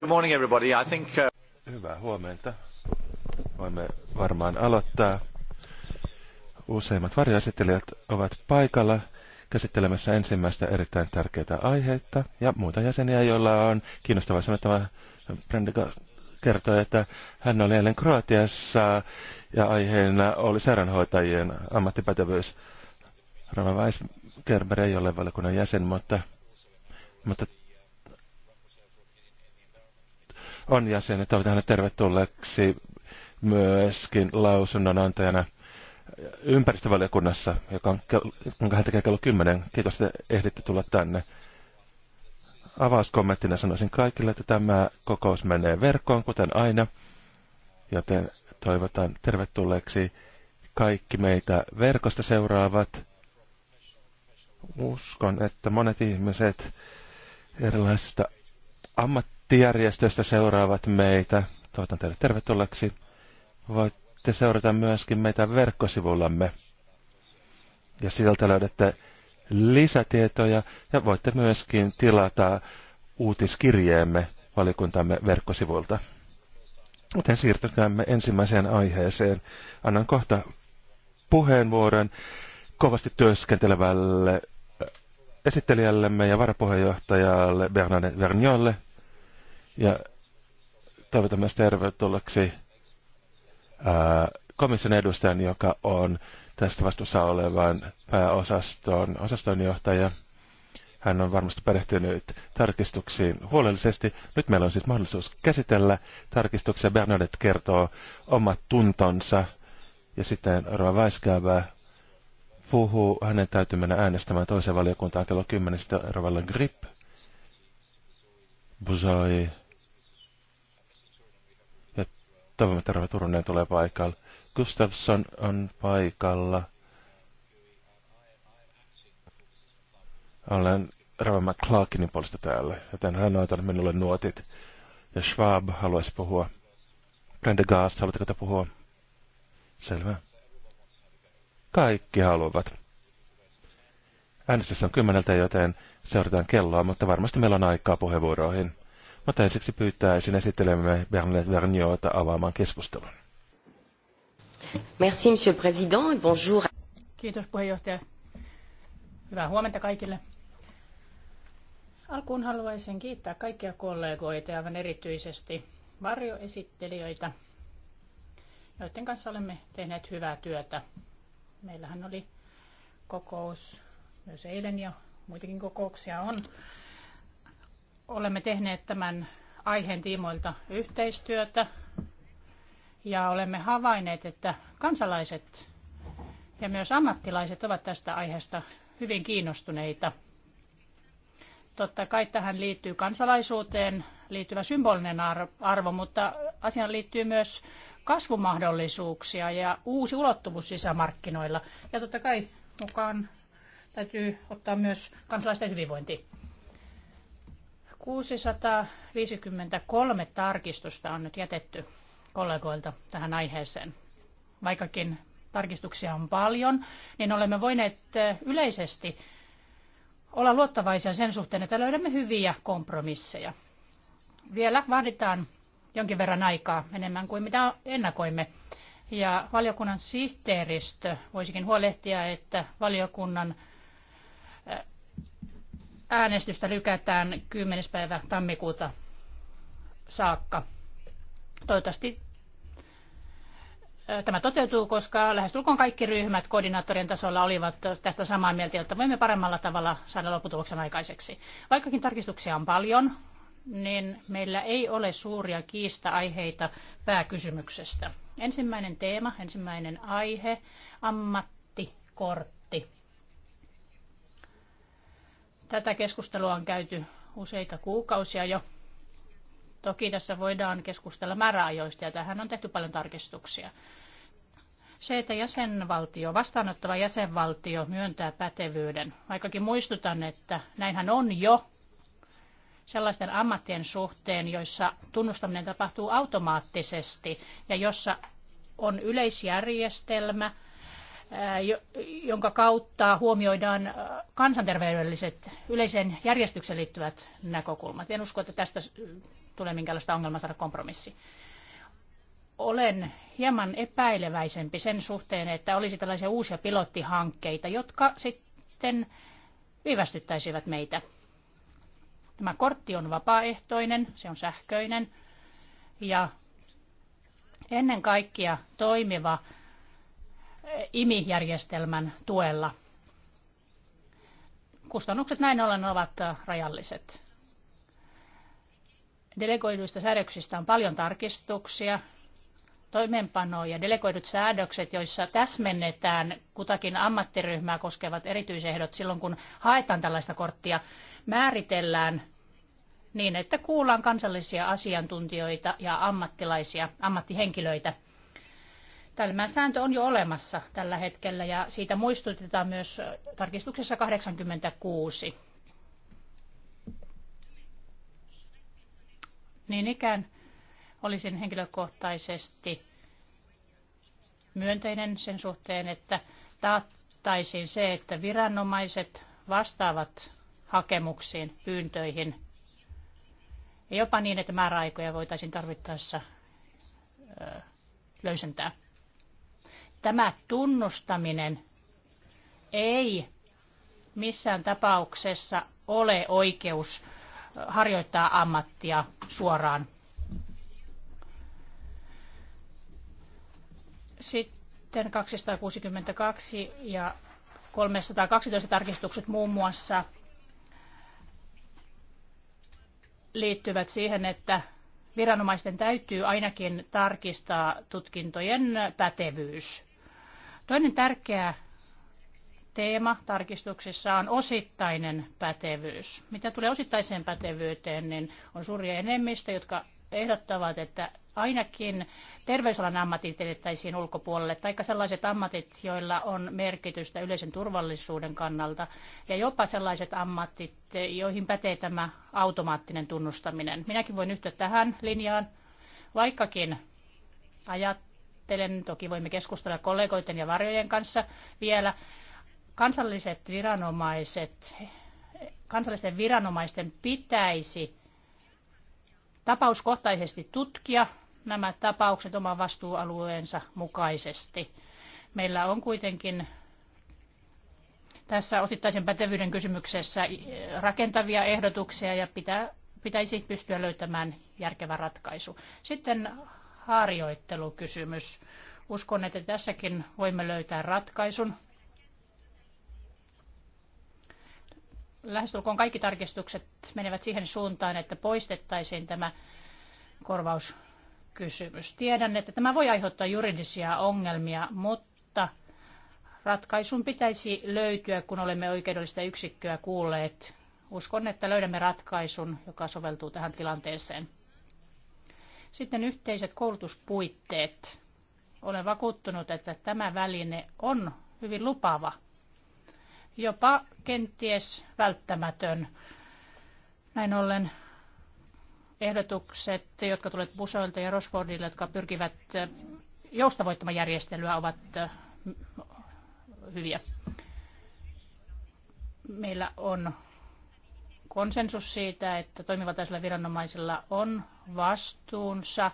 Good morning everybody. I think, uh... Hyvää huomenta. Voimme varmaan aloittaa. Useimmat varjoesittelijät ovat paikalla käsittelemässä ensimmäistä erittäin tärkeää aihetta ja muita jäseniä, joilla on kiinnostavaa sanottava Brendika kertoi, että hän oli eilen Kroatiassa ja aiheena oli sairaanhoitajien ammattipätevyys. Rava Weisgerber ei ole valiokunnan jäsen, mutta, mutta on jäsen että toivotan hänet tervetulleeksi myöskin lausunnonantajana ympäristövaliokunnassa, joka on, jonka hän tekee kello 10. Kiitos, että ehditte tulla tänne. Avauskommenttina sanoisin kaikille, että tämä kokous menee verkkoon, kuten aina, joten toivotan tervetulleeksi kaikki meitä verkosta seuraavat. Uskon, että monet ihmiset erilaisista ammattijärjestöstä seuraavat meitä. Toivotan teille tervetulleeksi. Voitte seurata myöskin meitä verkkosivullamme. Ja sieltä löydätte lisätietoja ja voitte myöskin tilata uutiskirjeemme valikuntamme verkkosivuilta. Joten siirtykäämme ensimmäiseen aiheeseen. Annan kohta puheenvuoron kovasti työskentelevälle äh, esittelijällemme ja varapuheenjohtajalle Bernadette Verniolle. Ja toivotan myös tervetulleeksi komission edustajan, joka on tästä vastuussa olevan pääosaston osastonjohtaja. Hän on varmasti perehtynyt tarkistuksiin huolellisesti. Nyt meillä on siis mahdollisuus käsitellä tarkistuksia. Bernadette kertoo omat tuntonsa ja sitten Rova Weisgäbä puhuu. Hänen täytyy mennä äänestämään toiseen valiokuntaan kello 10. Sitten Rovalla Grip, Buzoi, Toivomme, että Turunen tulee paikalle. Gustafsson on paikalla. Olen Rava McClarkinin puolesta täällä, joten hän on antanut minulle nuotit. Ja Schwab haluaisi puhua. Prendergast, haluatteko te puhua? Selvä. Kaikki haluavat. Äänestys on kymmeneltä, joten seurataan kelloa, mutta varmasti meillä on aikaa puheenvuoroihin. Mä täysiksi pyytäisin esittelemme Bernadette Vernioita avaamaan keskustelun. Merci, monsieur le président. Bonjour. Kiitos puheenjohtaja. Hyvää huomenta kaikille. Alkuun haluaisin kiittää kaikkia kollegoita ja erityisesti varjoesittelijöitä, joiden kanssa olemme tehneet hyvää työtä. Meillähän oli kokous myös eilen ja muitakin kokouksia on Olemme tehneet tämän aiheen tiimoilta yhteistyötä ja olemme havainneet, että kansalaiset ja myös ammattilaiset ovat tästä aiheesta hyvin kiinnostuneita. Totta kai tähän liittyy kansalaisuuteen liittyvä symbolinen arvo, mutta asiaan liittyy myös kasvumahdollisuuksia ja uusi ulottuvuus sisämarkkinoilla. Ja totta kai mukaan täytyy ottaa myös kansalaisten hyvinvointi. 653 tarkistusta on nyt jätetty kollegoilta tähän aiheeseen. Vaikkakin tarkistuksia on paljon, niin olemme voineet yleisesti olla luottavaisia sen suhteen, että löydämme hyviä kompromisseja. Vielä vaaditaan jonkin verran aikaa enemmän kuin mitä ennakoimme. Ja valiokunnan sihteeristö voisikin huolehtia, että valiokunnan äänestystä lykätään 10. päivä tammikuuta saakka. Toivottavasti äh, tämä toteutuu, koska lähestulkoon kaikki ryhmät koordinaattorien tasolla olivat tästä samaa mieltä, jotta voimme paremmalla tavalla saada lopputuloksen aikaiseksi. Vaikkakin tarkistuksia on paljon, niin meillä ei ole suuria kiista-aiheita pääkysymyksestä. Ensimmäinen teema, ensimmäinen aihe, ammattikortti Tätä keskustelua on käyty useita kuukausia jo. Toki tässä voidaan keskustella määräajoista ja tähän on tehty paljon tarkistuksia. Se, että jäsenvaltio, vastaanottava jäsenvaltio myöntää pätevyyden, vaikkakin muistutan, että näinhän on jo sellaisten ammattien suhteen, joissa tunnustaminen tapahtuu automaattisesti ja jossa on yleisjärjestelmä – jonka kautta huomioidaan kansanterveydelliset yleiseen järjestykseen liittyvät näkökulmat. En usko, että tästä tulee minkäänlaista ongelmaa saada kompromissi. Olen hieman epäileväisempi sen suhteen, että olisi tällaisia uusia pilottihankkeita, jotka sitten viivästyttäisivät meitä. Tämä kortti on vapaaehtoinen, se on sähköinen ja ennen kaikkea toimiva IMI-järjestelmän tuella. Kustannukset näin ollen ovat äh, rajalliset. Delegoiduista säädöksistä on paljon tarkistuksia. toimeenpanoa ja delegoidut säädökset, joissa täsmennetään kutakin ammattiryhmää koskevat erityisehdot silloin, kun haetaan tällaista korttia, määritellään niin, että kuullaan kansallisia asiantuntijoita ja ammattilaisia, ammattihenkilöitä – Tämä sääntö on jo olemassa tällä hetkellä ja siitä muistutetaan myös tarkistuksessa 86. Niin ikään olisin henkilökohtaisesti myönteinen sen suhteen, että taattaisiin se, että viranomaiset vastaavat hakemuksiin, pyyntöihin. Ja jopa niin, että määräaikoja voitaisiin tarvittaessa löysentää. Tämä tunnustaminen ei missään tapauksessa ole oikeus harjoittaa ammattia suoraan. Sitten 262 ja 312 tarkistukset muun muassa liittyvät siihen, että viranomaisten täytyy ainakin tarkistaa tutkintojen pätevyys. Toinen tärkeä teema tarkistuksissa on osittainen pätevyys. Mitä tulee osittaiseen pätevyyteen, niin on suuri enemmistö, jotka ehdottavat, että ainakin terveysalan ammatit jätettäisiin ulkopuolelle, tai sellaiset ammatit, joilla on merkitystä yleisen turvallisuuden kannalta, ja jopa sellaiset ammatit, joihin pätee tämä automaattinen tunnustaminen. Minäkin voin yhtyä tähän linjaan, vaikkakin ajat ajattelen. Toki voimme keskustella kollegoiden ja varjojen kanssa vielä. Kansalliset viranomaiset, kansallisten viranomaisten pitäisi tapauskohtaisesti tutkia nämä tapaukset oman vastuualueensa mukaisesti. Meillä on kuitenkin tässä osittaisen pätevyyden kysymyksessä rakentavia ehdotuksia ja pitää, pitäisi pystyä löytämään järkevä ratkaisu. Sitten harjoittelukysymys. Uskon, että tässäkin voimme löytää ratkaisun. Lähestulkoon kaikki tarkistukset menevät siihen suuntaan, että poistettaisiin tämä korvauskysymys. Tiedän, että tämä voi aiheuttaa juridisia ongelmia, mutta ratkaisun pitäisi löytyä, kun olemme oikeudellista yksikköä kuulleet. Uskon, että löydämme ratkaisun, joka soveltuu tähän tilanteeseen. Sitten yhteiset koulutuspuitteet. Olen vakuuttunut, että tämä väline on hyvin lupava, jopa kenties välttämätön. Näin ollen ehdotukset, jotka tulevat Busoilta ja Rosfordille, jotka pyrkivät joustavoittamaan järjestelyä, ovat hyviä. Meillä on konsensus siitä, että toimivaltaisilla viranomaisilla on vastuunsa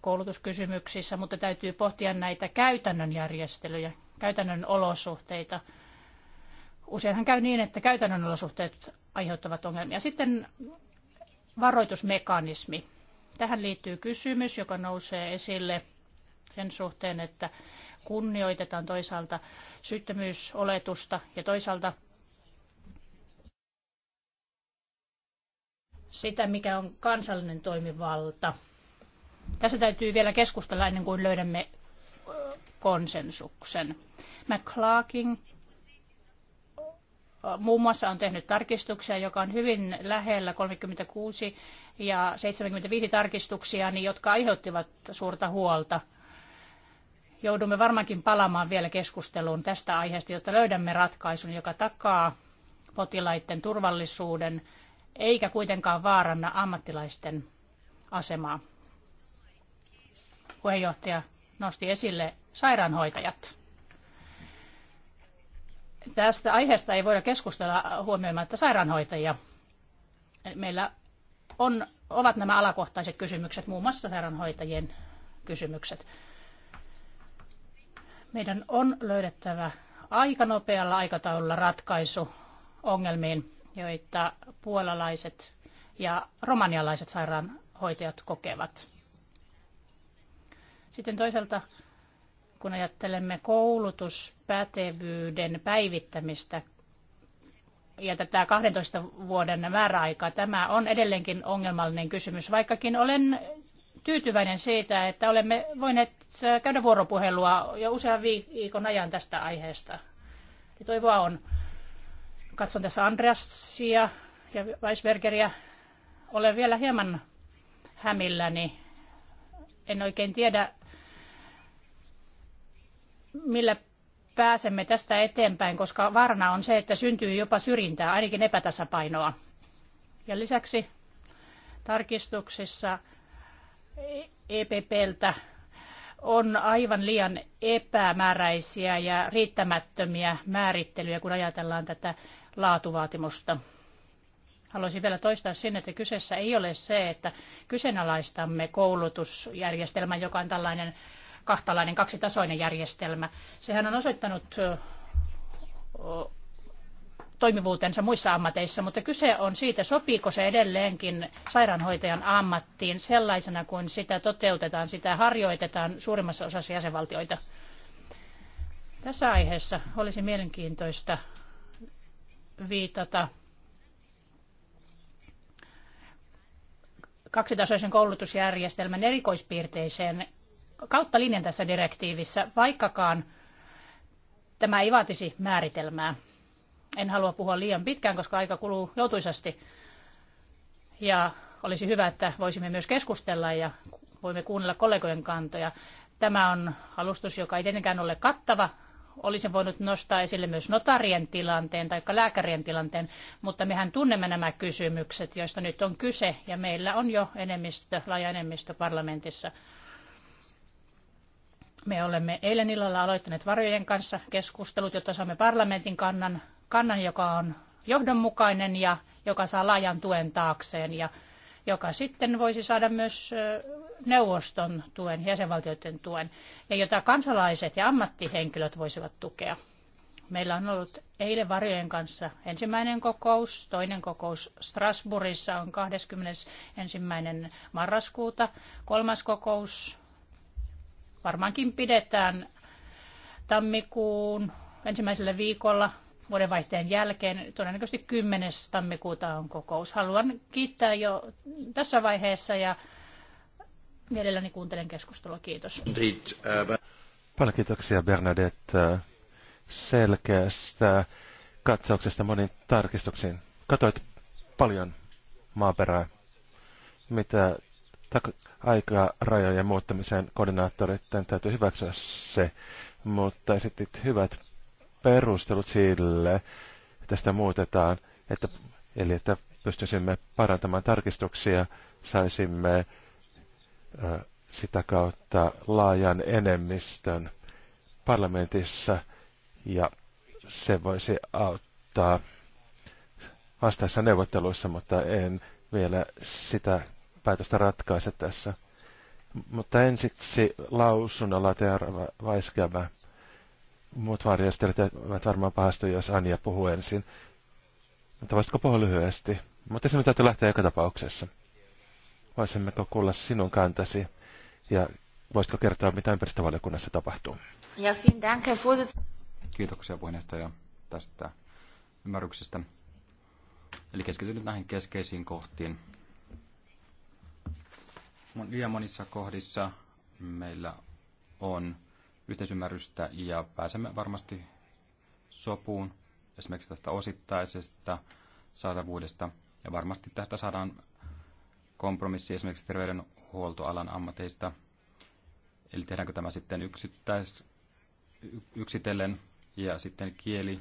koulutuskysymyksissä, mutta täytyy pohtia näitä käytännön järjestelyjä, käytännön olosuhteita. Useinhan käy niin, että käytännön olosuhteet aiheuttavat ongelmia. Sitten varoitusmekanismi. Tähän liittyy kysymys, joka nousee esille sen suhteen, että kunnioitetaan toisaalta syyttömyysoletusta ja toisaalta sitä, mikä on kansallinen toimivalta. Tässä täytyy vielä keskustella ennen kuin löydämme konsensuksen. McClarkin muun muassa on tehnyt tarkistuksia, joka on hyvin lähellä 36 ja 75 tarkistuksia, niin jotka aiheuttivat suurta huolta. Joudumme varmaankin palaamaan vielä keskusteluun tästä aiheesta, jotta löydämme ratkaisun, joka takaa potilaiden turvallisuuden eikä kuitenkaan vaaranna ammattilaisten asemaa. Puheenjohtaja nosti esille sairaanhoitajat. Tästä aiheesta ei voida keskustella huomioimatta sairaanhoitajia. Meillä on, ovat nämä alakohtaiset kysymykset, muun muassa sairaanhoitajien kysymykset. Meidän on löydettävä aika nopealla aikataululla ratkaisu ongelmiin joita puolalaiset ja romanialaiset sairaanhoitajat kokevat. Sitten toisaalta, kun ajattelemme koulutuspätevyyden päivittämistä ja tätä 12 vuoden määräaikaa, tämä on edelleenkin ongelmallinen kysymys, vaikkakin olen tyytyväinen siitä, että olemme voineet käydä vuoropuhelua jo usean viikon ajan tästä aiheesta. toivoa on katson tässä Andreasia ja Weisbergeria, olen vielä hieman hämilläni. En oikein tiedä, millä pääsemme tästä eteenpäin, koska varna on se, että syntyy jopa syrjintää, ainakin epätasapainoa. Ja lisäksi tarkistuksissa EPPltä on aivan liian epämääräisiä ja riittämättömiä määrittelyjä, kun ajatellaan tätä laatuvaatimusta. Haluaisin vielä toistaa sen, että kyseessä ei ole se, että kyseenalaistamme koulutusjärjestelmän, joka on tällainen kahtalainen kaksitasoinen järjestelmä. Sehän on osoittanut toimivuutensa muissa ammateissa, mutta kyse on siitä, sopiiko se edelleenkin sairaanhoitajan ammattiin sellaisena kuin sitä toteutetaan, sitä harjoitetaan suurimmassa osassa jäsenvaltioita. Tässä aiheessa olisi mielenkiintoista viitata kaksitasoisen koulutusjärjestelmän erikoispiirteiseen kautta linjan tässä direktiivissä, vaikkakaan tämä ei vaatisi määritelmää. En halua puhua liian pitkään, koska aika kuluu joutuisasti. Ja olisi hyvä, että voisimme myös keskustella ja voimme kuunnella kollegojen kantoja. Tämä on alustus, joka ei tietenkään ole kattava, olisin voinut nostaa esille myös notarien tilanteen tai lääkärien tilanteen, mutta mehän tunnemme nämä kysymykset, joista nyt on kyse, ja meillä on jo enemmistö, laaja enemmistö parlamentissa. Me olemme eilen illalla aloittaneet varjojen kanssa keskustelut, jotta saamme parlamentin kannan, kannan joka on johdonmukainen ja joka saa laajan tuen taakseen. Ja joka sitten voisi saada myös neuvoston tuen, jäsenvaltioiden tuen, ja jota kansalaiset ja ammattihenkilöt voisivat tukea. Meillä on ollut eilen varjojen kanssa ensimmäinen kokous, toinen kokous Strasbourgissa on 21. marraskuuta, kolmas kokous varmaankin pidetään tammikuun ensimmäisellä viikolla vuodenvaihteen jälkeen. Todennäköisesti 10. tammikuuta on kokous. Haluan kiittää jo tässä vaiheessa ja mielelläni kuuntelen keskustelua. Kiitos. Paljon kiitoksia Bernadette selkeästä katsauksesta monin tarkistuksiin. Katoit paljon maaperää, mitä aikaa rajojen muuttamiseen koordinaattorit täytyy hyväksyä se, mutta esitit hyvät perustelut sille, että sitä muutetaan, että, eli että pystyisimme parantamaan tarkistuksia, saisimme sitä kautta laajan enemmistön parlamentissa ja se voisi auttaa vastaissa neuvotteluissa, mutta en vielä sitä päätöstä ratkaise tässä. Mutta ensiksi lausunnolla Teara Vaiskävä Muut varjastelijat ovat varmaan pahastu, jos Anja puhuu ensin. Mutta voisitko puhua lyhyesti? Mutta sinun täytyy lähteä joka tapauksessa. Voisimmeko kuulla sinun kantasi ja voisitko kertoa, mitä ympäristövaliokunnassa tapahtuu? Ja Kiitoksia puheenjohtaja tästä ymmärryksestä. Eli keskityn nyt näihin keskeisiin kohtiin. Liian monissa kohdissa meillä on yhteisymmärrystä ja pääsemme varmasti sopuun esimerkiksi tästä osittaisesta saatavuudesta. Ja varmasti tästä saadaan kompromissi esimerkiksi terveydenhuoltoalan ammateista. Eli tehdäänkö tämä sitten yksittäis, yksitellen ja sitten kieli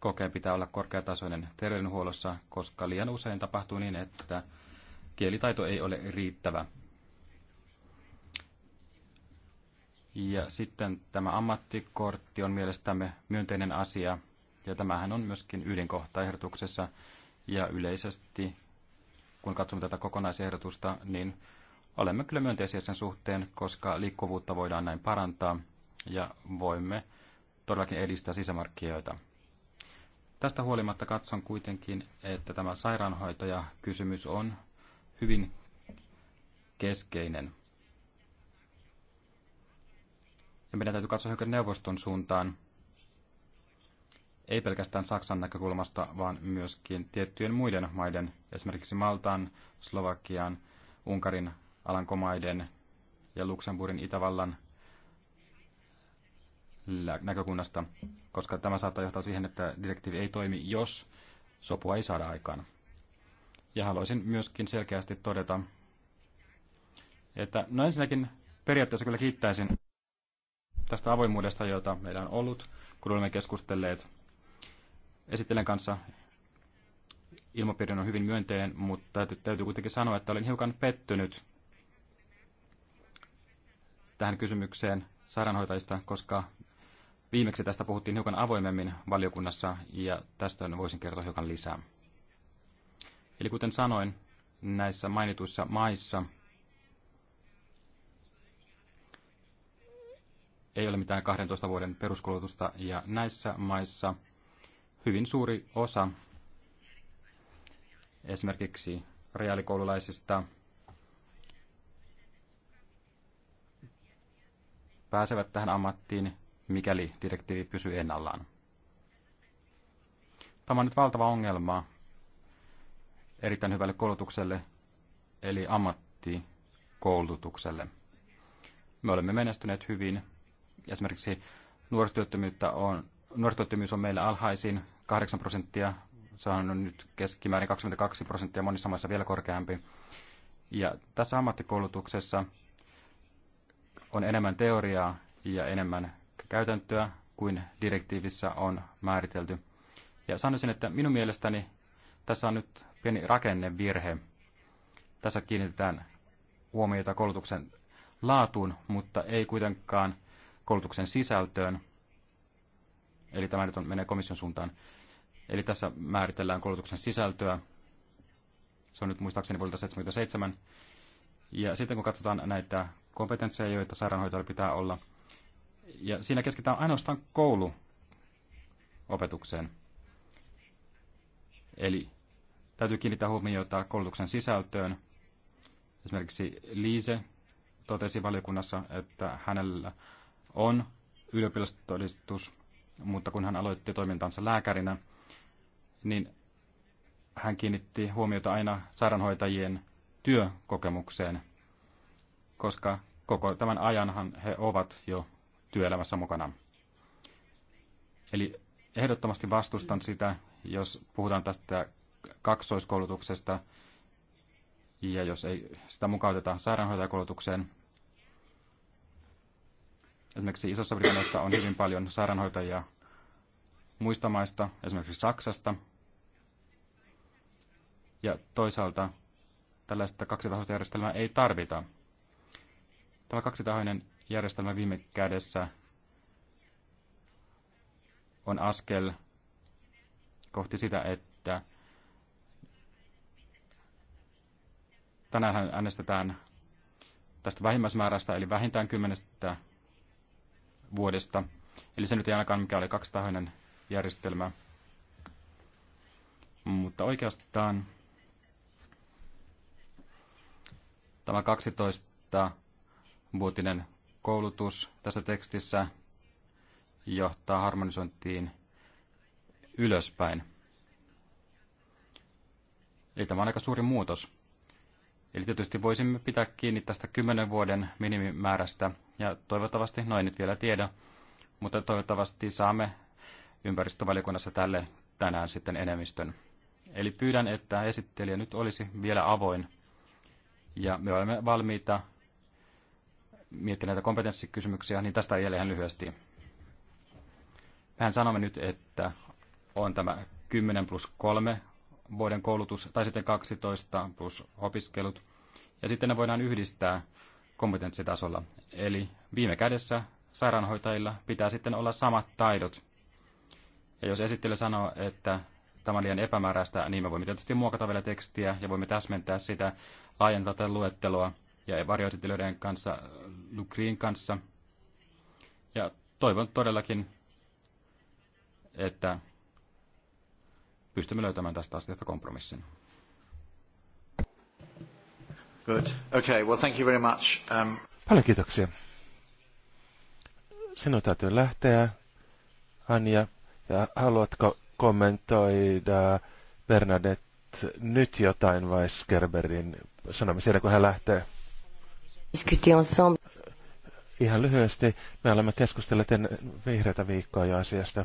kokeen pitää olla korkeatasoinen terveydenhuollossa, koska liian usein tapahtuu niin, että kielitaito ei ole riittävä. Ja sitten tämä ammattikortti on mielestämme myönteinen asia, ja tämähän on myöskin ydinkohta ehdotuksessa. Ja yleisesti, kun katsomme tätä kokonaisehdotusta, niin olemme kyllä myönteisiä sen suhteen, koska liikkuvuutta voidaan näin parantaa ja voimme todellakin edistää sisämarkkinoita. Tästä huolimatta katson kuitenkin, että tämä sairaanhoitaja kysymys on hyvin keskeinen. Ja meidän täytyy katsoa hiukan neuvoston suuntaan, ei pelkästään Saksan näkökulmasta, vaan myöskin tiettyjen muiden maiden, esimerkiksi Maltaan, Slovakian, Unkarin, Alankomaiden ja Luxemburgin, Itävallan näkökunnasta, koska tämä saattaa johtaa siihen, että direktiivi ei toimi, jos sopua ei saada aikaan. Ja haluaisin myöskin selkeästi todeta, että no ensinnäkin periaatteessa kyllä kiittäisin tästä avoimuudesta, jota meillä on ollut, kun olemme keskustelleet esittelen kanssa. Ilmapiiri on hyvin myönteinen, mutta täytyy kuitenkin sanoa, että olin hiukan pettynyt tähän kysymykseen sairaanhoitajista, koska viimeksi tästä puhuttiin hiukan avoimemmin valiokunnassa ja tästä voisin kertoa hiukan lisää. Eli kuten sanoin, näissä mainituissa maissa – ei ole mitään 12 vuoden peruskulutusta ja näissä maissa hyvin suuri osa esimerkiksi reaalikoululaisista pääsevät tähän ammattiin, mikäli direktiivi pysyy ennallaan. Tämä on nyt valtava ongelma erittäin hyvälle koulutukselle, eli ammattikoulutukselle. Me olemme menestyneet hyvin Esimerkiksi nuorisotyöttömyyttä on, nuorisotyöttömyys on meillä alhaisin, 8 prosenttia. Se on nyt keskimäärin 22 prosenttia, monissa maissa vielä korkeampi. Ja tässä ammattikoulutuksessa on enemmän teoriaa ja enemmän käytäntöä kuin direktiivissä on määritelty. Ja sanoisin, että minun mielestäni tässä on nyt pieni rakennevirhe. Tässä kiinnitetään huomiota koulutuksen laatuun, mutta ei kuitenkaan koulutuksen sisältöön. Eli tämä nyt on, menee komission suuntaan. Eli tässä määritellään koulutuksen sisältöä. Se on nyt muistaakseni vuodelta 77. Ja sitten kun katsotaan näitä kompetensseja, joita sairaanhoitajalla pitää olla, ja siinä keskitytään ainoastaan kouluopetukseen. Eli täytyy kiinnittää huomiota koulutuksen sisältöön. Esimerkiksi Liise totesi valiokunnassa, että hänellä on ylioppilastodistus, mutta kun hän aloitti toimintansa lääkärinä, niin hän kiinnitti huomiota aina sairaanhoitajien työkokemukseen, koska koko tämän ajanhan he ovat jo työelämässä mukana. Eli ehdottomasti vastustan sitä, jos puhutaan tästä kaksoiskoulutuksesta ja jos ei sitä mukauteta sairaanhoitajakoulutukseen, Esimerkiksi Isossa Britanniassa on hyvin paljon sairaanhoitajia muista maista, esimerkiksi Saksasta. Ja toisaalta tällaista kaksitahoista järjestelmää ei tarvita. Tämä kaksitahoinen järjestelmä viime kädessä on askel kohti sitä, että tänään äänestetään tästä vähimmäismäärästä, eli vähintään kymmenestä vuodesta. Eli se nyt ei ainakaan mikä oli kaksitahoinen järjestelmä. Mutta oikeastaan tämä 12-vuotinen koulutus tässä tekstissä johtaa harmonisointiin ylöspäin. Eli tämä on aika suuri muutos. Eli tietysti voisimme pitää kiinni tästä 10 vuoden minimimäärästä, ja toivottavasti, no ei nyt vielä tiedä, mutta toivottavasti saamme ympäristövaliokunnassa tälle tänään sitten enemmistön. Eli pyydän, että esittelijä nyt olisi vielä avoin ja me olemme valmiita miettimään näitä kompetenssikysymyksiä, niin tästä jälleen lyhyesti. Mehän sanomme nyt, että on tämä 10 plus 3 vuoden koulutus tai sitten 12 plus opiskelut. Ja sitten ne voidaan yhdistää kompetenssitasolla. Eli viime kädessä sairaanhoitajilla pitää sitten olla samat taidot. Ja jos esittely sanoo, että tämä on liian epämääräistä, niin me voimme tietysti muokata vielä tekstiä ja voimme täsmentää sitä, laajentaa tätä luetteloa ja varjoesittelijöiden kanssa, Lukriin kanssa. Ja toivon todellakin, että pystymme löytämään tästä asiasta kompromissin. Good. Okay, well thank you very much. Um... Paljon kiitoksia. Sinun täytyy lähteä, Anja, ja haluatko kommentoida Bernadette nyt jotain vai Skerberin sanomisia, kun hän lähtee? Ihan lyhyesti, me olemme keskustelleet vihreitä viikkoa jo asiasta.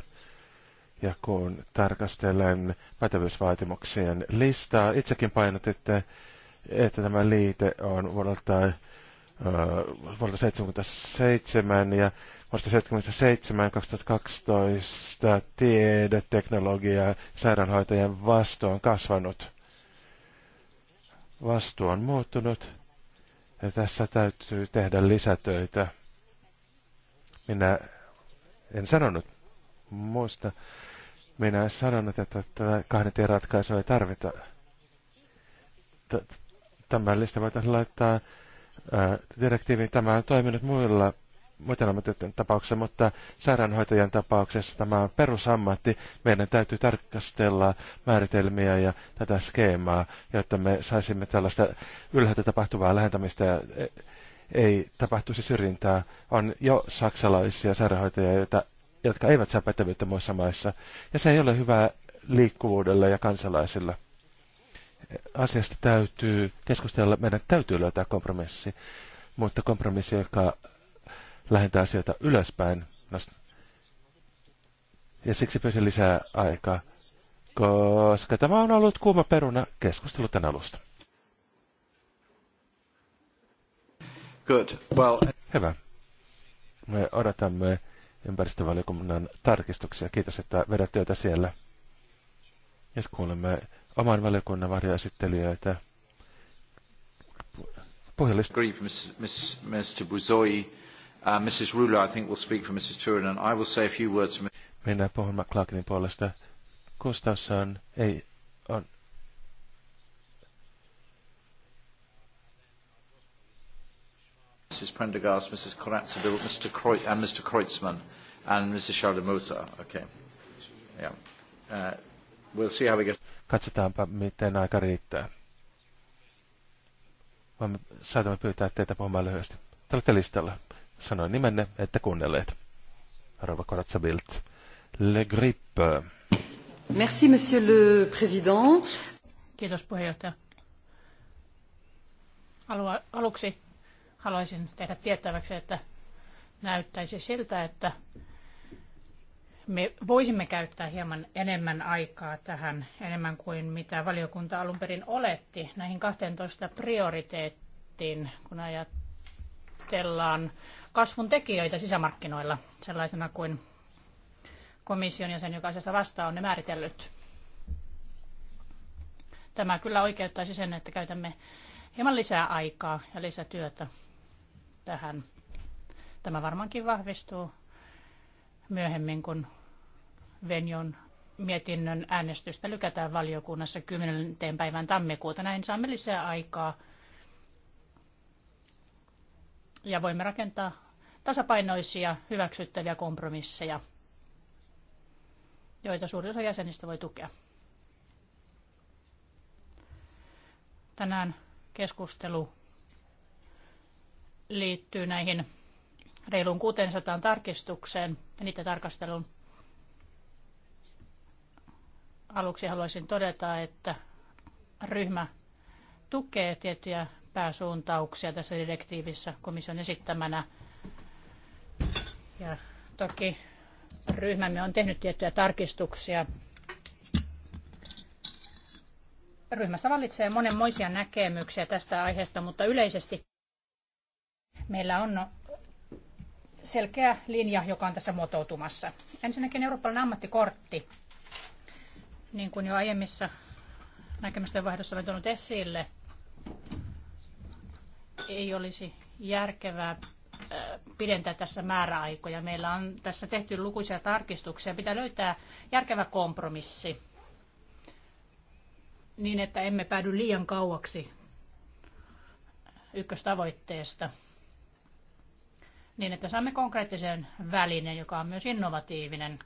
Ja kun tarkastelen pätevyysvaatimuksien listaa, itsekin painotitte että tämä liite on vuodelta, äh, vuodelta 77 ja vuodesta 77 2012 tiede, teknologia sairaanhoitajien vastuu on kasvanut. Vastuu on muuttunut ja tässä täytyy tehdä lisätöitä. Minä en sanonut muista. Minä en sanonut, että tätä kahden tien ratkaisua ei tarvita. Tämä lista voitaisiin laittaa äh, direktiiviin. Tämä on toiminut muilla muiden ammattien tapauksessa, mutta sairaanhoitajan tapauksessa tämä on perusammatti. Meidän täytyy tarkastella määritelmiä ja tätä skeemaa, jotta me saisimme tällaista ylhäältä tapahtuvaa lähentämistä ja e, ei tapahtuisi syrjintää. On jo saksalaisia sairaanhoitajia, joita, jotka eivät saa pätevyyttä muissa maissa, ja se ei ole hyvä liikkuvuudelle ja kansalaisille asiasta täytyy keskustella, meidän täytyy löytää kompromissi, mutta kompromissi, joka lähentää asioita ylöspäin. Ja siksi pyysin lisää aikaa, koska tämä on ollut kuuma peruna keskustelu tämän alusta. Good. Well... Hyvä. Me odotamme ympäristövaliokunnan tarkistuksia. Kiitos, että vedät työtä siellä. Jos kuulemme oman valiokunnan varjoesittelijöitä. Puhelista. Mr. Buzoi, uh, Mrs. Ruler, I think will speak for Mrs. Turunen. I will say a few words. Minä puhun McClarkinin puolesta. Gustafsson ei on Mrs. Prendergast, Mrs. Koratsabil, Mr. Kreutz, and Mr. Kreutzmann, and Mrs. Schaldemosa. Okay. Yeah. Uh, we'll see how we get. Katsotaanpa, miten aika riittää. Vaan saatamme pyytää teitä puhumaan lyhyesti. Te olette listalla. Sanoin nimenne, että kuunnelleet. Rova Koratsa Bild. Le Grip. Merci, monsieur le président. Kiitos puheenjohtaja. Alua, aluksi haluaisin tehdä tiettäväksi, että näyttäisi siltä, että me voisimme käyttää hieman enemmän aikaa tähän, enemmän kuin mitä valiokunta alun perin oletti, näihin 12 prioriteettiin, kun ajatellaan kasvun tekijöitä sisämarkkinoilla sellaisena kuin komission ja joka asiasta vastaa, on ne määritellyt. Tämä kyllä oikeuttaisi sen, että käytämme hieman lisää aikaa ja lisätyötä tähän. Tämä varmaankin vahvistuu myöhemmin, kun Venjon mietinnön äänestystä lykätään valiokunnassa 10. päivän tammikuuta. Näin saamme lisää aikaa ja voimme rakentaa tasapainoisia, hyväksyttäviä kompromisseja, joita suurin osa jäsenistä voi tukea. Tänään keskustelu liittyy näihin reilun 600 tarkistukseen ja niiden tarkastelun. Aluksi haluaisin todeta, että ryhmä tukee tiettyjä pääsuuntauksia tässä direktiivissä komission esittämänä. Ja toki ryhmämme on tehnyt tiettyjä tarkistuksia. Ryhmässä valitsee monenmoisia näkemyksiä tästä aiheesta, mutta yleisesti meillä on selkeä linja, joka on tässä muotoutumassa. Ensinnäkin eurooppalainen ammattikortti, niin kuin jo aiemmissa näkemysten vaihdossa olen tuonut esille, ei olisi järkevää äh, pidentää tässä määräaikoja. Meillä on tässä tehty lukuisia tarkistuksia. Pitää löytää järkevä kompromissi niin, että emme päädy liian kauaksi ykköstavoitteesta – niin että saamme konkreettisen välineen, joka on myös innovatiivinen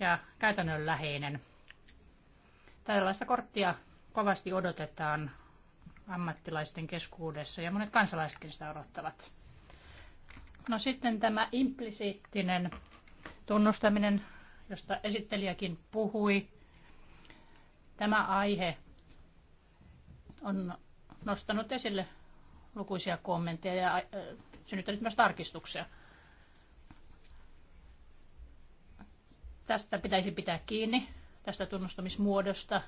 ja käytännönläheinen. Tällaista korttia kovasti odotetaan ammattilaisten keskuudessa ja monet kansalaisetkin sitä odottavat. No sitten tämä implisiittinen tunnustaminen, josta esittelijäkin puhui. Tämä aihe on nostanut esille lukuisia kommentteja ja synnyttänyt myös tarkistuksia. Tästä pitäisi pitää kiinni, tästä tunnustamismuodosta.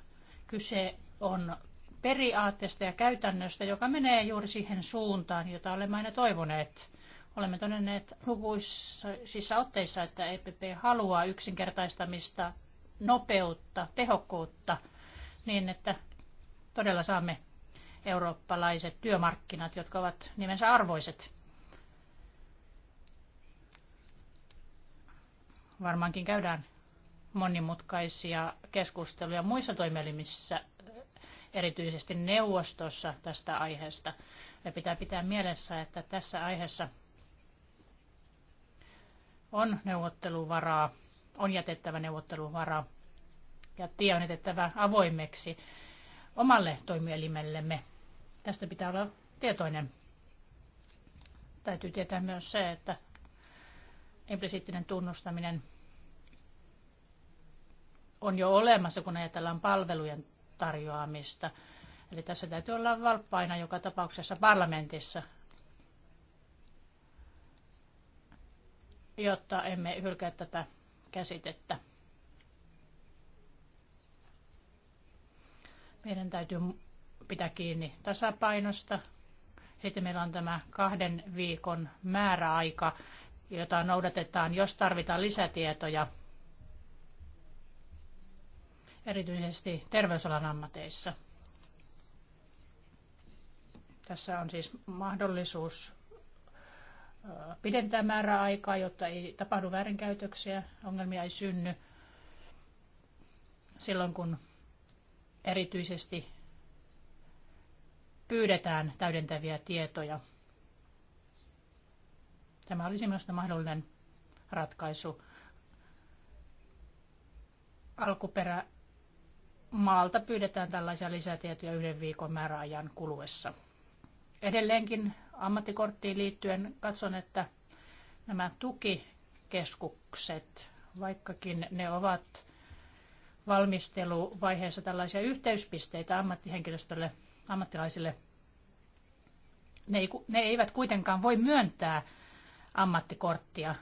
Kyse on periaatteesta ja käytännöstä, joka menee juuri siihen suuntaan, jota olemme aina toivoneet. Olemme todenneet lukuisissa otteissa, että EPP haluaa yksinkertaistamista, nopeutta, tehokkuutta, niin että todella saamme eurooppalaiset työmarkkinat, jotka ovat nimensä arvoiset. Varmaankin käydään monimutkaisia keskusteluja muissa toimielimissä, erityisesti neuvostossa tästä aiheesta. Ja pitää pitää mielessä, että tässä aiheessa on neuvotteluvaraa, on jätettävä neuvotteluvaraa ja tie on jätettävä avoimeksi omalle toimielimellemme Tästä pitää olla tietoinen. Täytyy tietää myös se, että implisiittinen tunnustaminen on jo olemassa, kun ajatellaan palvelujen tarjoamista. Eli tässä täytyy olla valppaina joka tapauksessa parlamentissa, jotta emme hylkää tätä käsitettä. Meidän täytyy pitää kiinni tasapainosta. Sitten meillä on tämä kahden viikon määräaika, jota noudatetaan, jos tarvitaan lisätietoja, erityisesti terveysalan ammateissa. Tässä on siis mahdollisuus pidentää määräaikaa, jotta ei tapahdu väärinkäytöksiä, ongelmia ei synny silloin, kun erityisesti pyydetään täydentäviä tietoja. Tämä olisi minusta mahdollinen ratkaisu. Alkuperä maalta pyydetään tällaisia lisätietoja yhden viikon määräajan kuluessa. Edelleenkin ammattikorttiin liittyen katson, että nämä tukikeskukset, vaikkakin ne ovat valmisteluvaiheessa tällaisia yhteyspisteitä ammattihenkilöstölle, ammattilaisille. Ne, ei, ne eivät kuitenkaan voi myöntää ammattikorttia.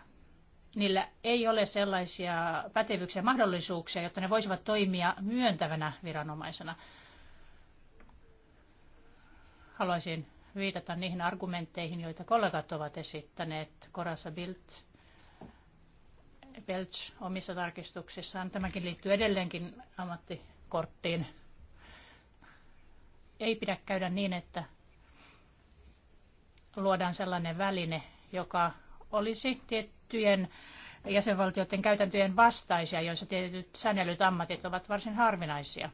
Niillä ei ole sellaisia pätevyyksiä ja mahdollisuuksia, jotta ne voisivat toimia myöntävänä viranomaisena. Haluaisin viitata niihin argumentteihin, joita kollegat ovat esittäneet. Korassa Bild, Belch omissa tarkistuksissaan. Tämäkin liittyy edelleenkin ammattikorttiin ei pidä käydä niin, että luodaan sellainen väline, joka olisi tiettyjen jäsenvaltioiden käytäntöjen vastaisia, joissa tietyt säännellyt ammatit ovat varsin harvinaisia.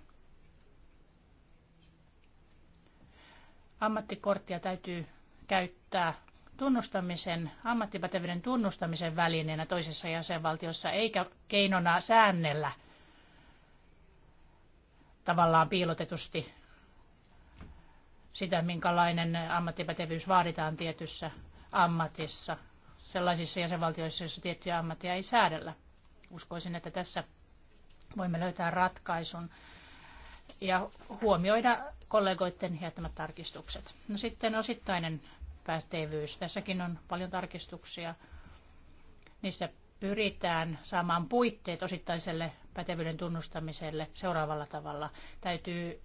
Ammattikorttia täytyy käyttää tunnustamisen, ammattipätevyyden tunnustamisen välineenä toisessa jäsenvaltiossa, eikä keinona säännellä tavallaan piilotetusti sitä, minkälainen ammattipätevyys vaaditaan tietyssä ammatissa, sellaisissa jäsenvaltioissa, joissa tiettyjä ammattia ei säädellä. Uskoisin, että tässä voimme löytää ratkaisun ja huomioida kollegoiden jättämät tarkistukset. No sitten osittainen pätevyys. Tässäkin on paljon tarkistuksia. Niissä pyritään saamaan puitteet osittaiselle pätevyyden tunnustamiselle seuraavalla tavalla. Täytyy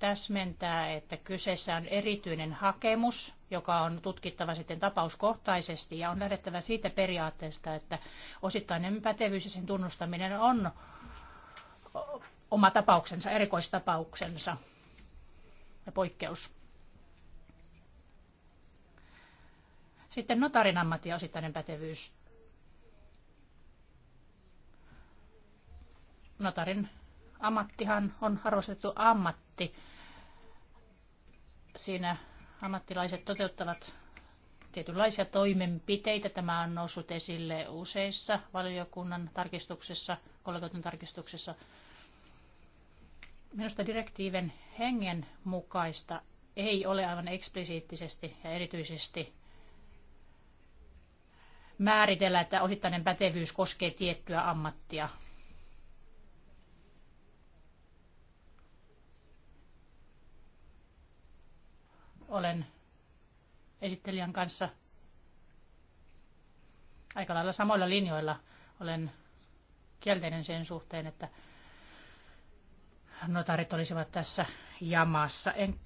täsmentää, että kyseessä on erityinen hakemus, joka on tutkittava sitten tapauskohtaisesti ja on lähdettävä siitä periaatteesta, että osittainen pätevyys ja sen tunnustaminen on oma tapauksensa, erikoistapauksensa ja poikkeus. Sitten notarin ammatti ja osittainen pätevyys. Notarin ammattihan on arvostettu ammatti Siinä ammattilaiset toteuttavat tietynlaisia toimenpiteitä. Tämä on noussut esille useissa valiokunnan tarkistuksissa, kollegoiden tarkistuksissa. Minusta direktiiven hengen mukaista ei ole aivan eksplisiittisesti ja erityisesti määritellä, että osittainen pätevyys koskee tiettyä ammattia. olen esittelijän kanssa aika lailla samoilla linjoilla. Olen kielteinen sen suhteen, että notarit olisivat tässä jamassa. En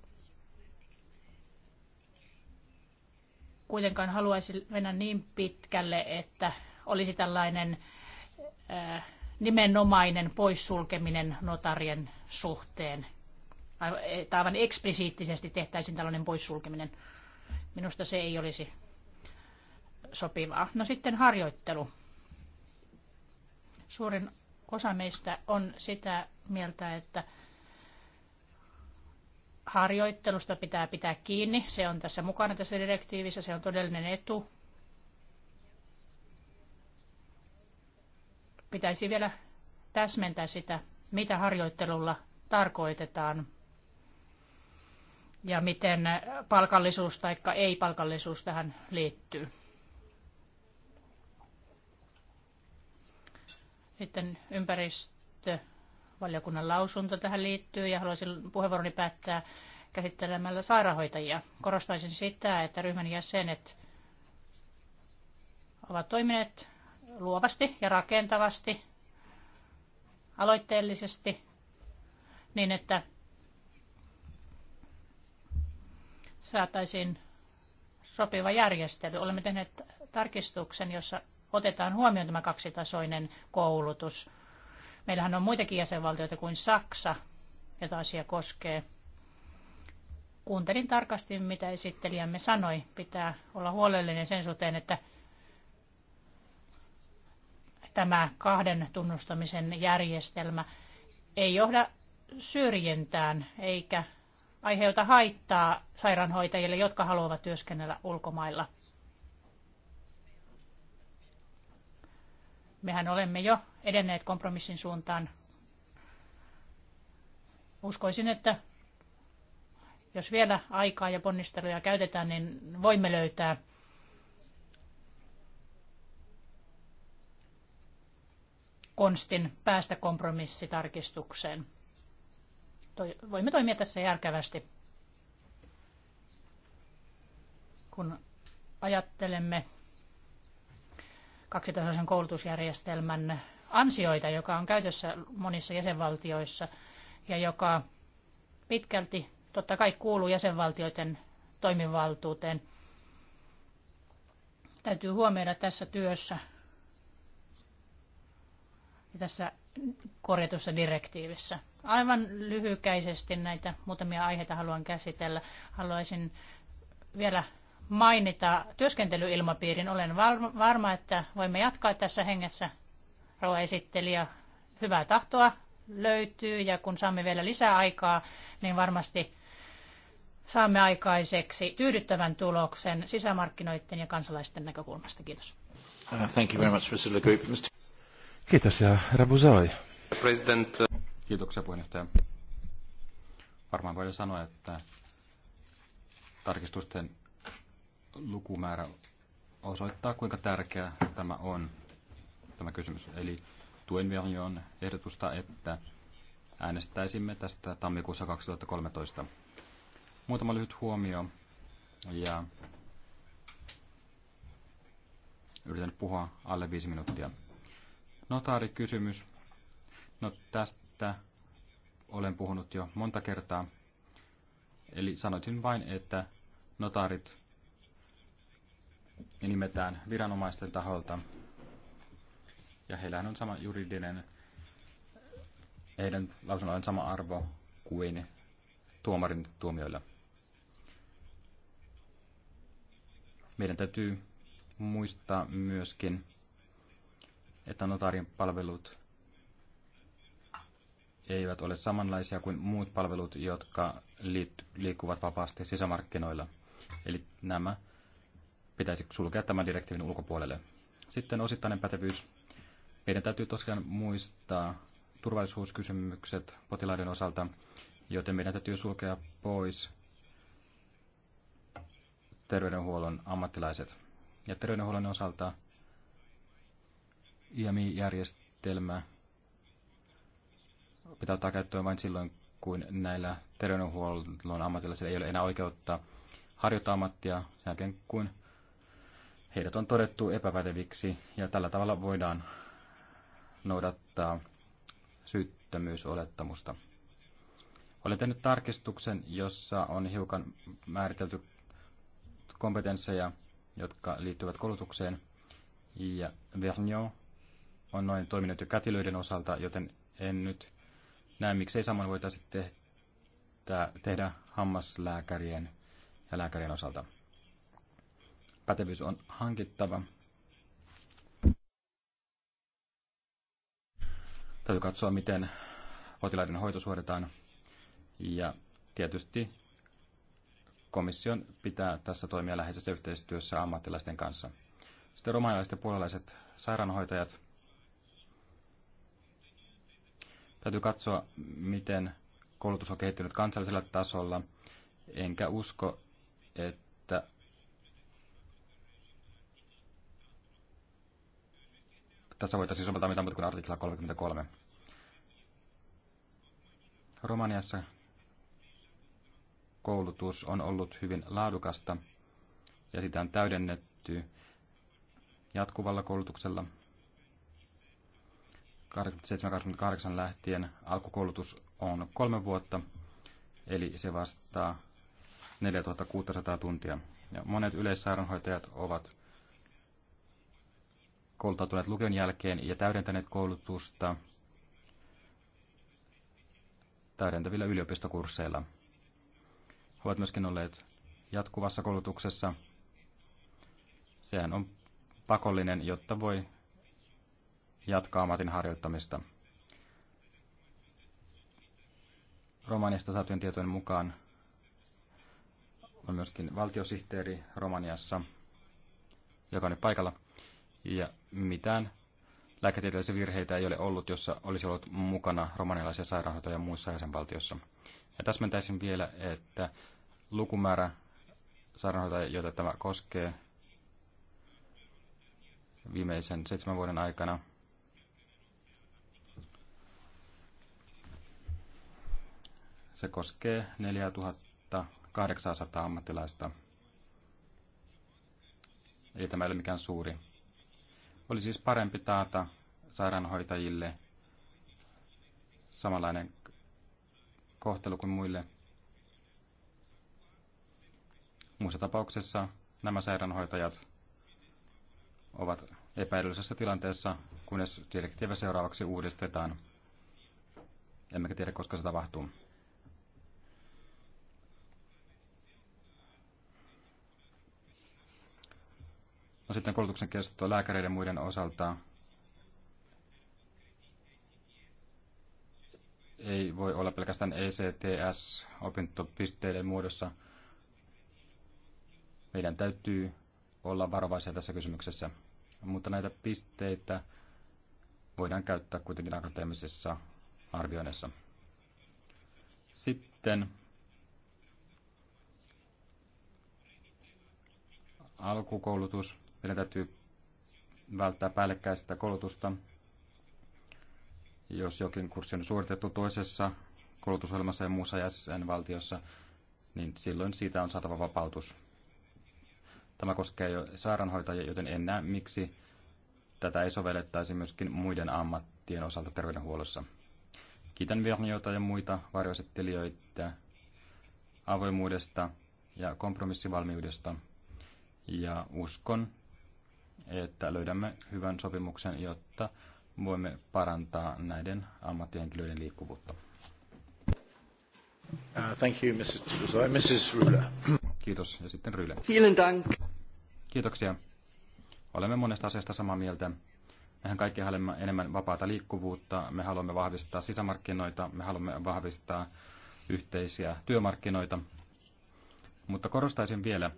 kuitenkaan haluaisi mennä niin pitkälle, että olisi tällainen nimenomainen poissulkeminen notarien suhteen. Eh, että aivan eksplisiittisesti tehtäisiin tällainen poissulkeminen. Minusta se ei olisi sopivaa. No sitten harjoittelu. Suurin osa meistä on sitä mieltä, että harjoittelusta pitää pitää kiinni. Se on tässä mukana tässä direktiivissä, se on todellinen etu. Pitäisi vielä täsmentää sitä, mitä harjoittelulla tarkoitetaan ja miten palkallisuus tai ei-palkallisuus tähän liittyy. Sitten ympäristövaliokunnan lausunto tähän liittyy ja haluaisin puheenvuoroni päättää käsittelemällä sairaanhoitajia. Korostaisin sitä, että ryhmän jäsenet ovat toimineet luovasti ja rakentavasti, aloitteellisesti, niin että saataisiin sopiva järjestely. Olemme tehneet tarkistuksen, jossa otetaan huomioon tämä kaksitasoinen koulutus. Meillähän on muitakin jäsenvaltioita kuin Saksa, jota asia koskee. Kuuntelin tarkasti, mitä esittelijämme sanoi. Pitää olla huolellinen sen suhteen, että tämä kahden tunnustamisen järjestelmä ei johda syrjintään eikä aiheuta haittaa sairaanhoitajille, jotka haluavat työskennellä ulkomailla. Mehän olemme jo edenneet kompromissin suuntaan. Uskoisin, että jos vielä aikaa ja ponnisteluja käytetään, niin voimme löytää konstin päästä kompromissitarkistukseen voimme toimia tässä järkevästi. Kun ajattelemme kaksitasoisen koulutusjärjestelmän ansioita, joka on käytössä monissa jäsenvaltioissa ja joka pitkälti totta kai kuuluu jäsenvaltioiden toimivaltuuteen. Täytyy huomioida tässä työssä ja tässä korjatussa direktiivissä. Aivan lyhykäisesti näitä muutamia aiheita haluan käsitellä. Haluaisin vielä mainita työskentelyilmapiirin. Olen varma, että voimme jatkaa tässä hengessä. Rouva esittelijä, hyvää tahtoa löytyy ja kun saamme vielä lisää aikaa, niin varmasti saamme aikaiseksi tyydyttävän tuloksen sisämarkkinoiden ja kansalaisten näkökulmasta. Kiitos. Uh, thank you very much, Mr. Le Group. Mr. Kiitos ja herra Buzoi. President. Uh, Kiitoksia puheenjohtaja. Varmaan voidaan sanoa, että tarkistusten lukumäärä osoittaa, kuinka tärkeä tämä on, tämä kysymys. Eli tuen on ehdotusta, että äänestäisimme tästä tammikuussa 2013. Muutama lyhyt huomio ja yritän puhua alle viisi minuuttia. Notaarikysymys. No tästä mistä olen puhunut jo monta kertaa. Eli sanoisin vain, että notaarit nimetään viranomaisten taholta. Ja heillähän on sama juridinen, heidän lausunnolla on sama arvo kuin tuomarin tuomioilla. Meidän täytyy muistaa myöskin, että notaarin palvelut eivät ole samanlaisia kuin muut palvelut, jotka liikkuvat vapaasti sisämarkkinoilla. Eli nämä pitäisi sulkea tämän direktiivin ulkopuolelle. Sitten osittainen pätevyys. Meidän täytyy tosiaan muistaa turvallisuuskysymykset potilaiden osalta, joten meidän täytyy sulkea pois terveydenhuollon ammattilaiset. Ja terveydenhuollon osalta IMI-järjestelmä pitää ottaa käyttöön vain silloin, kun näillä terveydenhuollon ammatillisilla ei ole enää oikeutta harjoittaa ammattia sen jälkeen, kun heidät on todettu epäpäteviksi ja tällä tavalla voidaan noudattaa syyttömyysolettamusta. Olen tehnyt tarkistuksen, jossa on hiukan määritelty kompetensseja, jotka liittyvät koulutukseen, ja Vernio on noin toiminut jo kätilöiden osalta, joten en nyt näin miksei samoin voitaisiin tehdä, tehdä hammaslääkärien ja lääkärien osalta. Pätevyys on hankittava. Täytyy katsoa, miten potilaiden hoito suoritetaan. Ja tietysti komission pitää tässä toimia läheisessä yhteistyössä ammattilaisten kanssa. Sitten romanialaiset ja puolalaiset sairaanhoitajat. Täytyy katsoa, miten koulutus on kehittynyt kansallisella tasolla, enkä usko, että tässä voitaisiin soveltaa mitään muuta kuin artikla 33. Romaniassa koulutus on ollut hyvin laadukasta ja sitä on täydennetty jatkuvalla koulutuksella. 87-88 lähtien alkukoulutus on kolme vuotta, eli se vastaa 4600 tuntia. Ja monet yleissairaanhoitajat ovat kouluttautuneet lukion jälkeen ja täydentäneet koulutusta täydentävillä yliopistokursseilla. He ovat myöskin olleet jatkuvassa koulutuksessa. Sehän on pakollinen, jotta voi jatkaa ammatin harjoittamista. Romaniasta saatujen tietojen mukaan on myöskin valtiosihteeri Romaniassa, joka on nyt paikalla. Ja mitään lääketieteellisiä virheitä ei ole ollut, jossa olisi ollut mukana romanialaisia sairaanhoitoja muissa jäsenvaltioissa. Ja täsmentäisin vielä, että lukumäärä sairaanhoitajia, joita tämä koskee viimeisen seitsemän vuoden aikana – Se koskee 4800 ammattilaista. Ei tämä ole mikään suuri. Oli siis parempi taata sairaanhoitajille samanlainen kohtelu kuin muille. Muussa tapauksessa nämä sairaanhoitajat ovat epäedullisessa tilanteessa, kunnes direktiivi seuraavaksi uudistetaan. Emmekä tiedä, koska se tapahtuu. No sitten koulutuksen kesto lääkäreiden muiden osalta ei voi olla pelkästään ECTS-opintopisteiden muodossa. Meidän täytyy olla varovaisia tässä kysymyksessä, mutta näitä pisteitä voidaan käyttää kuitenkin akateemisessa arvioinnissa. Sitten alkukoulutus. Meidän täytyy välttää päällekkäistä koulutusta. Jos jokin kurssi on suoritettu toisessa koulutusohjelmassa ja muussa jäsenvaltiossa, niin silloin siitä on saatava vapautus. Tämä koskee jo sairaanhoitajia, joten en näe, miksi tätä ei sovellettaisi myöskin muiden ammattien osalta terveydenhuollossa. Kiitän Virniota ja muita varjoesittelijöitä avoimuudesta ja kompromissivalmiudesta. Ja uskon, että löydämme hyvän sopimuksen, jotta voimme parantaa näiden ammattihenkilöiden liikkuvuutta. Uh, thank you, Mrs. Mrs. Kiitos, ja sitten Ryle. Vielen dank. Kiitoksia. Olemme monesta asiasta samaa mieltä. Mehän kaikki haluamme enemmän vapaata liikkuvuutta, me haluamme vahvistaa sisämarkkinoita, me haluamme vahvistaa yhteisiä työmarkkinoita. Mutta korostaisin vielä,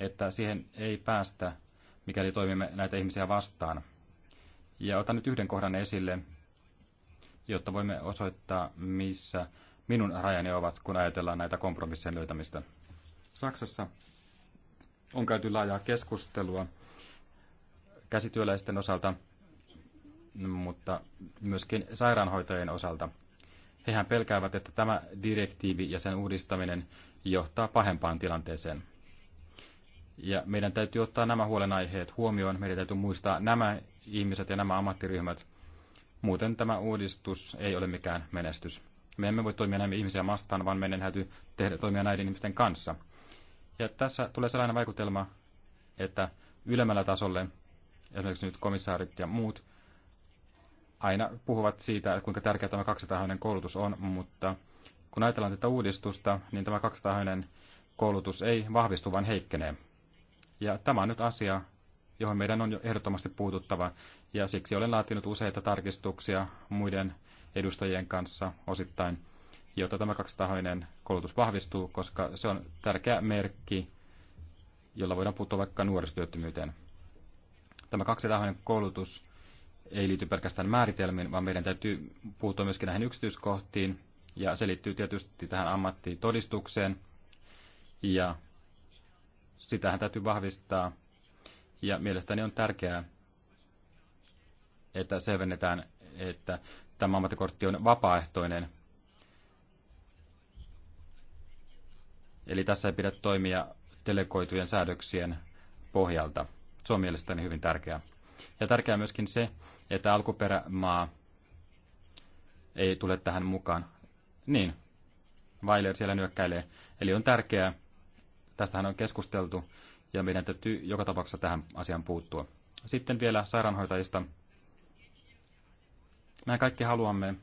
että siihen ei päästä mikäli toimimme näitä ihmisiä vastaan. Ja otan nyt yhden kohdan esille, jotta voimme osoittaa, missä minun rajani ovat, kun ajatellaan näitä kompromissien löytämistä. Saksassa on käyty laajaa keskustelua käsityöläisten osalta, mutta myöskin sairaanhoitajien osalta. Hehän pelkäävät, että tämä direktiivi ja sen uudistaminen johtaa pahempaan tilanteeseen. Ja meidän täytyy ottaa nämä huolenaiheet huomioon. Meidän täytyy muistaa nämä ihmiset ja nämä ammattiryhmät. Muuten tämä uudistus ei ole mikään menestys. Me emme voi toimia näin ihmisiä vastaan, vaan meidän täytyy tehdä, toimia näiden ihmisten kanssa. Ja tässä tulee sellainen vaikutelma, että ylemmällä tasolle, esimerkiksi nyt komissaarit ja muut, aina puhuvat siitä, kuinka tärkeä tämä 200 koulutus on, mutta kun ajatellaan tätä uudistusta, niin tämä 200 koulutus ei vahvistu, vaan heikkenee. Ja tämä on nyt asia, johon meidän on jo ehdottomasti puututtava, ja siksi olen laatinut useita tarkistuksia muiden edustajien kanssa osittain, jotta tämä kaksitahoinen koulutus vahvistuu, koska se on tärkeä merkki, jolla voidaan puuttua vaikka nuorisotyöttömyyteen. Tämä kaksitahoinen koulutus ei liity pelkästään määritelmiin, vaan meidän täytyy puuttua myöskin näihin yksityiskohtiin, ja se liittyy tietysti tähän ammattitodistukseen ja sitähän täytyy vahvistaa. Ja mielestäni on tärkeää, että selvennetään, että tämä ammattikortti on vapaaehtoinen. Eli tässä ei pidä toimia delegoitujen säädöksien pohjalta. Se on mielestäni hyvin tärkeää. Ja tärkeää myöskin se, että alkuperämaa ei tule tähän mukaan. Niin, Weiler siellä nyökkäilee. Eli on tärkeää, Tästähän on keskusteltu ja meidän täytyy joka tapauksessa tähän asiaan puuttua. Sitten vielä sairaanhoitajista. Me kaikki haluamme,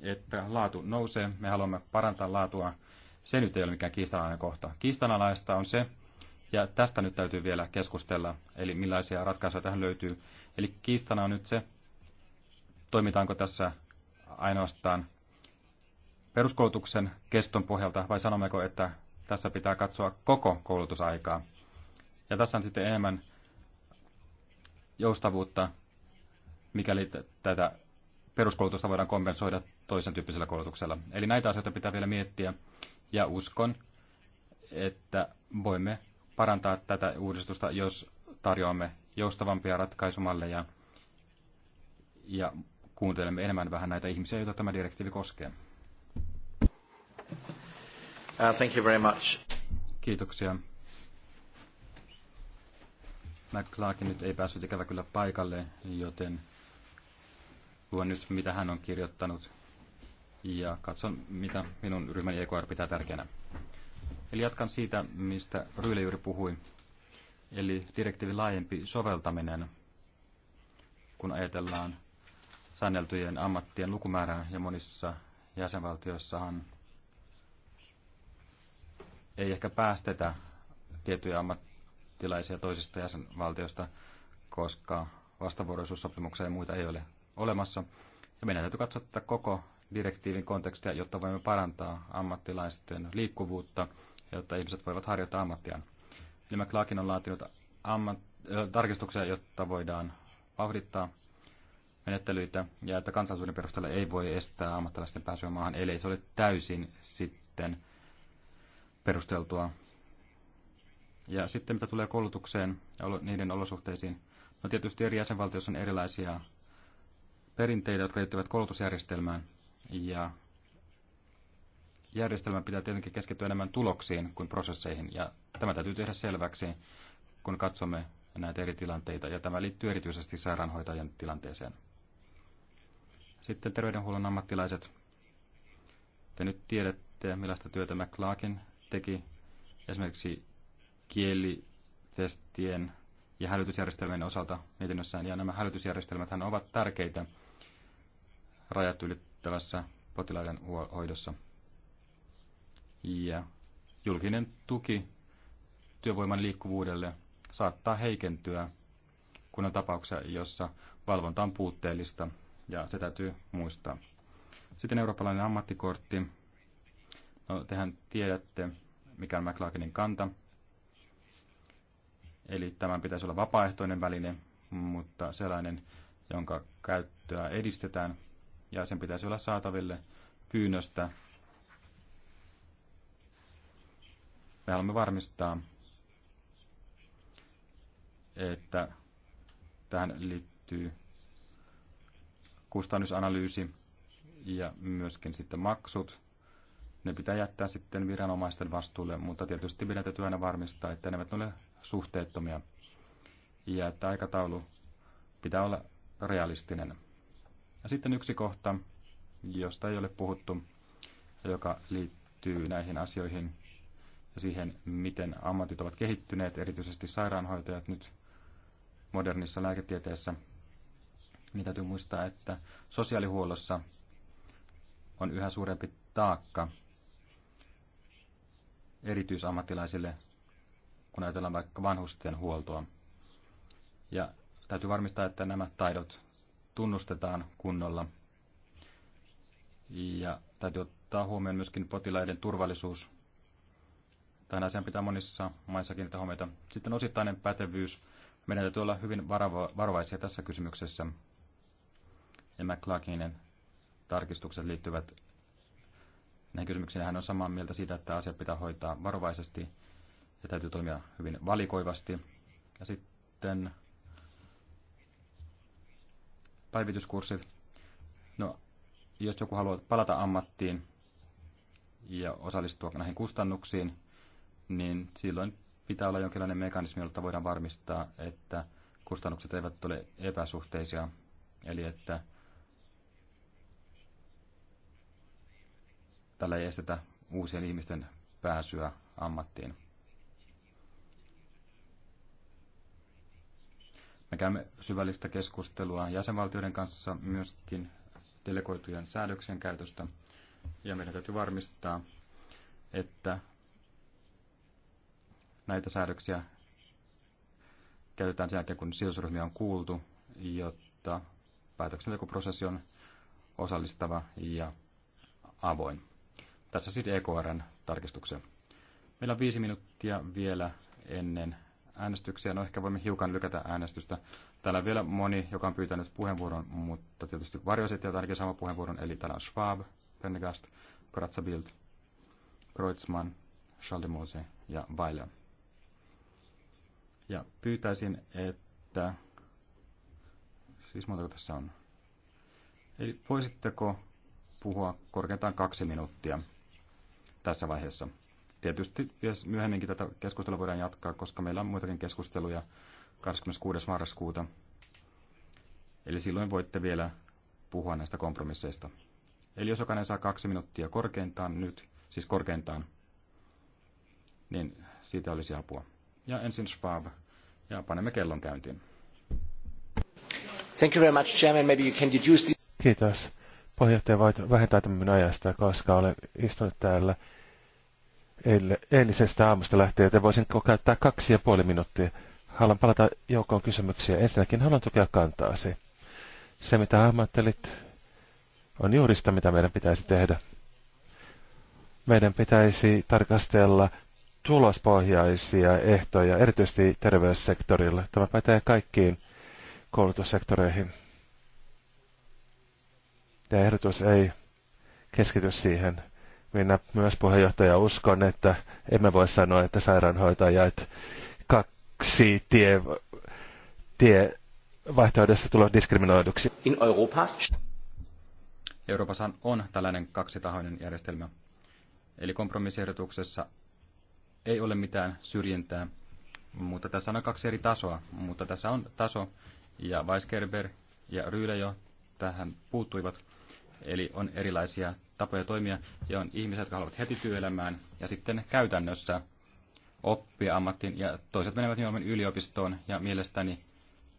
että laatu nousee. Me haluamme parantaa laatua. Se nyt ei ole mikään kiistanalainen kohta. Kiistanalaista on se, ja tästä nyt täytyy vielä keskustella, eli millaisia ratkaisuja tähän löytyy. Eli kiistana on nyt se, toimitaanko tässä ainoastaan peruskoulutuksen keston pohjalta vai sanommeko, että tässä pitää katsoa koko koulutusaikaa. Ja tässä on sitten enemmän joustavuutta, mikäli tätä peruskoulutusta voidaan kompensoida toisen tyyppisellä koulutuksella. Eli näitä asioita pitää vielä miettiä, ja uskon, että voimme parantaa tätä uudistusta, jos tarjoamme joustavampia ratkaisumalleja ja kuuntelemme enemmän vähän näitä ihmisiä, joita tämä direktiivi koskee. Uh, thank you very much. Kiitoksia. McClarkin nyt ei päässyt ikävä kyllä paikalle, joten luen nyt, mitä hän on kirjoittanut ja katson, mitä minun ryhmäni EKR pitää tärkeänä. Eli jatkan siitä, mistä Ryyle juuri puhui, eli direktiivin laajempi soveltaminen, kun ajatellaan säänneltyjen ammattien lukumäärää, ja monissa jäsenvaltioissahan ei ehkä päästetä tiettyjä ammattilaisia toisista jäsenvaltioista, koska vastavuoroisuussopimuksia ja muita ei ole olemassa. Ja meidän täytyy katsoa tätä koko direktiivin kontekstia, jotta voimme parantaa ammattilaisten liikkuvuutta, jotta ihmiset voivat harjoittaa ammattiaan. Eli McLaakin on laatinut ammat, äh, tarkistuksia, jotta voidaan vauhdittaa menettelyitä ja että kansallisuuden perusteella ei voi estää ammattilaisten pääsyä maahan, ellei se ole täysin sitten perusteltua. Ja sitten mitä tulee koulutukseen ja niiden olosuhteisiin, no tietysti eri jäsenvaltioissa on erilaisia perinteitä, jotka liittyvät koulutusjärjestelmään. Ja järjestelmän pitää tietenkin keskittyä enemmän tuloksiin kuin prosesseihin. Ja tämä täytyy tehdä selväksi, kun katsomme näitä eri tilanteita. Ja tämä liittyy erityisesti sairaanhoitajan tilanteeseen. Sitten terveydenhuollon ammattilaiset. Te nyt tiedätte, millaista työtä McClarkin teki esimerkiksi kielitestien ja hälytysjärjestelmien osalta mietinnössään. Ja nämä hälytysjärjestelmät ovat tärkeitä rajat ylittävässä potilaiden hoidossa. Ja julkinen tuki työvoiman liikkuvuudelle saattaa heikentyä, kun on tapauksia, jossa valvonta on puutteellista, ja se täytyy muistaa. Sitten eurooppalainen ammattikortti No, tehän tiedätte, mikä on McLaughlinin kanta. Eli tämän pitäisi olla vapaaehtoinen väline, mutta sellainen, jonka käyttöä edistetään, ja sen pitäisi olla saataville pyynnöstä. Me haluamme varmistaa, että tähän liittyy kustannusanalyysi ja myöskin sitten maksut ne pitää jättää sitten viranomaisten vastuulle, mutta tietysti meidän täytyy aina varmistaa, että ne eivät ole suhteettomia ja että aikataulu pitää olla realistinen. Ja sitten yksi kohta, josta ei ole puhuttu, joka liittyy näihin asioihin ja siihen, miten ammatit ovat kehittyneet, erityisesti sairaanhoitajat nyt modernissa lääketieteessä, niin täytyy muistaa, että sosiaalihuollossa on yhä suurempi taakka erityisammattilaisille, kun ajatellaan vaikka vanhusten huoltoa. Ja täytyy varmistaa, että nämä taidot tunnustetaan kunnolla. Ja täytyy ottaa huomioon myöskin potilaiden turvallisuus. Tähän asiaan pitää monissa maissa kiinnittää huomiota. Sitten osittainen pätevyys. Meidän täytyy olla hyvin varavo- varovaisia tässä kysymyksessä. Ja McClarkinen tarkistukset liittyvät Näihin kysymyksiin hän on samaa mieltä siitä, että asia pitää hoitaa varovaisesti ja täytyy toimia hyvin valikoivasti. Ja sitten päivityskurssit. No, jos joku haluaa palata ammattiin ja osallistua näihin kustannuksiin, niin silloin pitää olla jonkinlainen mekanismi, jolla voidaan varmistaa, että kustannukset eivät ole epäsuhteisia. Eli että Tällä ei estetä uusien ihmisten pääsyä ammattiin. Me käymme syvällistä keskustelua jäsenvaltioiden kanssa myöskin delegoitujen säädöksien käytöstä, ja meidän täytyy varmistaa, että näitä säädöksiä käytetään sen jälkeen, kun sijoitusryhmiä on kuultu, jotta päätöksentekoprosessi on osallistava ja avoin. Tässä siis EKRn tarkistuksia. Meillä on viisi minuuttia vielä ennen äänestyksiä. No ehkä voimme hiukan lykätä äänestystä. Täällä on vielä moni, joka on pyytänyt puheenvuoron, mutta tietysti varjoesittäjät ainakin sama puheenvuoron. Eli täällä on Schwab, Prendergast, Kratzabild, Kreutzmann, Schaldemose ja Weiler. Ja pyytäisin, että... Siis montako tässä on? Eli voisitteko puhua korkeintaan kaksi minuuttia? tässä vaiheessa. Tietysti myöhemminkin tätä keskustelua voidaan jatkaa, koska meillä on muitakin keskusteluja 26. marraskuuta. Eli silloin voitte vielä puhua näistä kompromisseista. Eli jos jokainen saa kaksi minuuttia korkeintaan nyt, siis korkeintaan, niin siitä olisi apua. Ja ensin Schwab, ja panemme kellon käyntiin. Thank you very much, Chairman. Maybe you can deduce this. Kiitos. Puheenjohtaja, vähentää tämän minun ajasta, koska olen istunut täällä eilisestä aamusta lähtien, joten voisin käyttää kaksi ja puoli minuuttia. Haluan palata joukkoon kysymyksiä. Ensinnäkin haluan tukea kantaasi. Se, mitä hahmottelit, on juuri sitä, mitä meidän pitäisi tehdä. Meidän pitäisi tarkastella tulospohjaisia ehtoja, erityisesti terveyssektorilla. Tämä pätee kaikkiin koulutussektoreihin. Tämä ehdotus ei keskity siihen. Minä myös puheenjohtaja uskon, että emme voi sanoa, että sairaanhoitajat kaksi tie, tie vaihtoehdosta tulevat diskriminoiduksi. In Europa. Euroopassa on tällainen kaksitahoinen järjestelmä. Eli kompromissiehdotuksessa ei ole mitään syrjintää, mutta tässä on kaksi eri tasoa. Mutta tässä on taso, ja Weisgerber ja Ryyle jo tähän puuttuivat. Eli on erilaisia tapoja toimia ja on ihmisiä, jotka haluavat heti työelämään ja sitten käytännössä oppia ammattiin ja toiset menevät nimenomaan yliopistoon ja mielestäni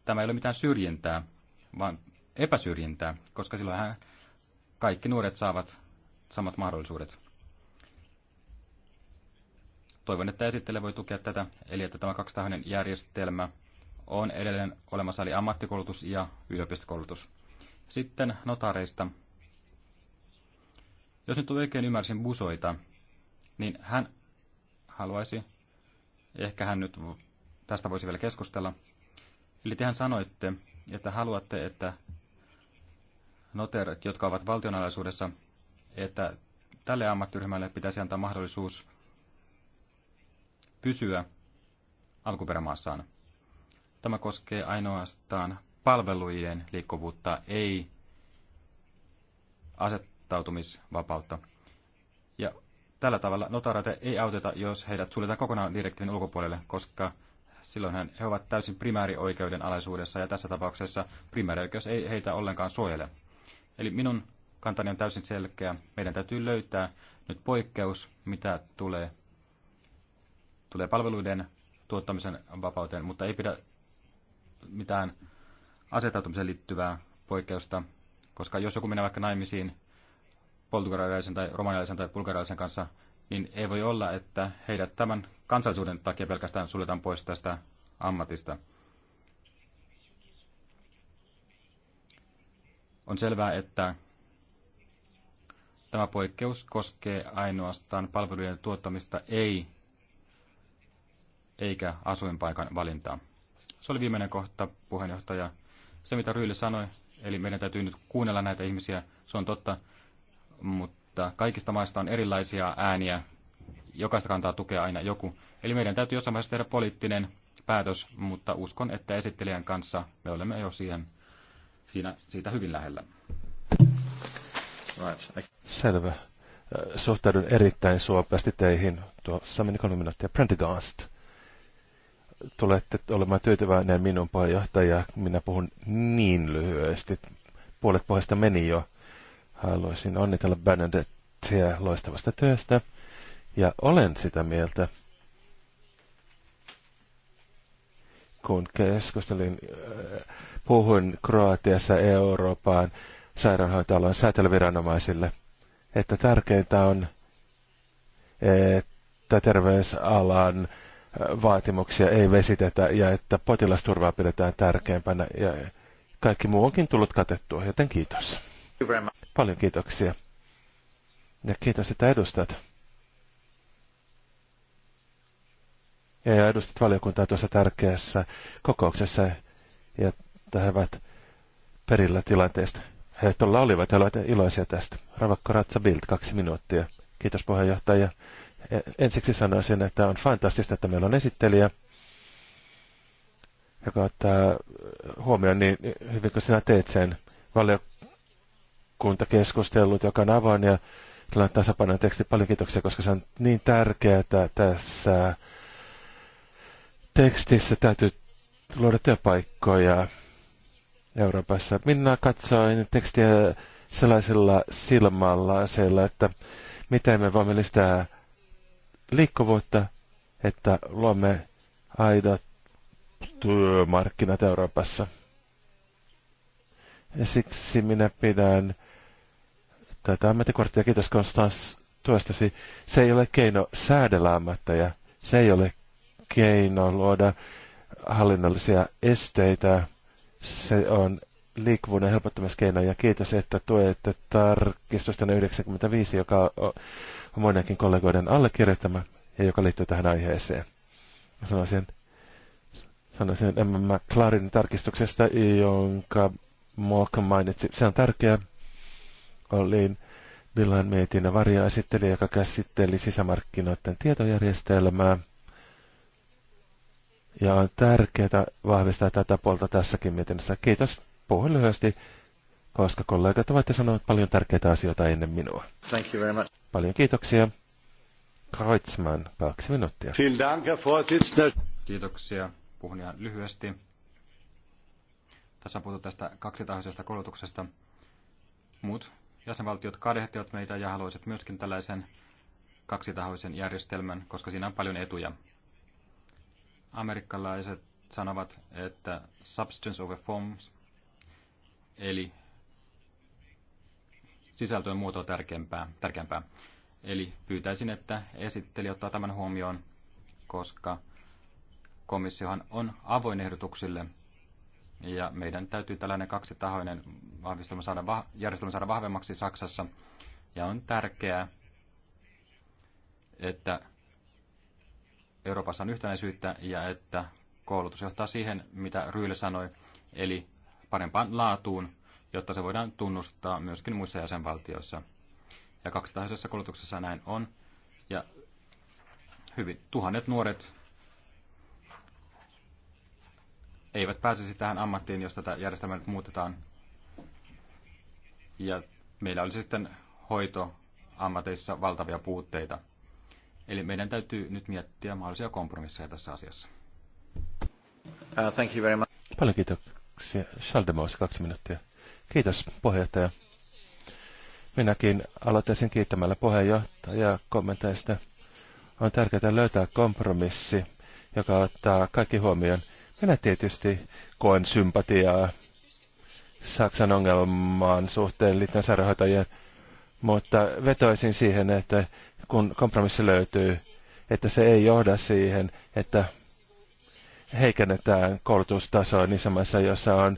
tämä ei ole mitään syrjintää, vaan epäsyrjintää, koska silloinhan kaikki nuoret saavat samat mahdollisuudet. Toivon, että esittele voi tukea tätä, eli että tämä kaksitahoinen järjestelmä on edelleen olemassa, eli ammattikoulutus ja yliopistokoulutus. Sitten notareista. Jos nyt oikein ymmärsin Busoita, niin hän haluaisi, ehkä hän nyt tästä voisi vielä keskustella. Eli tehän sanoitte, että haluatte, että noterit, jotka ovat valtionalaisuudessa, että tälle ammattiryhmälle pitäisi antaa mahdollisuus pysyä alkuperämaassaan. Tämä koskee ainoastaan palvelujen liikkuvuutta, ei asettaa ilmoittautumisvapautta. Ja tällä tavalla notaareita ei auteta, jos heidät suljetaan kokonaan direktiivin ulkopuolelle, koska silloinhan he ovat täysin primäärioikeuden alaisuudessa ja tässä tapauksessa primäärioikeus ei heitä ollenkaan suojele. Eli minun kantani on täysin selkeä. Meidän täytyy löytää nyt poikkeus, mitä tulee, tulee palveluiden tuottamisen vapauteen, mutta ei pidä mitään asetautumiseen liittyvää poikkeusta, koska jos joku menee vaikka naimisiin portugalilaisen tai romanialaisen tai bulgarialaisen kanssa, niin ei voi olla, että heidät tämän kansallisuuden takia pelkästään suljetaan pois tästä ammatista. On selvää, että tämä poikkeus koskee ainoastaan palvelujen tuottamista, ei eikä asuinpaikan valintaa. Se oli viimeinen kohta, puheenjohtaja. Se, mitä Ryyli sanoi, eli meidän täytyy nyt kuunnella näitä ihmisiä, se on totta, mutta kaikista maista on erilaisia ääniä. Jokaista kantaa tukea aina joku. Eli meidän täytyy jossain vaiheessa tehdä poliittinen päätös, mutta uskon, että esittelijän kanssa me olemme jo siihen, siinä, siitä hyvin lähellä. Right. Selvä. Suhtaudun erittäin suopeasti teihin. Tuossa meni kolme minuuttia. Prendergast. Tulette olemaan tyytyväinen minun puheenjohtaja. Minä puhun niin lyhyesti. Puolet puheesta meni jo. Haluaisin onnitella Bernadettea loistavasta työstä ja olen sitä mieltä, kun keskustelin, äh, puhuin Kroatiassa Euroopan sairaanhoitoalan säätelyviranomaisille, että tärkeintä on, että terveysalan äh, vaatimuksia ei vesitetä ja että potilasturvaa pidetään tärkeämpänä ja kaikki muu onkin tullut katettua, joten kiitos. Paljon kiitoksia. Ja kiitos, että edustat. Ja edustat valiokuntaa tuossa tärkeässä kokouksessa, ja he ovat perillä tilanteesta. He tuolla olivat, he olivat iloisia tästä. Ravakko Ratsa Bild, kaksi minuuttia. Kiitos puheenjohtaja. E, ensiksi sanoisin, että on fantastista, että meillä on esittelijä, joka ottaa huomioon niin hyvin kuin sinä teet sen. Valiokunta keskustellut joka on avoin ja tällainen tasapainoinen teksti. Paljon kiitoksia, koska se on niin tärkeää tässä tekstissä. Täytyy luoda työpaikkoja Euroopassa. Minä katsoin tekstiä sellaisella silmällä siellä, että miten me voimme lisätä liikkuvuutta, että luomme aidot työmarkkinat Euroopassa. Ja siksi minä pidän Tämä ammattikortti ja Kiitos Konstans tuestasi. Se ei ole keino säädellä ammatteja. Se ei ole keino luoda hallinnollisia esteitä. Se on liikkuvuuden helpottamiskeino ja kiitos, että tuette tarkistusta 95, joka on monenkin kollegoiden allekirjoittama ja joka liittyy tähän aiheeseen. Sanoisin, sanoisin M. McLarin tarkistuksesta, jonka Malcolm mainitsi. Se on tärkeä olin Villan mietinnä varjoesittelijä, joka käsitteli sisämarkkinoiden tietojärjestelmää. Ja on tärkeää vahvistaa tätä puolta tässäkin mietinnössä. Kiitos. Puhun lyhyesti, koska kollegat ovat sanoneet paljon tärkeitä asioita ennen minua. Thank you very much. Paljon kiitoksia. Kreutzmann, kaksi minuuttia. Kiitoksia. Puhun ihan lyhyesti. Tässä on puhuttu tästä kaksitahoisesta koulutuksesta. Muut jäsenvaltiot kadehtivat meitä ja haluaisivat myöskin tällaisen kaksitahoisen järjestelmän, koska siinä on paljon etuja. Amerikkalaiset sanovat, että substance over forms, eli sisältö on muotoa tärkeämpää, tärkeämpää. Eli pyytäisin, että esitteli ottaa tämän huomioon, koska komissiohan on avoin ehdotuksille, ja meidän täytyy tällainen kaksitahoinen vahvistelma saada, järjestelmä saada vahvemmaksi Saksassa. Ja on tärkeää, että Euroopassa on yhtenäisyyttä ja että koulutus johtaa siihen, mitä Ryyle sanoi, eli parempaan laatuun, jotta se voidaan tunnustaa myöskin muissa jäsenvaltioissa. Ja kaksitahoisessa koulutuksessa näin on. Ja hyvin tuhannet nuoret eivät pääsisi tähän ammattiin, jos tätä järjestelmää muutetaan. Ja meillä olisi sitten hoitoammateissa valtavia puutteita. Eli meidän täytyy nyt miettiä mahdollisia kompromisseja tässä asiassa. Uh, thank you very much. Paljon kiitoksia. Schaldemous, kaksi minuuttia. Kiitos, puheenjohtaja. Minäkin aloittaisin kiittämällä puheenjohtajaa kommenteista. On tärkeää löytää kompromissi, joka ottaa kaikki huomioon – minä tietysti koen sympatiaa Saksan ongelmaan suhteen liittyen sairaanhoitajien, mutta vetoisin siihen, että kun kompromissi löytyy, että se ei johda siihen, että heikennetään koulutustasoa niissä maissa, joissa on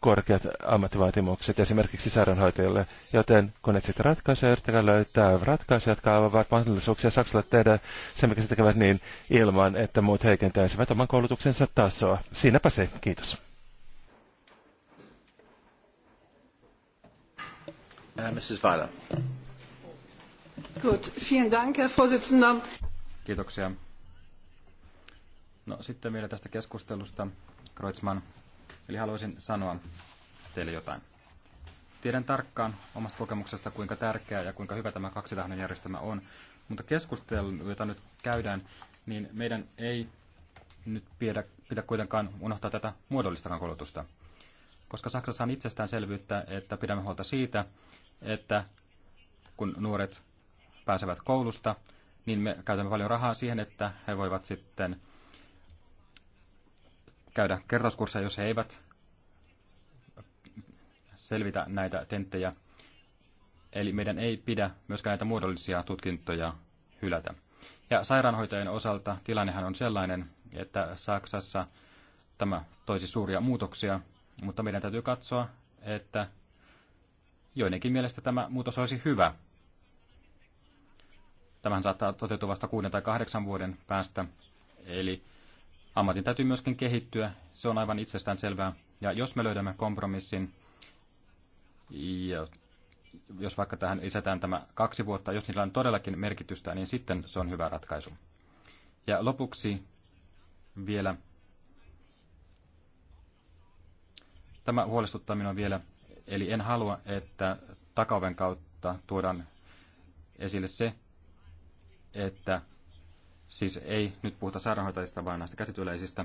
korkeat ammattivaatimukset esimerkiksi sairaanhoitajille, joten kun etsit ratkaisuja, yrittäkää löytää ratkaisuja, jotka avaavat mahdollisuuksia Saksalle tehdä se, mikä se tekevät niin ilman, että muut heikentäisivät oman koulutuksensa tasoa. Siinäpä se. Kiitos. Uh, Mrs. Weiler. Gut, vielen Dank, Herr Vorsitzender. Kiitoksia. No sitten vielä tästä keskustelusta, Kreutzmann. Eli haluaisin sanoa teille jotain. Tiedän tarkkaan omasta kokemuksesta, kuinka tärkeä ja kuinka hyvä tämä kaksitahoinen järjestelmä on, mutta keskustelu, jota nyt käydään, niin meidän ei nyt pidä, pidä kuitenkaan unohtaa tätä muodollistakaan koulutusta. Koska Saksassa on itsestäänselvyyttä, että pidämme huolta siitä, että kun nuoret pääsevät koulusta, niin me käytämme paljon rahaa siihen, että he voivat sitten käydä kertauskursseja, jos he eivät selvitä näitä tenttejä. Eli meidän ei pidä myöskään näitä muodollisia tutkintoja hylätä. Ja sairaanhoitajien osalta tilannehan on sellainen, että Saksassa tämä toisi suuria muutoksia, mutta meidän täytyy katsoa, että joidenkin mielestä tämä muutos olisi hyvä. Tämähän saattaa toteutua vasta kuuden tai kahdeksan vuoden päästä, eli ammatin täytyy myöskin kehittyä, se on aivan itsestään selvää. Ja jos me löydämme kompromissin, ja jos vaikka tähän lisätään tämä kaksi vuotta, jos niillä on todellakin merkitystä, niin sitten se on hyvä ratkaisu. Ja lopuksi vielä tämä huolestuttaa minua vielä. Eli en halua, että takaoven kautta tuodaan esille se, että siis ei nyt puhuta sairaanhoitajista, vaan näistä käsityöläisistä,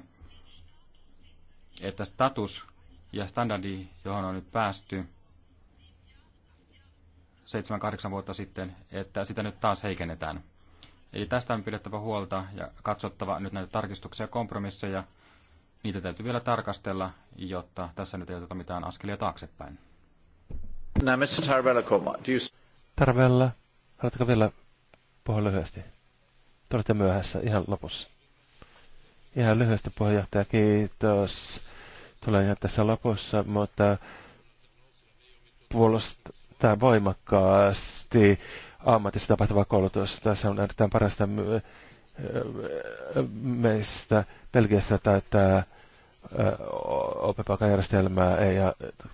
että status ja standardi, johon on nyt päästy 7-8 vuotta sitten, että sitä nyt taas heikennetään. Eli tästä on pidettävä huolta ja katsottava nyt näitä tarkistuksia ja kompromisseja. Niitä täytyy vielä tarkastella, jotta tässä nyt ei oteta mitään askelia taaksepäin. Tarvella, Tarvella, haluatko vielä puhua lyhyesti? Te olette myöhässä ihan lopussa. Ihan lyhyesti puheenjohtaja, kiitos. Tulen ihan tässä lopussa, mutta puolustaa voimakkaasti ammatissa tapahtuvaa koulutusta. Se on erittäin parasta meistä Belgiassa täyttää opepaikan järjestelmää ei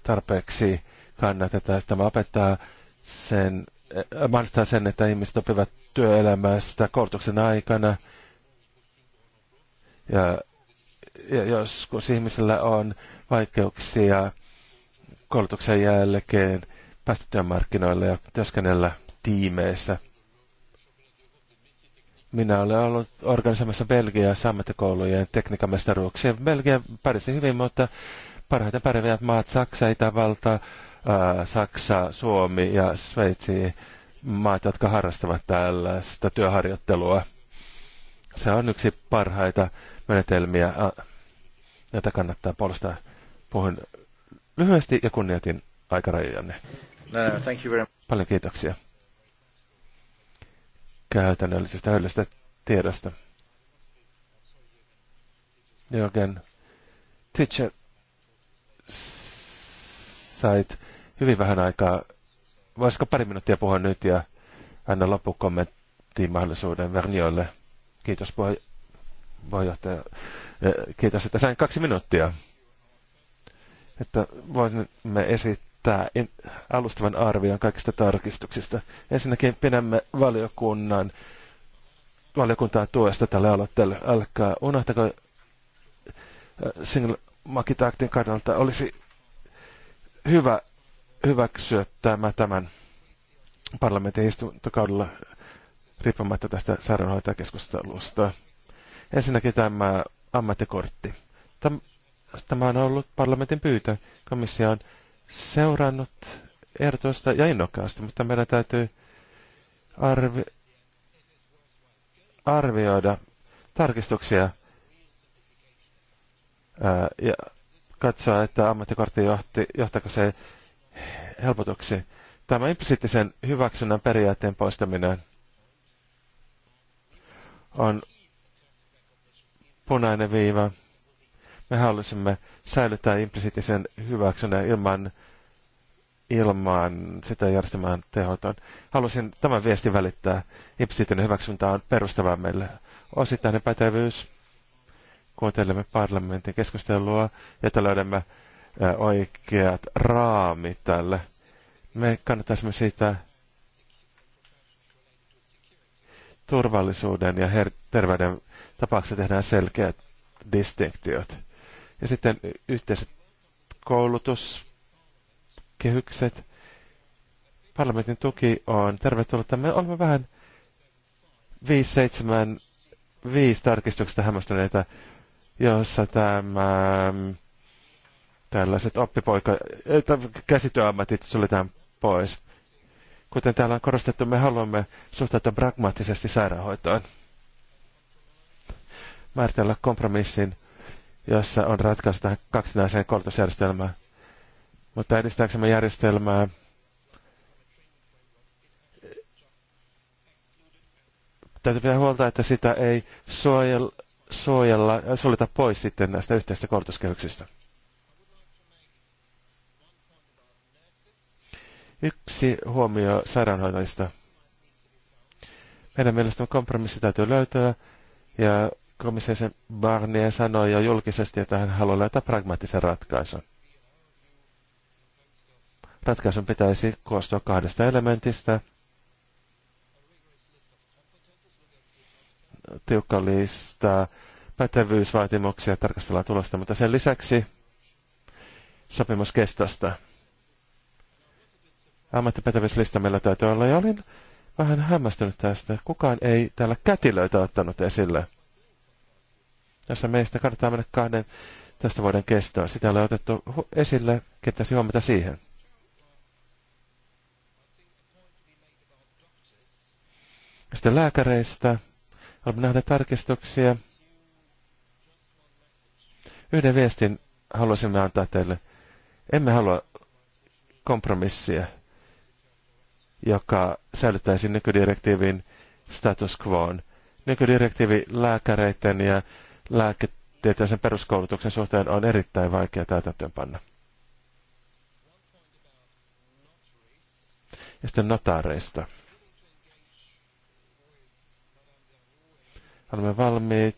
tarpeeksi kannateta. Tämä opettaa sen mahdollistaa sen, että ihmiset oppivat työelämästä koulutuksen aikana. Ja, ja joskus ihmisellä on vaikeuksia koulutuksen jälkeen päästä työmarkkinoille ja työskennellä tiimeissä. Minä olen ollut organisoimassa Belgiaa ammattikoulujen tekniikamestaruuksia. Belgia pärjäsi hyvin, mutta parhaiten pärjäävät maat Saksa, Itävalta, Saksa, Suomi ja Sveitsi maat, jotka harrastavat tällaista työharjoittelua. Se on yksi parhaita menetelmiä. Näitä kannattaa puolustaa. Puhun lyhyesti ja kunnioitin aikarajojanne. No, no, thank you very much. Paljon kiitoksia käytännöllisestä yleisestä tiedosta. Jürgen, teacher, sait hyvin vähän aikaa. Voisiko pari minuuttia puhua nyt ja anna loppukommenttiin mahdollisuuden Vernioille. Kiitos puheenjohtaja. Kiitos, että sain kaksi minuuttia. Että voimme esittää alustavan arvion kaikista tarkistuksista. Ensinnäkin pidämme valiokunnan valiokuntaa tuesta tälle aloitteelle. Älkää unohtako äh, Single makitaktin kannalta olisi hyvä hyväksyä tämä tämän parlamentin istuntokaudella riippumatta tästä sairaanhoitajakeskustelusta. Ensinnäkin tämä ammattikortti. Tämä on ollut parlamentin pyytö. Komissio on seurannut ehdotusta ja innokkaasti, mutta meidän täytyy arvi, arvioida tarkistuksia ja katsoa, että ammattikortti johti, johtaako se helpotuksi. Tämä implisiittisen hyväksynnän periaatteen poistaminen on punainen viiva. Me halusimme säilyttää implisiittisen hyväksynnän ilman, ilman sitä järjestelmään tehoton. Halusin tämän viestin välittää. Implisiittinen hyväksyntä on perustava meille. Osittainen pätevyys. Kuuntelemme parlamentin keskustelua, jotta löydämme oikeat raamit tälle. Me kannattaisimme siitä turvallisuuden ja her- terveyden tapauksessa tehdään selkeät distinktiot. Ja sitten yhteiset koulutuskehykset. Parlamentin tuki on tervetullut. Me olemme vähän 575 tarkistuksesta hämmästyneitä, jossa tämä mm, tällaiset oppipoika- käsityöammatit suljetaan pois. Kuten täällä on korostettu, me haluamme suhtautua pragmaattisesti sairaanhoitoon. Määritellä kompromissin, jossa on ratkaisu tähän kaksinaiseen koulutusjärjestelmään. Mutta edistääksemme järjestelmää täytyy pitää huolta, että sitä ei suojella, suojella, suljeta pois sitten näistä yhteistä koulutuskehyksistä. Yksi huomio sairaanhoitajista. Meidän mielestämme kompromissi täytyy löytää, ja komissaisen Barnier sanoi jo julkisesti, että hän haluaa löytää pragmaattisen ratkaisun. Ratkaisun pitäisi koostua kahdesta elementistä. Tiukka lista pätevyysvaatimuksia tarkastellaan tulosta, mutta sen lisäksi sopimuskestosta ammattipätevyyslista meillä täytyy olla. Ja olin vähän hämmästynyt tästä. Kukaan ei täällä kätilöitä ottanut esille. Tässä meistä kannattaa mennä kahden tästä vuoden kestoon. Sitä ei ole otettu esille. Kiinnittäisi huomiota siihen. Sitten lääkäreistä. Haluamme nähdä tarkistuksia. Yhden viestin haluaisimme antaa teille. Emme halua kompromissia joka säilyttäisi nykydirektiivin status quoon. Nykydirektiivi lääkäreiden ja lääketieteellisen peruskoulutuksen suhteen on erittäin vaikea täytäntöönpanna. Ja sitten notaareista. Olemme valmiit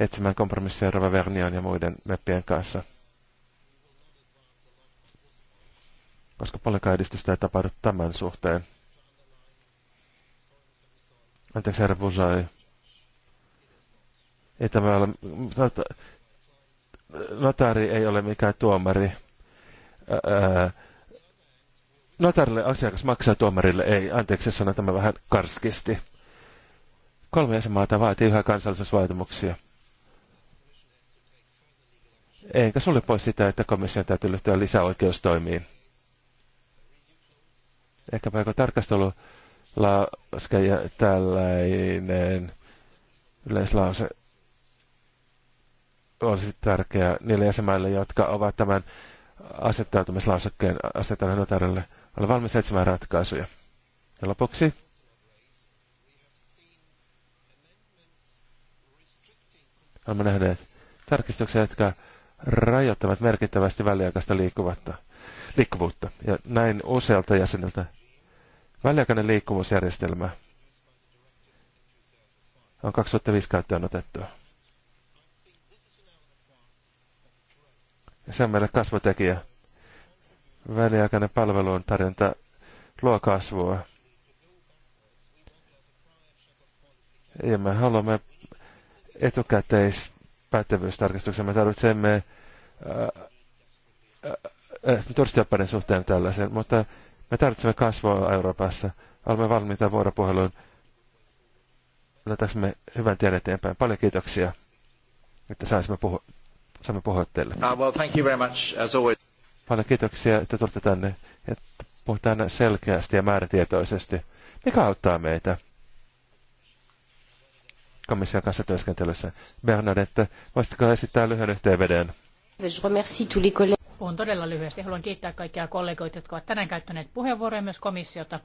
etsimään kompromisseja Rova Vernion ja muiden meppien kanssa – koska paljonkaan edistystä ei tapahdu tämän suhteen. Anteeksi, herra Buzai. Ei tämä ole... Notari ei ole mikään tuomari. Ää, notarille asiakas maksaa, tuomarille ei. Anteeksi, sanon tämä vähän karskisti. Kolme jäsenmaata vaatii yhä kansallisuusvaatimuksia. Enkä sulle pois sitä, että komission täytyy ryhtyä lisäoikeustoimiin ehkäpä joko tarkastelu ja tällainen yleislause olisi tärkeää niille jäsenmaille, jotka ovat tämän asettautumislausekkeen asettaneet notarille. Olen valmis etsimään ratkaisuja. Ja lopuksi olemme nähneet tarkistuksia, jotka rajoittavat merkittävästi väliaikaista liikkuvuutta. Ja näin usealta jäseneltä Väliaikainen liikkuvuusjärjestelmä on 2005 käyttöön otettu. Se on meille kasvutekijä. Väliaikainen palvelun tarjonta luo kasvua. Ja me haluamme etukäteispätevyystarkistuksen. Me tarvitsemme ää, ää, todistajapäiden suhteen tällaisen, mutta me tarvitsemme kasvua Euroopassa. Olemme valmiita vuoropuheluun. Laitaisimme hyvän tien eteenpäin. Paljon kiitoksia, että saisimme puhu, saamme puhua teille. Uh, well, thank you very much, as always. Paljon kiitoksia, että tulette tänne. Että puhutaan selkeästi ja määrätietoisesti. Mikä auttaa meitä? komission kanssa työskentelyssä. Bernadette, voisitko esittää lyhyen yhteenvedon? Puhun todella lyhyesti. Haluan kiittää kaikkia kollegoita, jotka ovat tänään käyttäneet puheenvuoroja, myös komissiota.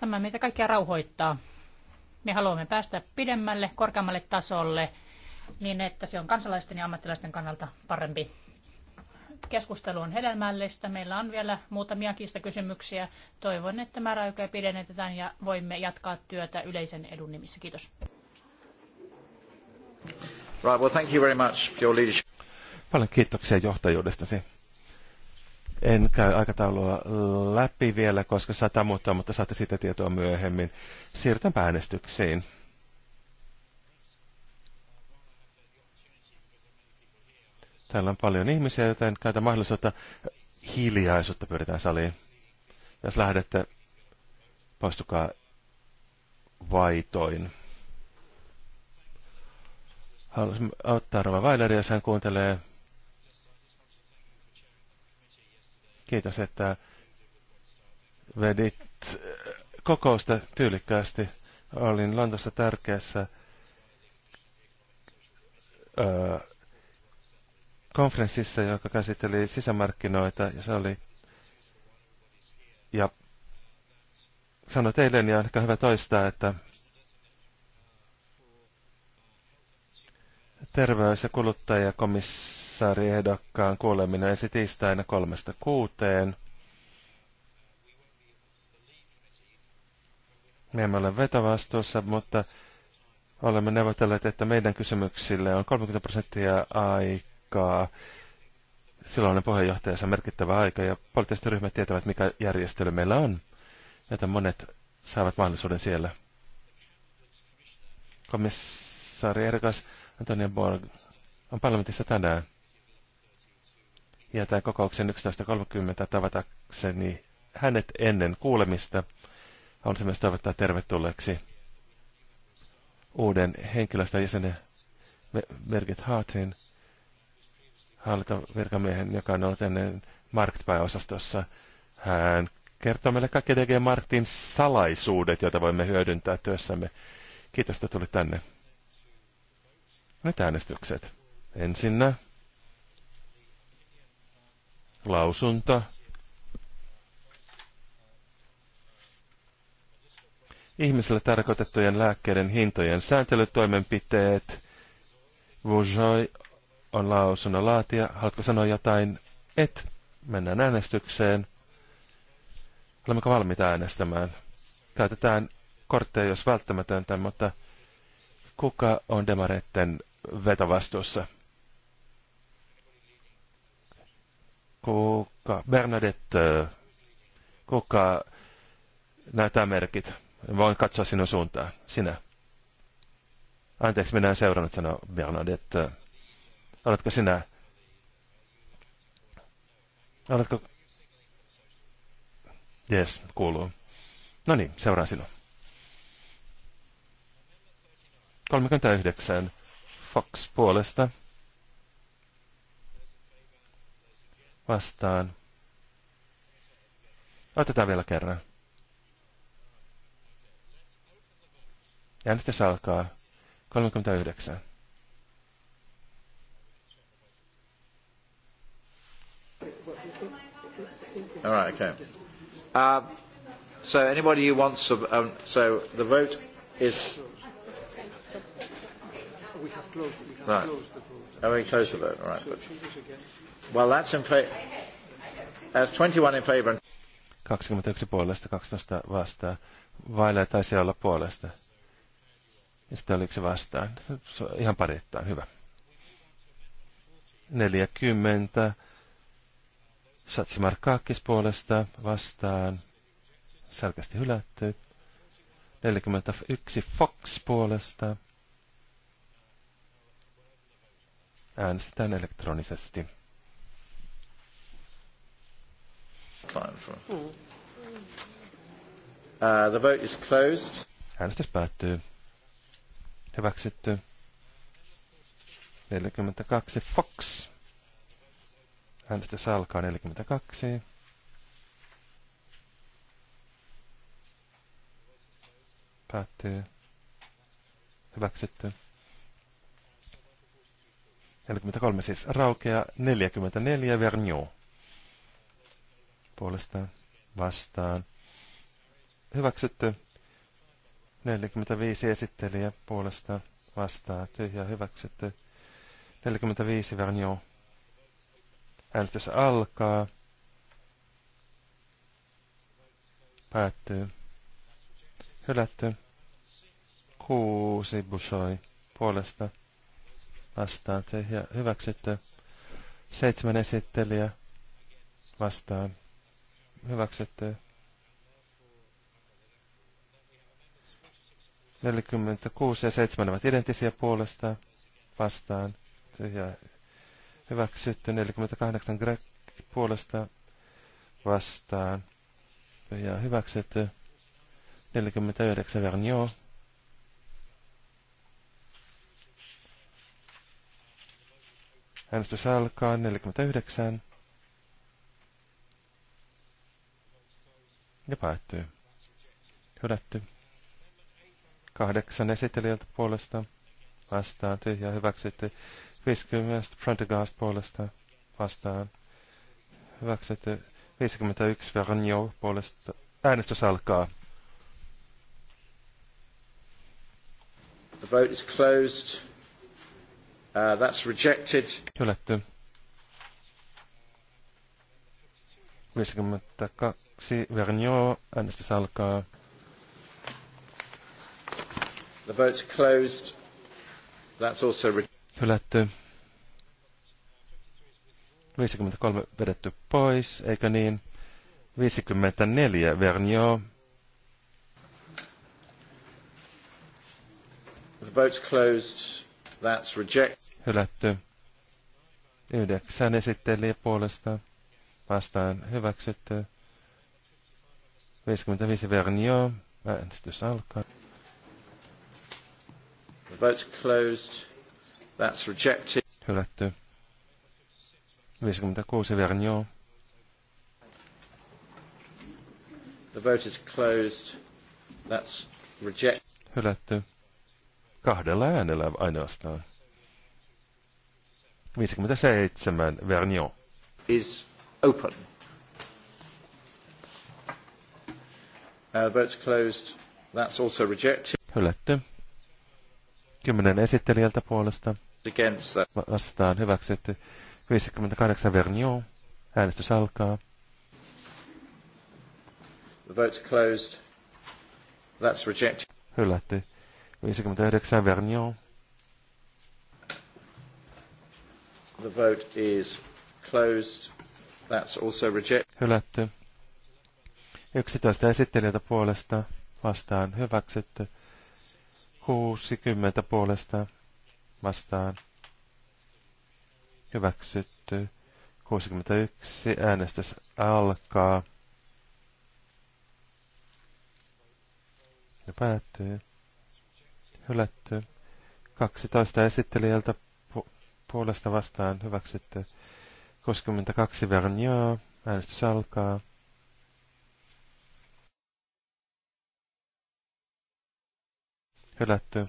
Tämä meitä kaikkia rauhoittaa. Me haluamme päästä pidemmälle, korkeammalle tasolle, niin että se on kansalaisten ja ammattilaisten kannalta parempi. Keskustelu on hedelmällistä. Meillä on vielä muutamia kiista kysymyksiä. Toivon, että määräaikaa pidennetään ja voimme jatkaa työtä yleisen edun nimissä. Kiitos. Right, well, thank you very much for your leadership. Paljon kiitoksia johtajuudestasi. En käy aikataulua läpi vielä, koska saattaa muuttua, mutta saatte siitä tietoa myöhemmin. Siirrytään äänestyksiin. Täällä on paljon ihmisiä, joten käytä mahdollisuutta hiljaisuutta pyritään saliin. Jos lähdette, poistukaa vaitoin. Haluaisin Ottaa Rova Weileria, jos hän kuuntelee Kiitos, että vedit eh, kokousta tyylikkäästi. Olin Lontossa tärkeässä ö, eh, konferenssissa, joka käsitteli sisämarkkinoita, ja se oli... Ja sano teille, niin on ehkä hyvä toistaa, että terveys- ja kuluttajakomissio komissaariehdokkaan kuuleminen ensi tiistaina kolmesta kuuteen. Me emme ole vetovastuussa, mutta olemme neuvotelleet, että meidän kysymyksille on 30 prosenttia aikaa. Silloinen puheenjohtajansa merkittävä aika ja poliittiset ryhmät tietävät, mikä järjestely meillä on. Että monet saavat mahdollisuuden siellä. Komissaari Erkas Antonio Borg on parlamentissa tänään ja tämän kokouksen 11.30 tavatakseni hänet ennen kuulemista. On se myös toivottaa tervetulleeksi uuden henkilöstön jäsenen Mergit Hartin hallintovirkamiehen, joka on ollut ennen markt osastossa Hän kertoo meille kaikki DG Martin salaisuudet, joita voimme hyödyntää työssämme. Kiitos, että tulit tänne. Nyt äänestykset. Ensinnä lausunto. Ihmisille tarkoitettujen lääkkeiden hintojen sääntelytoimenpiteet. Vujoi on lausunnon laatia. Haluatko sanoa jotain? Et. Mennään äänestykseen. Olemmeko valmiita äänestämään? Käytetään kortteja, jos välttämätöntä, mutta kuka on demareitten vetovastuussa? kuka, Bernadette, äh, kuka näitä merkit? Voin katsoa sinun suuntaan. Sinä. Anteeksi, minä en seurannut, sanoa Bernadette. Oletko sinä? Oletko? Jes, kuuluu. No niin, seuraan sinua. 39. Fox puolesta. vastaan. Otetaan vielä kerran. Äänestys alkaa 39. All right, okay. Uh, so anybody who wants to, um, so the vote is. We have closed. We have right. closed the vote. Oh, we closed the vote. All right. So, but... Well, that's in that's 21 in favor. 21 puolesta, 12 vastaan. Vaile taisi olla puolesta. Ja sitten oliko se vastaan. Ihan parittain, hyvä. 40. Kaakkis puolesta vastaan. Selkeästi hylätty. 41 Fox puolesta. Äänestetään elektronisesti. time for. Hmm. Uh, the vote is closed. Äänestys päättyy. Hyväksytty. 42 Fox. Äänestys alkaa 42. Päättyy. Hyväksytty. 43 siis raukea 44 Vernio puolesta vastaan. Hyväksytty. 45 esittelijä puolesta vastaan. Tyhjä hyväksytty. 45 Vernio. Äänestys alkaa. Päättyy. Hylätty. Kuusi Bushoi puolesta vastaan. Tyhjä hyväksytty. Seitsemän esittelijä vastaan hyväksytty. 46 ja 7 ovat identtisiä puolesta vastaan. ja hyväksytty. 48 grek puolesta vastaan. ja hyväksytty. 49 Vernio Äänestys alkaa 49. Ja päättyy. Hylätty. Kahdeksan esittelijältä puolesta. Vastaan. Tyhjä hyväksytty. 50 Frontegast puolesta. Vastaan. Hyväksytty. 51 Veronio puolesta. Äänestys alkaa. The vote is closed. Uh, that's rejected. Hylätty. 52 Vernio, Äänestys alkaa. The vote's closed. That's also Hylätty. 53 vedetty pois, eikö niin? 54 Vernio. The vote's closed. That's reject. Hylätty. Yhdeksän esittelijä puolestaan vastaan hyväksytty. 55 Vernio. Äänestys alkaa. The vote's closed. That's rejected. Hylätty. 56 Vernio. The vote is closed. That's rejected. Hylätty. Kahdella äänellä ainoastaan. 57 Vernion. Is open. Uh, votes closed. That's also rejected. Hylätty. Kymmenen esittelijältä puolesta. Against that. Vastaan hyväksytty. 58 Vernion. Äänestys alkaa. The vote's closed. That's rejected. Hylätty. 59 Vernion. The vote is closed. Hylätty. Yksitoista esittelijältä puolesta vastaan hyväksytty. 60 puolesta vastaan hyväksytty. 61 äänestys alkaa. Ja päättyy. Hylätty. 12 esittelijältä pu- puolesta vastaan hyväksytty. 62 Vernio. Äänestys alkaa. Hylätty.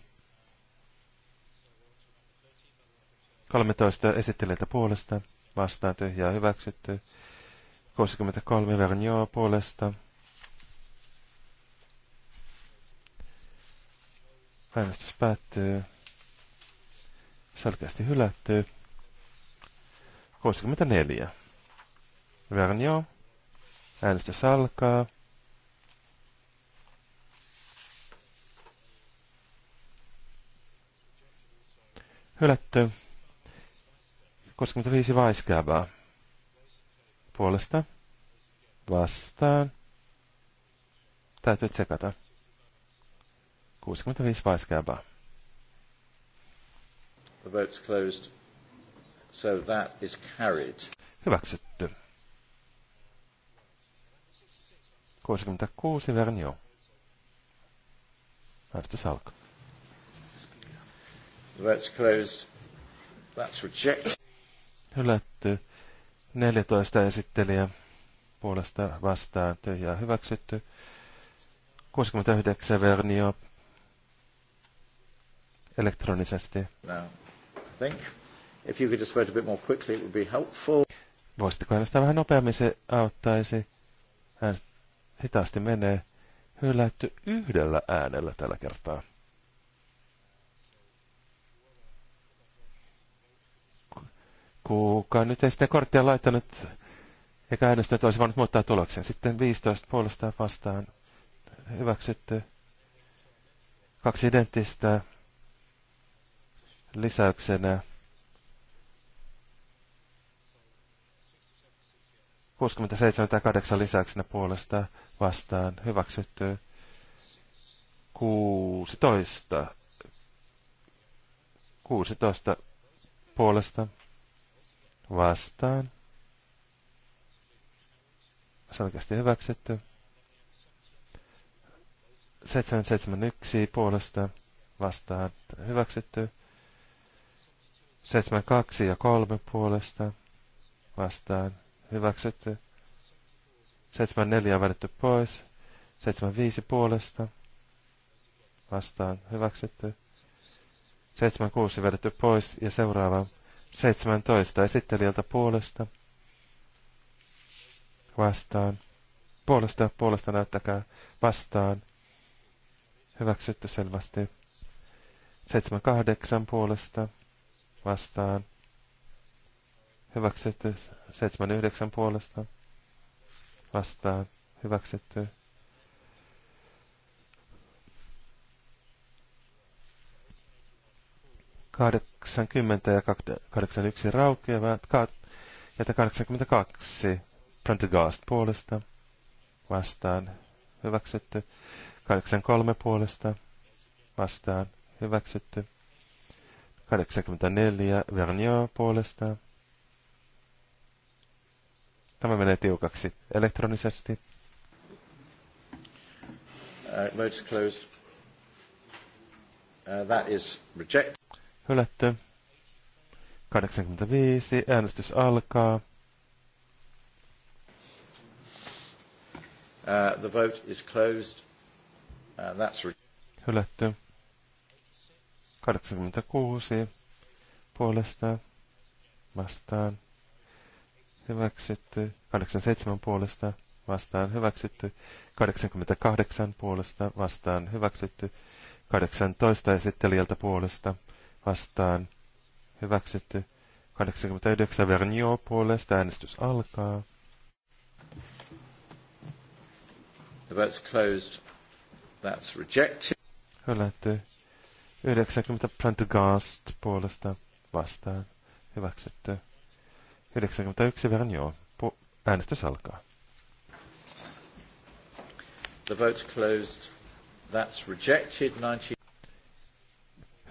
13 esittelijätä puolesta. Vastaan tyhjää hyväksytty. 63 Vernio puolesta. Äänestys päättyy. Selkeästi hylättyy. 64. Vernio. Äänestys alkaa. Hylätty. 65 Weisgerbaa. Puolesta. Vastaan. Täytyy tsekata. 65 Weisgerbaa. The vote's closed. So that is carried. Hyväksytty. 66 Vernio. Äänestys alkaa. That's closed. That's rejected. Hylätty. 14 esittelijä puolesta vastaan tyhjää hyväksytty. 69 Vernio elektronisesti. Now, I think. If you could just vote a bit more quickly, it would be helpful. Voisitteko äänestää vähän nopeammin, se auttaisi. Hän Hitaasti menee. Hylätty yhdellä äänellä tällä kertaa. Kuka nyt ei sitä korttia laittanut, eikä äänestänyt olisi voinut muuttaa tuloksen. Sitten 15 puolesta vastaan hyväksytty. Kaksi identtistä lisäyksenä 67 tai 8 lisäyksenä puolesta vastaan hyväksytty 16. 16 puolesta vastaan. Selkeästi hyväksytty. 771 puolesta vastaan hyväksytty. 72 ja 3 puolesta vastaan hyväksytty. 74 on vedetty pois. 75 puolesta vastaan hyväksytty. 76 vedetty pois ja seuraava 17 esittelijältä puolesta vastaan. Puolesta, puolesta näyttäkää vastaan. Hyväksytty selvästi. 78 puolesta vastaan. Hyväksytty 79 puolesta. Vastaan. Hyväksytty. Kahdeksankymmentä ja kahdeksan yksi raukeavat. Jätä 82. Prendergast puolesta. Vastaan. Hyväksytty. 83 puolesta. Vastaan. Hyväksytty. 84 vernia puolesta Tämä menee tiukaksi elektronisesti. Uh, votes closed. Uh, that is reject. Hylätty. 85. Äänestys alkaa. Uh, the vote is closed. Uh, that's re- Hylätty. 86. Puolesta. Vastaan hyväksytty. 87 puolesta vastaan hyväksytty. 88 puolesta vastaan hyväksytty. 18 esittelijältä puolesta vastaan hyväksytty. 89 Vernio puolesta äänestys alkaa. The vote's closed. That's rejected. Hylätty. 90 Prendergast puolesta vastaan. Hyväksytty. 91 verran joo. po äänestys alkaa. The vote's closed. That's rejected. 90...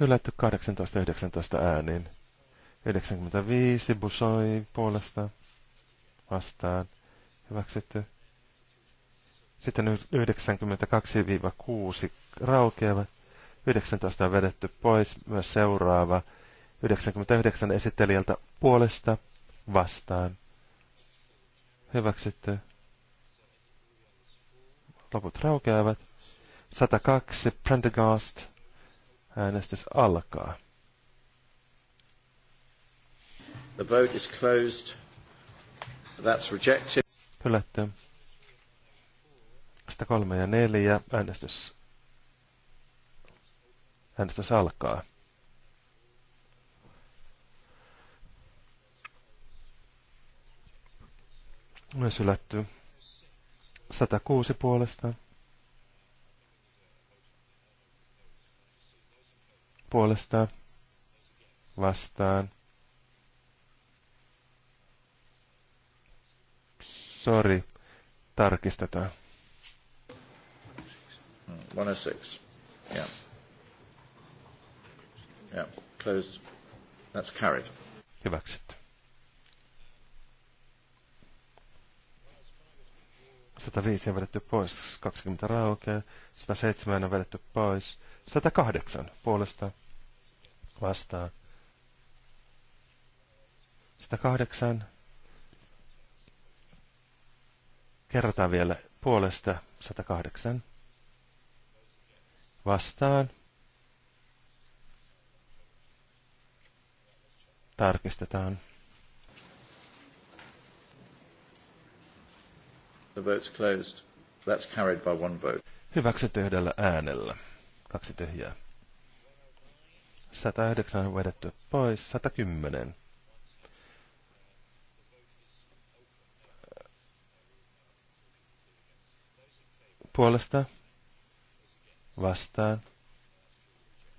Hylätty 18-19 ääniin. 95 Busoi puolesta vastaan. Hyväksytty. Sitten 92-6 raukeava. 19 on vedetty pois. Myös seuraava 99 esittelijältä puolesta vastaan. Hyväksytty. Loput raukeavat. 102 Prendergast. Äänestys alkaa. The vote is closed. That's rejected. Hylätty. 103 ja 4. Äänestys, äänestys alkaa. Myös ylätty. 106 puolesta. Puolesta. Vastaan. Sori. Tarkistetaan. 106. Hmm, yeah. Yeah. Closed. That's carried. Hyväksytty. 105 on vedetty pois, 20 raukeaa, 107 on vedetty pois, 108 puolesta vastaa. 108. Kerrotaan vielä puolesta 108. Vastaan. Tarkistetaan. The vote's closed. That's carried by one vote. Hyväksytty yhdellä äänellä. Kaksi tyhjää. 109 on vedetty pois. 110. Puolesta. Vastaan.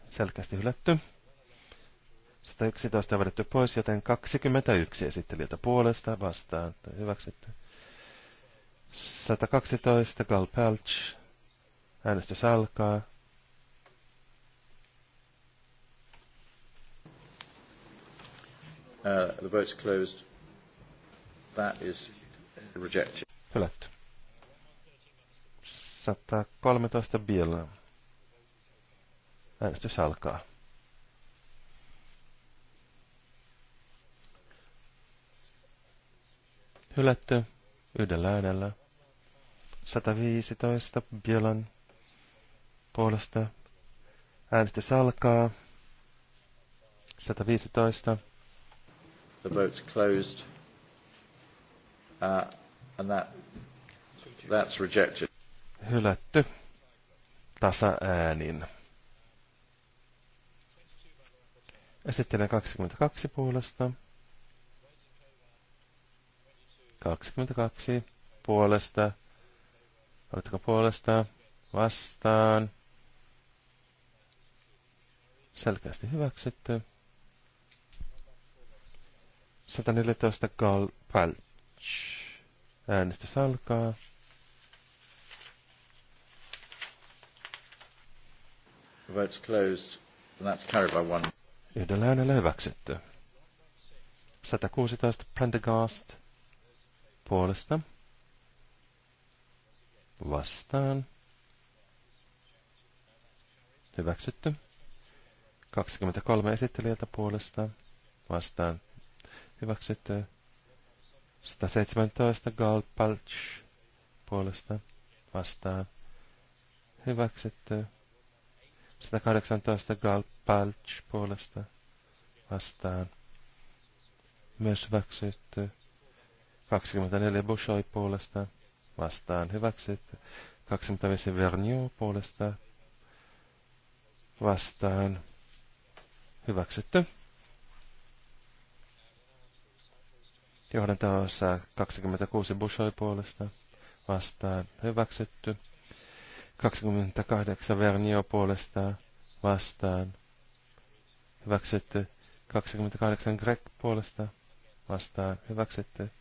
Selkeästi hylätty. 111 on vedetty pois, joten 21 esittelijältä puolesta vastaan. Hyväksytty. 112 Gal Pelch. Äänestys alkaa. Uh, the vote's closed. That is rejected. Hylätty. 113 Bill. Äänestys alkaa. Hylätty yhdellä äänellä. 115 Bielan puolesta. Äänestys alkaa. 115. The vote's closed. Uh, and that, that's rejected. Hylätty. äänin. Esittelen 22 puolesta. 22 puolesta Oletteko puolesta? Vastaan. Selkeästi hyväksytty. 114 Gal Palch. Äänestys alkaa. vote's closed, and that's carried by one. Yhdellä äänellä hyväksytty. 116 Prendergast puolesta vastaan. Hyväksytty. 23 esittelijältä puolesta vastaan. Hyväksytty. 117 Galpalch puolesta vastaan. Hyväksytty. 118 Galpalch puolesta vastaan. Myös hyväksytty. 24 Bushoi puolesta vastaan hyväksytty. 25 vernio puolesta vastaan hyväksytty. Johdantaossa 26 Bushoi puolesta vastaan hyväksytty. 28 Vernio puolesta vastaan hyväksytty. 28 Greg puolesta vastaan hyväksytty.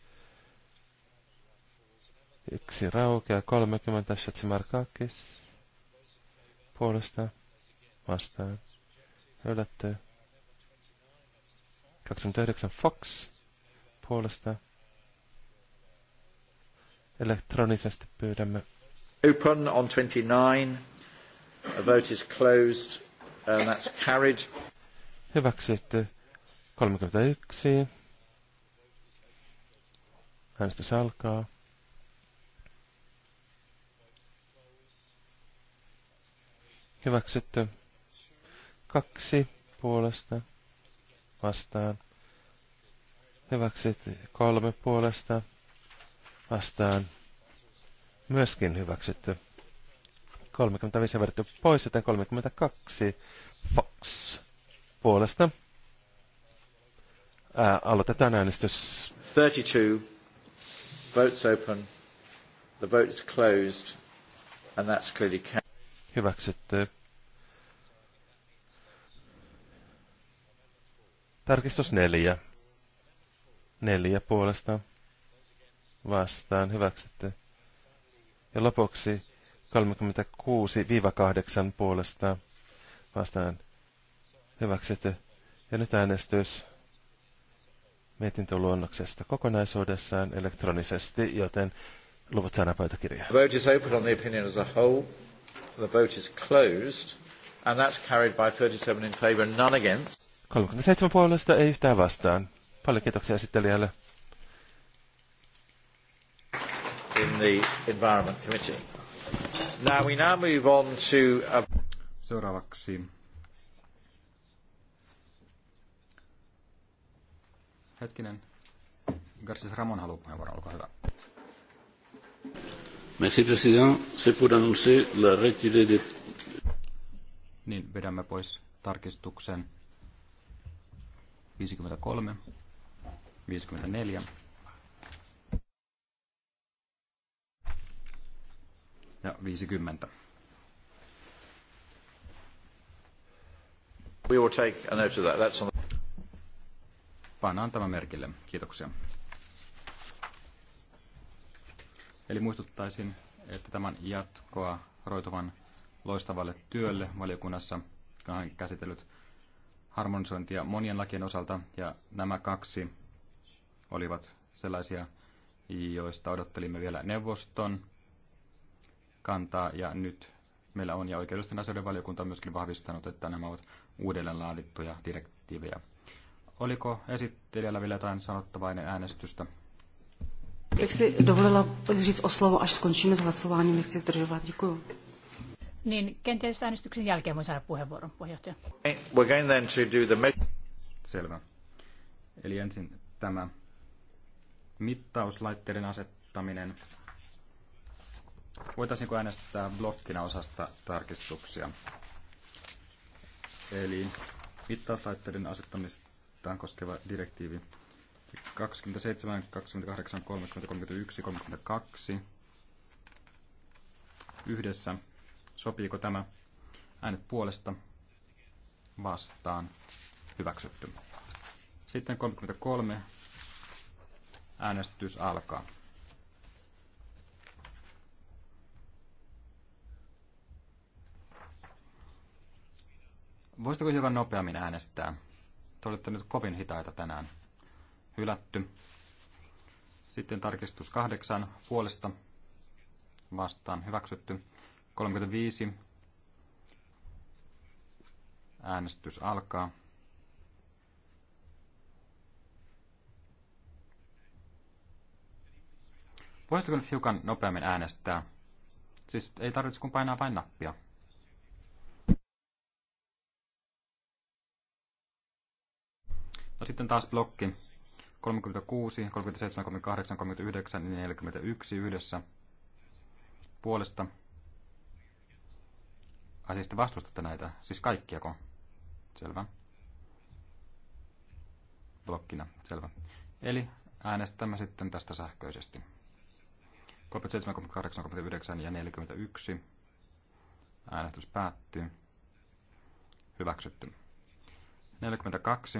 Yksi raukea 30 Shatsimarkakis puolesta vastaan. Hylätty. 29 Fox puolesta. Elektronisesti pyydämme. Open on 29. A vote is closed. And that's carried. Hyväksytty. 31. Äänestys alkaa. Hyväksytty. Kaksi puolesta vastaan. Hyväksytty. Kolme puolesta vastaan. Myöskin hyväksytty. 35 verrattu pois, joten 32 Fox puolesta. Ää, aloitetaan äänestys. 32. Votes open. The vote is closed. And that's clearly Hyväksytty. Tarkistus neljä. Neljä puolesta. Vastaan. Hyväksytty. Ja lopuksi 36-8 puolesta. Vastaan. Hyväksytty. Ja nyt äänestys mietintöluonnoksesta kokonaisuudessaan elektronisesti, joten luvut sanapöytäkirjaan. Vote is open on the opinion as a whole. The vote is closed. And that's carried by 37 in favor, none against. 37 puolesta ei yhtään vastaan. Paljon kiitoksia esittelijälle. In the Environment Committee. Now we now move on to... A... Seuraavaksi Hetkinen. Garcia Ramon haluaa puheenvuoron, olkaa hyvä. Merci, président. C'est pour annoncer la retirée de... Niin, vedämme pois tarkistuksen 53, 54. ja 50. We will take a note of that. That's on... Pannaan tämä merkille. Kiitoksia. Eli muistuttaisin, että tämän jatkoa roituvan loistavalle työlle valiokunnassa on käsitellyt harmonisointia monien lakien osalta, ja nämä kaksi olivat sellaisia, joista odottelimme vielä neuvoston kantaa, ja nyt meillä on, ja oikeudellisten asioiden valiokunta on myöskin vahvistanut, että nämä ovat uudelleen laadittuja direktiivejä. Oliko esittelijällä vielä jotain sanottavaa ennen äänestystä? Bych si dovolila říct o slovo, až skončíme s hlasováním, nechci zdržovat. Děkuji. Niin, kenties äänestyksen jälkeen voi saada puheenvuoron, puheenjohtaja. Selvä. Eli ensin tämä mittauslaitteiden asettaminen. Voitaisiinko äänestää blokkina osasta tarkistuksia? Eli mittauslaitteiden asettamista koskeva direktiivi 27, 28, 30, 31, 32 yhdessä. Sopiiko tämä? Äänet puolesta vastaan hyväksytty. Sitten 33 äänestys alkaa. Voisitko hiukan nopeammin äänestää? Te olette nyt kovin hitaita tänään hylätty. Sitten tarkistus 8 puolesta vastaan hyväksytty. 35 äänestys alkaa. Voisitko nyt hiukan nopeammin äänestää? Siis ei tarvitse kun painaa vain nappia. No sitten taas blokki 36, 37, 38, 39 ja 41 yhdessä puolesta. Ai siis te vastustatte näitä, siis kaikkiako? Selvä. Blokkina, selvä. Eli äänestämme sitten tästä sähköisesti. 37, 38, 39 ja 41. Äänestys päättyy. Hyväksytty. 42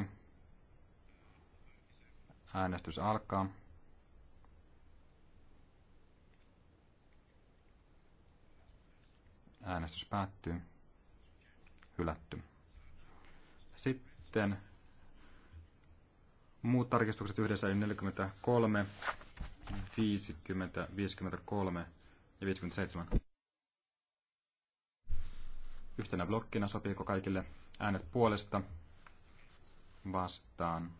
Äänestys alkaa. Äänestys päättyy. Hylätty. Sitten muut tarkistukset yhdessä eli 43, 50, 53 ja 57. Yhtenä blokkina sopiiko kaikille äänet puolesta vastaan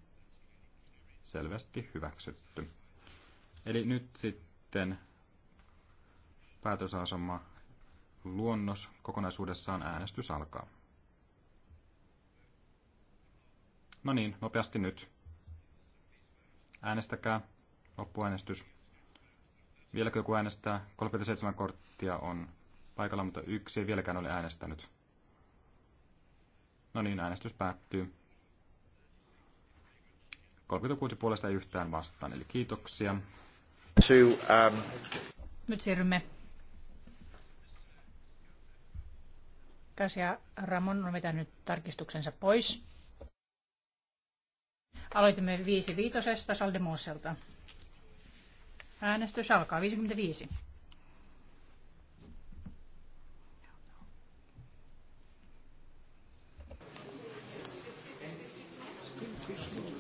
selvästi hyväksytty. Eli nyt sitten päätösasema luonnos kokonaisuudessaan äänestys alkaa. No niin, nopeasti nyt. Äänestäkää. Loppuäänestys. Vieläkö joku äänestää? 37 korttia on paikalla, mutta yksi ei vieläkään ole äänestänyt. No niin, äänestys päättyy. 36 puolesta ei yhtään vastaan, eli kiitoksia. To, um... Nyt siirrymme. Kasia Ramon on vetänyt tarkistuksensa pois. Aloitimme 5.5. Saldemoselta. Äänestys alkaa 55.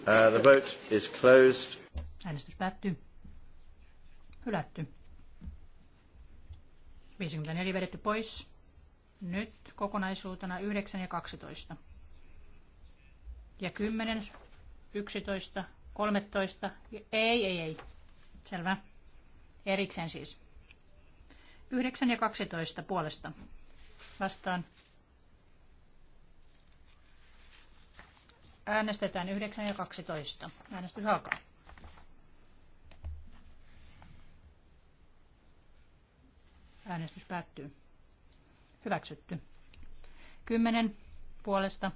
Uh, the vote is closed. Äänestys päättyy. Hylätty. 54 vedetty pois. Nyt kokonaisuutena 9 ja 12. Ja 10, 11, 13. Ei, ei, ei. Selvä. Erikseen siis. 9 ja 12 puolesta. Vastaan Äänestetään 9 ja 12. Äänestys alkaa. Äänestys päättyy. Hyväksytty. 10 puolesta.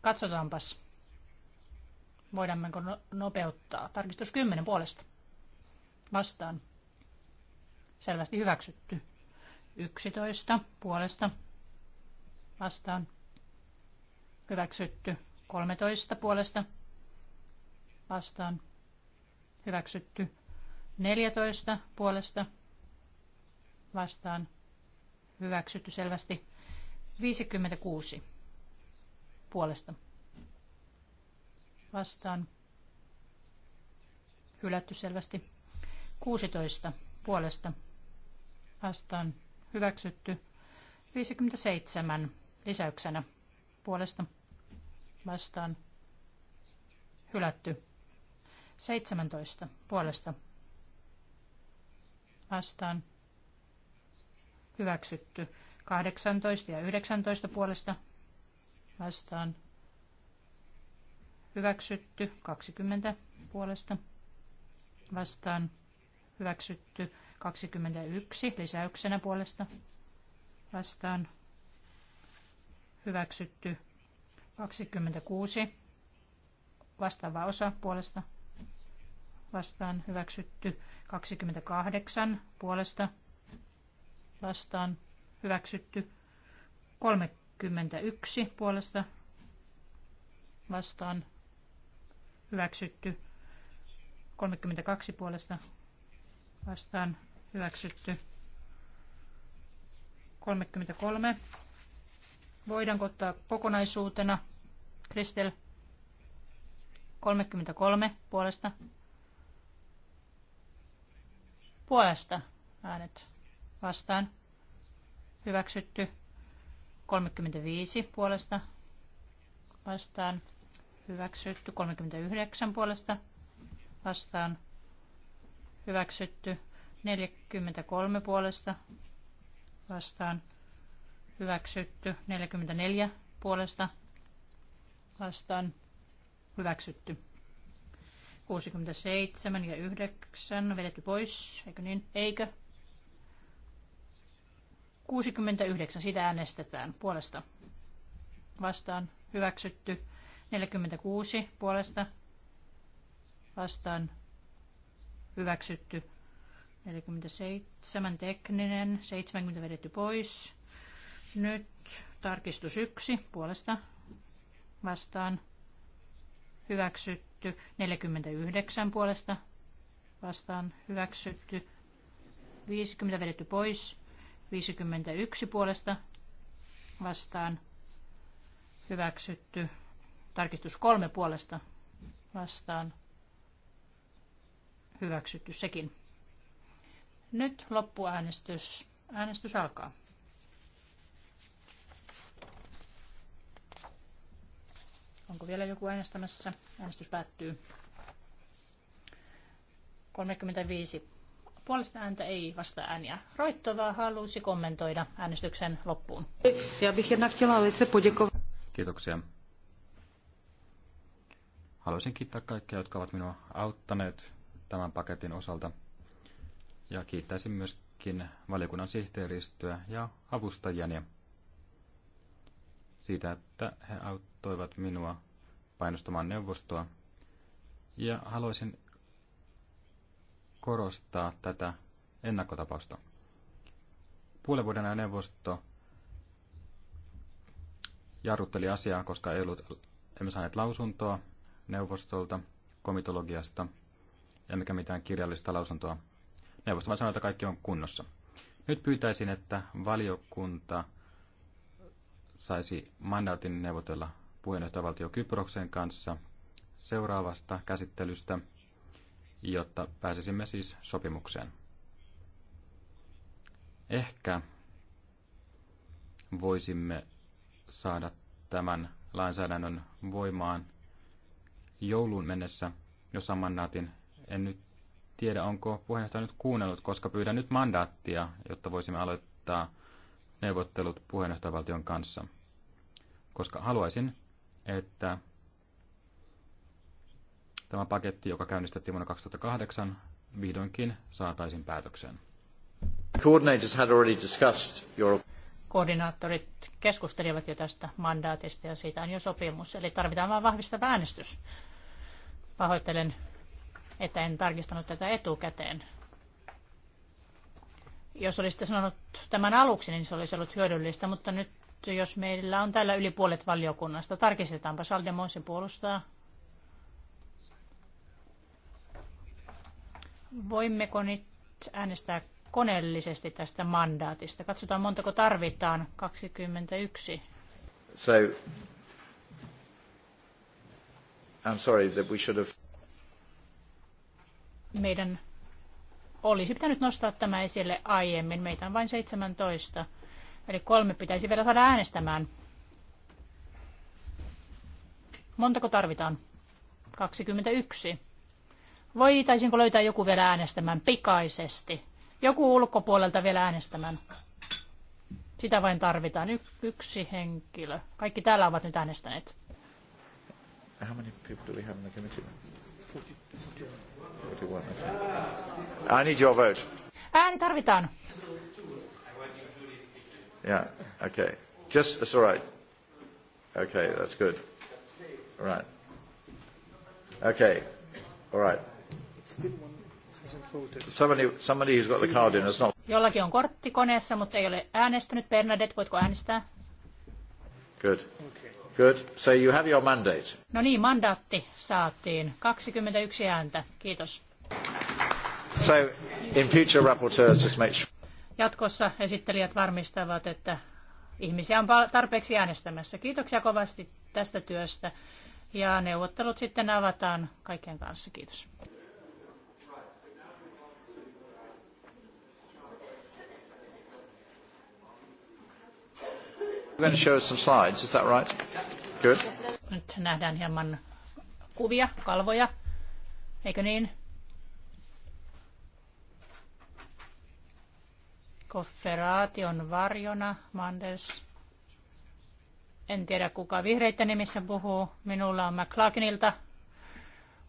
Katsotaanpas, voidaanko no- nopeuttaa. Tarkistus 10 puolesta. Vastaan. Selvästi hyväksytty. 11 puolesta vastaan hyväksytty. 13 puolesta vastaan hyväksytty. 14 puolesta vastaan hyväksytty selvästi. 56 puolesta vastaan hylätty selvästi. 16 puolesta vastaan hyväksytty. 57 lisäyksenä puolesta vastaan hylätty. 17 puolesta vastaan hyväksytty. 18 ja 19 puolesta vastaan hyväksytty. 20 puolesta vastaan hyväksytty. 21 lisäyksenä puolesta vastaan hyväksytty 26, vastaava osa puolesta vastaan hyväksytty 28 puolesta vastaan hyväksytty 31 puolesta vastaan hyväksytty 32 puolesta vastaan hyväksytty 33 Voidaanko ottaa kokonaisuutena? Kristel 33 puolesta. Puolesta äänet vastaan. Hyväksytty 35 puolesta vastaan. Hyväksytty 39 puolesta vastaan. Hyväksytty 43 puolesta vastaan hyväksytty. 44 puolesta vastaan hyväksytty. 67 ja 9 vedetty pois, eikö niin? Eikö? 69, sitä äänestetään puolesta. Vastaan hyväksytty. 46 puolesta. Vastaan hyväksytty. 47 tekninen, 70 vedetty pois. Nyt tarkistus yksi puolesta vastaan hyväksytty. 49 puolesta vastaan hyväksytty. 50 vedetty pois. 51 puolesta vastaan hyväksytty. Tarkistus kolme puolesta vastaan hyväksytty sekin. Nyt loppuäänestys. Äänestys alkaa. Onko vielä joku äänestämässä? Äänestys päättyy. 35 puolesta ääntä ei vasta ääniä. Roittova halusi kommentoida äänestyksen loppuun. Kiitoksia. Haluaisin kiittää kaikkia, jotka ovat minua auttaneet tämän paketin osalta. Ja kiittäisin myöskin valiokunnan sihteeristöä ja avustajia siitä, että he auttoivat minua painostamaan neuvostoa. Ja haluaisin korostaa tätä ennakkotapausta. Puolen vuoden ajan neuvosto jarrutteli asiaa, koska ei ollut, emme saaneet lausuntoa neuvostolta, komitologiasta, emmekä mitään kirjallista lausuntoa. Neuvosto vain sanoi, että kaikki on kunnossa. Nyt pyytäisin, että valiokunta saisi mandaatin neuvotella puheenjohtajavaltio Kyproksen kanssa seuraavasta käsittelystä, jotta pääsisimme siis sopimukseen. Ehkä voisimme saada tämän lainsäädännön voimaan jouluun mennessä, jos on mandaatin. En nyt tiedä, onko puheenjohtaja nyt kuunnellut, koska pyydän nyt mandaattia, jotta voisimme aloittaa neuvottelut puheenjohtajavaltion kanssa, koska haluaisin, että tämä paketti, joka käynnistettiin vuonna 2008, vihdoinkin saataisiin päätökseen. Koordinaattorit keskustelivat jo tästä mandaatista ja siitä on jo sopimus, eli tarvitaan vain vahvistava äänestys. Pahoittelen, että en tarkistanut tätä etukäteen. Jos olisitte sanonut tämän aluksi, niin se olisi ollut hyödyllistä, mutta nyt jos meillä on täällä yli puolet valiokunnasta, tarkistetaanpa Saldemon se puolustaa. Voimmeko nyt äänestää koneellisesti tästä mandaatista? Katsotaan montako tarvitaan. 21. So, I'm sorry that we should have... Meidän olisi pitänyt nostaa tämä esille aiemmin. Meitä on vain 17. Eli kolme pitäisi vielä saada äänestämään. Montako tarvitaan? 21. Voitaisinko löytää joku vielä äänestämään pikaisesti? Joku ulkopuolelta vielä äänestämään. Sitä vain tarvitaan. Y- yksi henkilö. Kaikki täällä ovat nyt äänestäneet. How many people do we have in the committee? 40, 40. I need your vote. Ääni tarvitaan. Yeah, okay. Just, it's all right. Okay, that's good. All right. Okay, all right. Somebody, somebody who's got the card in, it's not... Jollakin on kortti koneessa, mutta ei ole äänestänyt. Bernadette, voitko äänestää? Good. Okay. Good. So you have your mandate. No niin, mandaatti saatiin. 21 ääntä. Kiitos. So in future rapporteurs just make sure. Jatkossa esittelijät varmistavat, että ihmisiä on tarpeeksi äänestämässä. Kiitoksia kovasti tästä työstä ja neuvottelut sitten avataan kaikkien kanssa. Kiitos. We're going to show us some slides, is that right? Good. Nyt nähdään hieman kuvia, kalvoja, eikö niin? Kofferaation varjona, Manders. En tiedä kuka vihreitä nimissä puhuu. Minulla on McLaughlinilta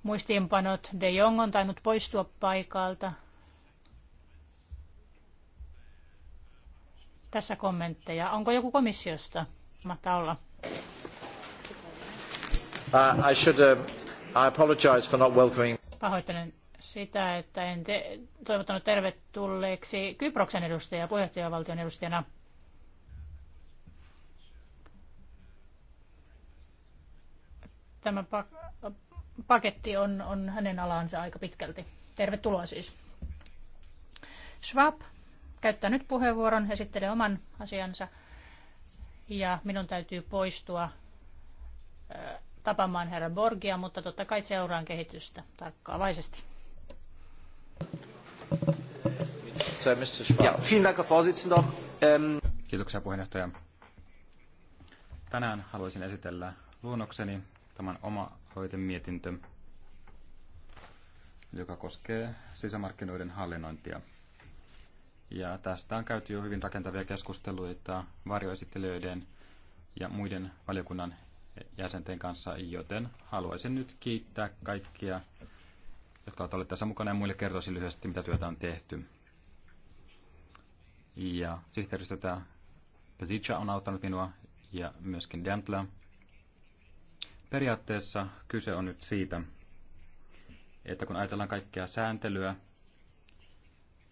muistiinpanot. De Jong on tainnut poistua paikalta. Tässä kommentteja. Onko joku komissiosta? Mahtaa olla. Uh, I should, uh, I apologize for not welcoming... Pahoittelen sitä, että en te- toivottanut tervetulleeksi Kyproksen edustajaa puheenjohtajavaltion edustajana. Tämä pak- paketti on, on hänen alansa aika pitkälti. Tervetuloa siis. Schwab käyttää nyt puheenvuoron, esittelee oman asiansa ja minun täytyy poistua tapaamaan herra Borgia, mutta totta kai seuraan kehitystä tarkkaavaisesti. Ähm, Kiitoksia puheenjohtaja. Tänään haluaisin esitellä luonnokseni tämän oma hoitemietintö, joka koskee sisämarkkinoiden hallinnointia. Ja tästä on käyty jo hyvin rakentavia keskusteluita varjoesittelijöiden ja muiden valiokunnan jäsenten kanssa, joten haluaisin nyt kiittää kaikkia, jotka ovat olleet tässä mukana ja muille kertoisin lyhyesti, mitä työtä on tehty. Ja sihteeristötä tämä on auttanut minua ja myöskin Dantla. Periaatteessa kyse on nyt siitä, että kun ajatellaan kaikkea sääntelyä,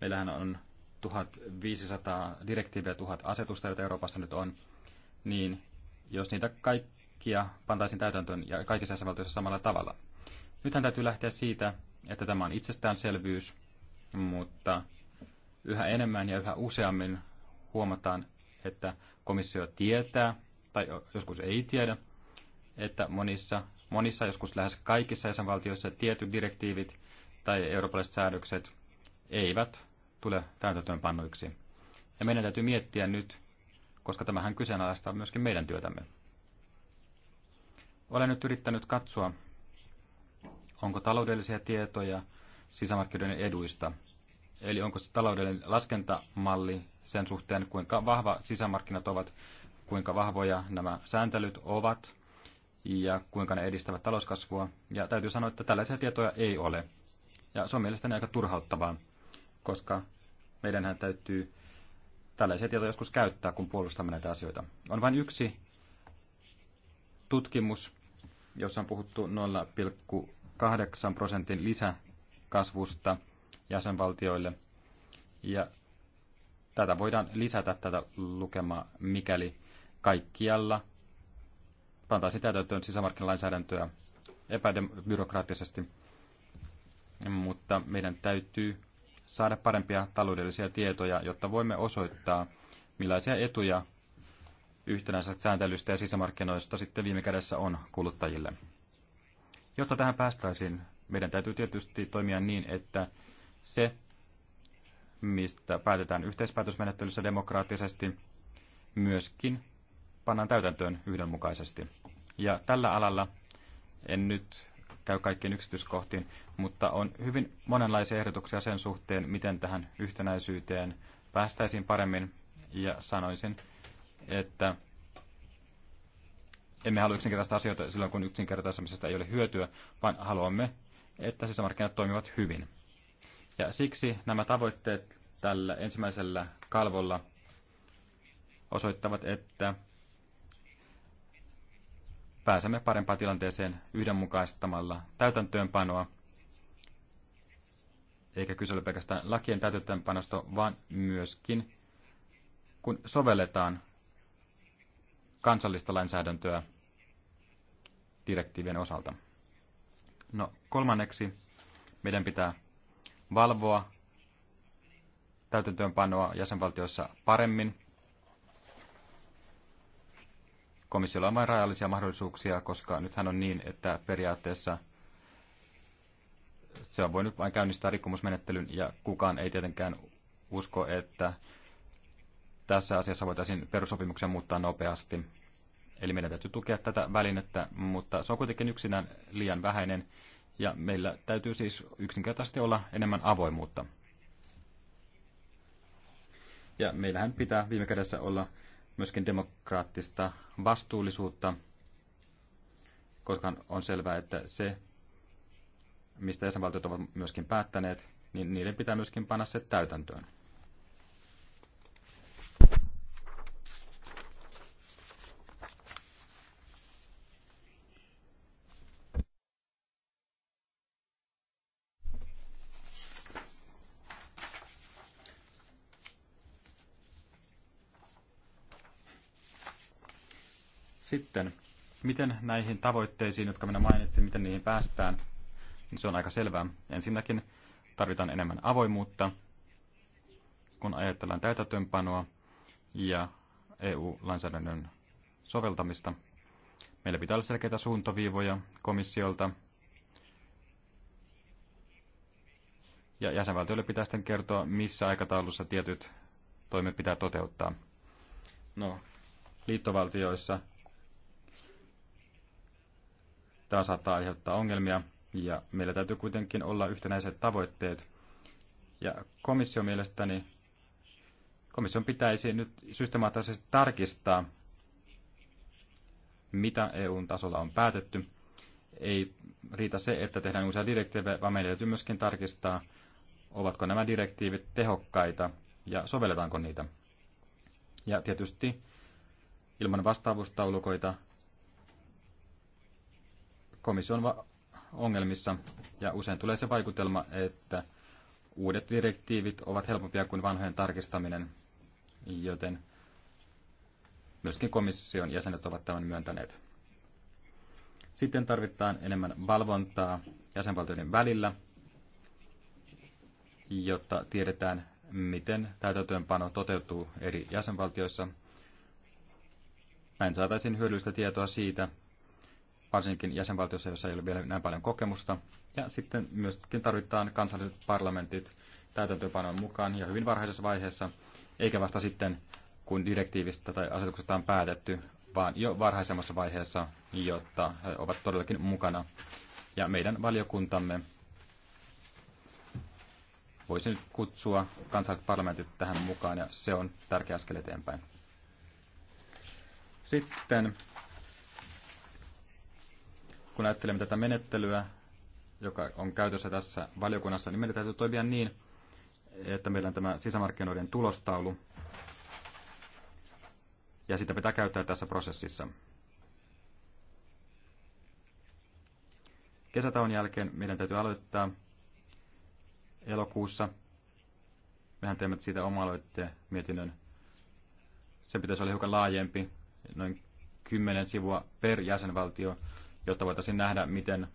meillähän on 1500 direktiiviä, 1000 asetusta, joita Euroopassa nyt on, niin jos niitä kaikkia pantaisiin täytäntöön ja kaikissa jäsenvaltioissa samalla tavalla. Nythän täytyy lähteä siitä, että tämä on itsestäänselvyys, mutta yhä enemmän ja yhä useammin huomataan, että komissio tietää, tai joskus ei tiedä, että monissa, monissa joskus lähes kaikissa jäsenvaltioissa tietyt direktiivit tai eurooppalaiset säädökset eivät tule täytäntöönpannuiksi. Ja meidän täytyy miettiä nyt, koska tämähän kyseenalaistaa myöskin meidän työtämme. Olen nyt yrittänyt katsoa, onko taloudellisia tietoja sisämarkkinoiden eduista. Eli onko se taloudellinen laskentamalli sen suhteen, kuinka vahva sisämarkkinat ovat, kuinka vahvoja nämä sääntelyt ovat ja kuinka ne edistävät talouskasvua. Ja täytyy sanoa, että tällaisia tietoja ei ole. Ja se on mielestäni aika turhauttavaa koska meidänhän täytyy tällaisia tietoja joskus käyttää, kun puolustamme näitä asioita. On vain yksi tutkimus, jossa on puhuttu 0,8 prosentin lisäkasvusta jäsenvaltioille. Ja tätä voidaan lisätä tätä lukemaa, mikäli kaikkialla sitä täytäntöön sisämarkkinalainsäädäntöä epäbyrokraattisesti. Mutta meidän täytyy saada parempia taloudellisia tietoja, jotta voimme osoittaa, millaisia etuja yhtenäisestä sääntelystä ja sisämarkkinoista sitten viime kädessä on kuluttajille. Jotta tähän päästäisiin, meidän täytyy tietysti toimia niin, että se, mistä päätetään yhteispäätösmenettelyssä demokraattisesti, myöskin pannaan täytäntöön yhdenmukaisesti. Ja tällä alalla en nyt käy kaikkiin yksityiskohtiin, mutta on hyvin monenlaisia ehdotuksia sen suhteen, miten tähän yhtenäisyyteen päästäisiin paremmin. Ja sanoisin, että emme halua yksinkertaista asioita silloin, kun yksinkertaisemisesta ei ole hyötyä, vaan haluamme, että sisämarkkinat toimivat hyvin. Ja siksi nämä tavoitteet tällä ensimmäisellä kalvolla osoittavat, että pääsemme parempaan tilanteeseen yhdenmukaistamalla täytäntöönpanoa, eikä kyse ole pelkästään lakien täytäntöönpanosta, vaan myöskin kun sovelletaan kansallista lainsäädäntöä direktiivien osalta. No kolmanneksi meidän pitää valvoa täytäntöönpanoa jäsenvaltioissa paremmin komissiolla on vain rajallisia mahdollisuuksia, koska nythän on niin, että periaatteessa se on voinut vain käynnistää rikkomusmenettelyn ja kukaan ei tietenkään usko, että tässä asiassa voitaisiin perusopimuksia muuttaa nopeasti. Eli meidän täytyy tukea tätä välinettä, mutta se on kuitenkin yksinään liian vähäinen ja meillä täytyy siis yksinkertaisesti olla enemmän avoimuutta. Ja meillähän pitää viime kädessä olla myöskin demokraattista vastuullisuutta, koska on selvää, että se, mistä jäsenvaltiot ovat myöskin päättäneet, niin niiden pitää myöskin panna se täytäntöön. Sitten, miten näihin tavoitteisiin, jotka minä mainitsin, miten niihin päästään, niin se on aika selvää. Ensinnäkin tarvitaan enemmän avoimuutta, kun ajatellaan täytäntöönpanoa ja EU-lainsäädännön soveltamista. Meillä pitää olla selkeitä suuntaviivoja komissiolta, ja jäsenvaltioille pitää sitten kertoa, missä aikataulussa tietyt toimet pitää toteuttaa. No, liittovaltioissa Tämä saattaa aiheuttaa ongelmia ja meillä täytyy kuitenkin olla yhtenäiset tavoitteet. Ja komissio mielestäni, komission pitäisi nyt systemaattisesti tarkistaa, mitä EUn tasolla on päätetty. Ei riitä se, että tehdään uusia direktiivejä, vaan meidän täytyy myöskin tarkistaa, ovatko nämä direktiivit tehokkaita ja sovelletaanko niitä. Ja tietysti ilman vastaavuustaulukoita komissio on ongelmissa ja usein tulee se vaikutelma, että uudet direktiivit ovat helpompia kuin vanhojen tarkistaminen, joten myöskin komission jäsenet ovat tämän myöntäneet. Sitten tarvitaan enemmän valvontaa jäsenvaltioiden välillä, jotta tiedetään, miten täytäntöönpano toteutuu eri jäsenvaltioissa. Näin saataisiin hyödyllistä tietoa siitä, varsinkin jäsenvaltiossa, jossa ei ole vielä näin paljon kokemusta. Ja sitten myöskin tarvitaan kansalliset parlamentit täytäntöönpanon mukaan ja hyvin varhaisessa vaiheessa, eikä vasta sitten, kun direktiivistä tai asetuksesta on päätetty, vaan jo varhaisemmassa vaiheessa, jotta he ovat todellakin mukana. Ja meidän valiokuntamme voisi nyt kutsua kansalliset parlamentit tähän mukaan, ja se on tärkeä askel eteenpäin. Sitten kun ajattelemme tätä menettelyä, joka on käytössä tässä valiokunnassa, niin meidän täytyy toimia niin, että meillä on tämä sisämarkkinoiden tulostaulu, ja sitä pitää käyttää tässä prosessissa. Kesätauon jälkeen meidän täytyy aloittaa elokuussa. Mehän teemme siitä oma mietinnön. Se pitäisi olla hiukan laajempi, noin 10 sivua per jäsenvaltio, jotta voitaisiin nähdä, miten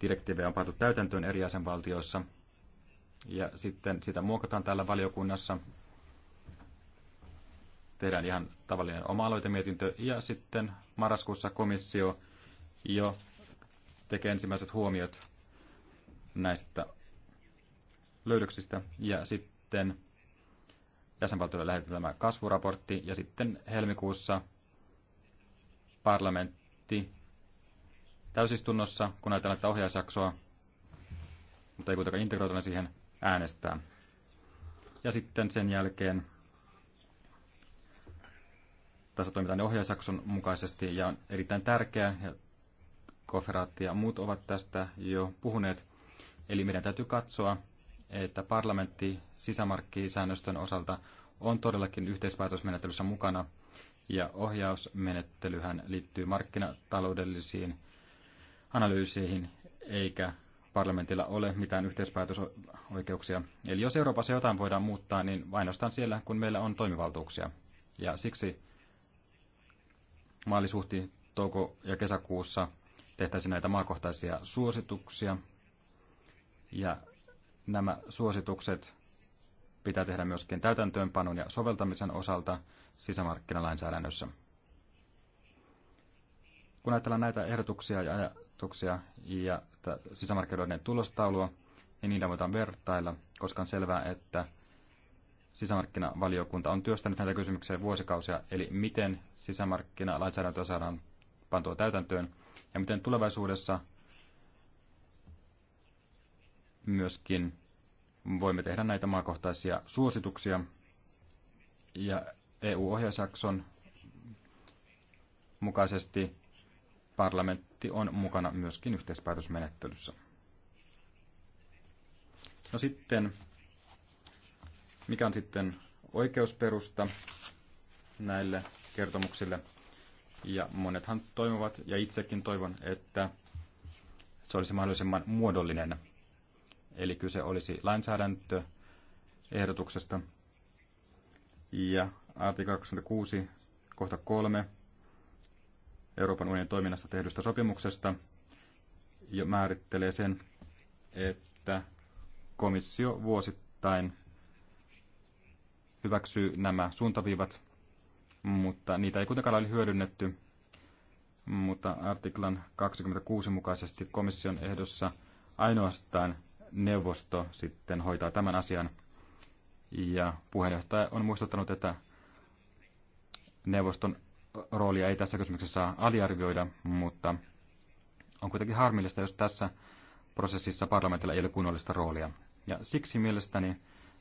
direktiivejä on pantu täytäntöön eri jäsenvaltioissa. Ja sitten sitä muokataan täällä valiokunnassa. Tehdään ihan tavallinen oma-aloitemietintö. Ja sitten marraskuussa komissio jo tekee ensimmäiset huomiot näistä löydöksistä. Ja sitten jäsenvaltioille lähetetään kasvuraportti. Ja sitten helmikuussa parlamentti täysistunnossa, kun ajatellaan tätä ohjausjaksoa, mutta ei kuitenkaan integroituna siihen äänestää. Ja sitten sen jälkeen tässä toimitaan ohjausjakson mukaisesti ja on erittäin tärkeää, ja Koferaatti ja muut ovat tästä jo puhuneet, eli meidän täytyy katsoa, että parlamentti sisämarkkisäännöstön osalta on todellakin yhteispäätösmenettelyssä mukana, ja ohjausmenettelyhän liittyy markkinataloudellisiin analyysiihin, eikä parlamentilla ole mitään yhteispäätösoikeuksia. Eli jos Euroopassa jotain voidaan muuttaa, niin ainoastaan siellä, kun meillä on toimivaltuuksia. Ja siksi maalisuhti, touko- ja kesäkuussa tehtäisiin näitä maakohtaisia suosituksia. Ja nämä suositukset pitää tehdä myöskin täytäntöönpanon ja soveltamisen osalta sisämarkkinalainsäädännössä. Kun ajatellaan näitä ehdotuksia ja ehdotuksia ja sisämarkkinoiden tulostaulua, niin niitä voidaan vertailla, koska on selvää, että sisämarkkinavaliokunta on työstänyt näitä kysymyksiä vuosikausia, eli miten sisämarkkinalainsäädäntöä saadaan pantua täytäntöön ja miten tulevaisuudessa myöskin voimme tehdä näitä maakohtaisia suosituksia. Ja EU-ohjausjakson mukaisesti parlamentti on mukana myöskin yhteispäätösmenettelyssä. No sitten, mikä on sitten oikeusperusta näille kertomuksille? Ja monethan toivovat, ja itsekin toivon, että se olisi mahdollisimman muodollinen. Eli kyse olisi lainsäädäntöehdotuksesta. Ja artikla 26, kohta 3 Euroopan unionin toiminnasta tehdystä sopimuksesta ja määrittelee sen, että komissio vuosittain hyväksyy nämä suuntaviivat, mutta niitä ei kuitenkaan ole hyödynnetty. Mutta artiklan 26 mukaisesti komission ehdossa ainoastaan neuvosto sitten hoitaa tämän asian. Ja puheenjohtaja on muistuttanut, että neuvoston roolia ei tässä kysymyksessä saa aliarvioida, mutta on kuitenkin harmillista, jos tässä prosessissa parlamentilla ei ole kunnollista roolia. Ja siksi mielestäni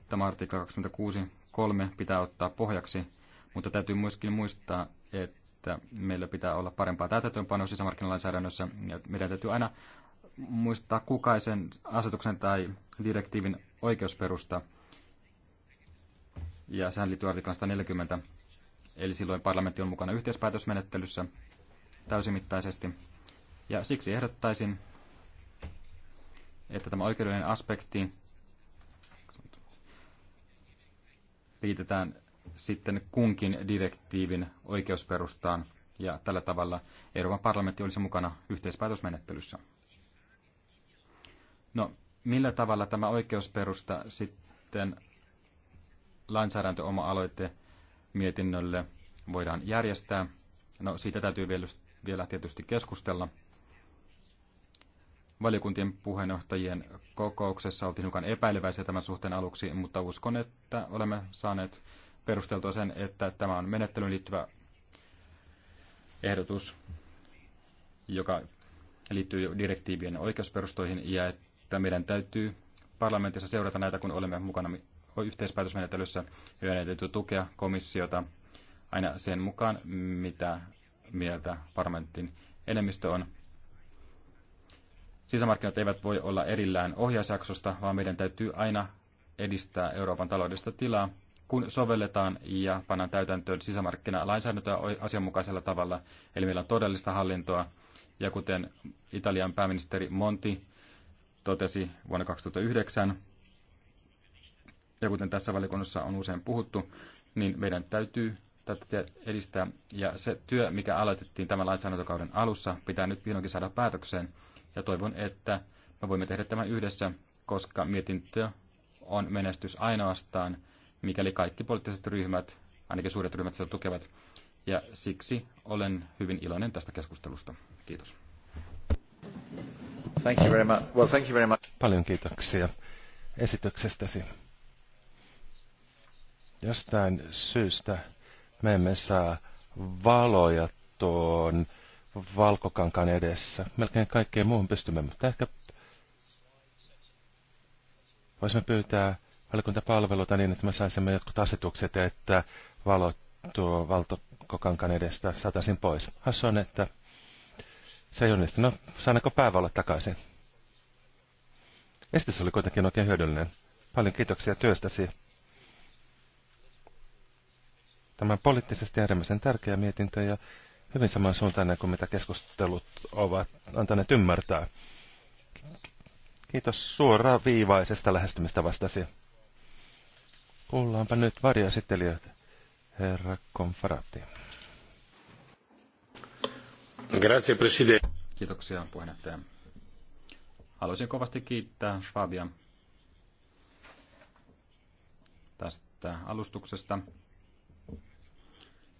tämä artikla 26.3 pitää ottaa pohjaksi, mutta täytyy myöskin muistaa, että meillä pitää olla parempaa täytäntöönpanoa sisämarkkinalainsäädännössä, ja meidän täytyy aina muistaa kukaisen asetuksen tai direktiivin oikeusperusta, ja sehän liittyy artiklaan 140. Eli silloin parlamentti on mukana yhteispäätösmenettelyssä täysimittaisesti. Ja siksi ehdottaisin, että tämä oikeudellinen aspekti liitetään sitten kunkin direktiivin oikeusperustaan, ja tällä tavalla Euroopan parlamentti olisi mukana yhteispäätösmenettelyssä. No, millä tavalla tämä oikeusperusta sitten lainsäädäntö oma aloitteen mietinnölle voidaan järjestää. No, siitä täytyy vielä tietysti keskustella. Valiokuntien puheenjohtajien kokouksessa oltiin hiukan epäileväisiä tämän suhteen aluksi, mutta uskon, että olemme saaneet perusteltua sen, että tämä on menettelyyn liittyvä ehdotus, joka liittyy direktiivien oikeusperustoihin ja että meidän täytyy parlamentissa seurata näitä, kun olemme mukana yhteispäätösmenettelyssä meidän tukea komissiota aina sen mukaan, mitä mieltä parlamentin enemmistö on. Sisämarkkinat eivät voi olla erillään ohjausjaksosta, vaan meidän täytyy aina edistää Euroopan taloudellista tilaa, kun sovelletaan ja pannaan täytäntöön sisämarkkinalainsäädäntöä asianmukaisella tavalla. Eli meillä on todellista hallintoa. Ja kuten Italian pääministeri Monti totesi vuonna 2009, ja kuten tässä valikonnassa on usein puhuttu, niin meidän täytyy tätä edistää. Ja se työ, mikä aloitettiin tämän lainsäädäntökauden alussa, pitää nyt vihdoinkin saada päätökseen. Ja toivon, että me voimme tehdä tämän yhdessä, koska mietintö on menestys ainoastaan, mikäli kaikki poliittiset ryhmät, ainakin suuret ryhmät sitä tukevat. Ja siksi olen hyvin iloinen tästä keskustelusta. Kiitos. Thank you very much. Well, thank you very much. Paljon kiitoksia esityksestäsi. Jostain syystä me emme saa valoja tuon valkokankan edessä. Melkein kaikkeen muuhun pystymme, mutta ehkä voisimme pyytää valikuntapalveluita niin, että me saisimme jotkut asetukset, että valo tuo valkokankan edestä saataisiin pois. Hassu on, että se ei onnistu. No, saanko päävalot takaisin? Esitys oli kuitenkin oikein hyödyllinen. Paljon kiitoksia työstäsi. Tämä on poliittisesti äärimmäisen tärkeä mietintö ja hyvin samansuuntainen kuin mitä keskustelut ovat antaneet ymmärtää. Kiitos suoraan viivaisesta lähestymistä vastasi. Kuullaanpa nyt varjoesittelijöitä. Herra Konfaratti. Grazie, presidente. Kiitoksia, puheenjohtaja. Haluaisin kovasti kiittää Schwabia tästä alustuksesta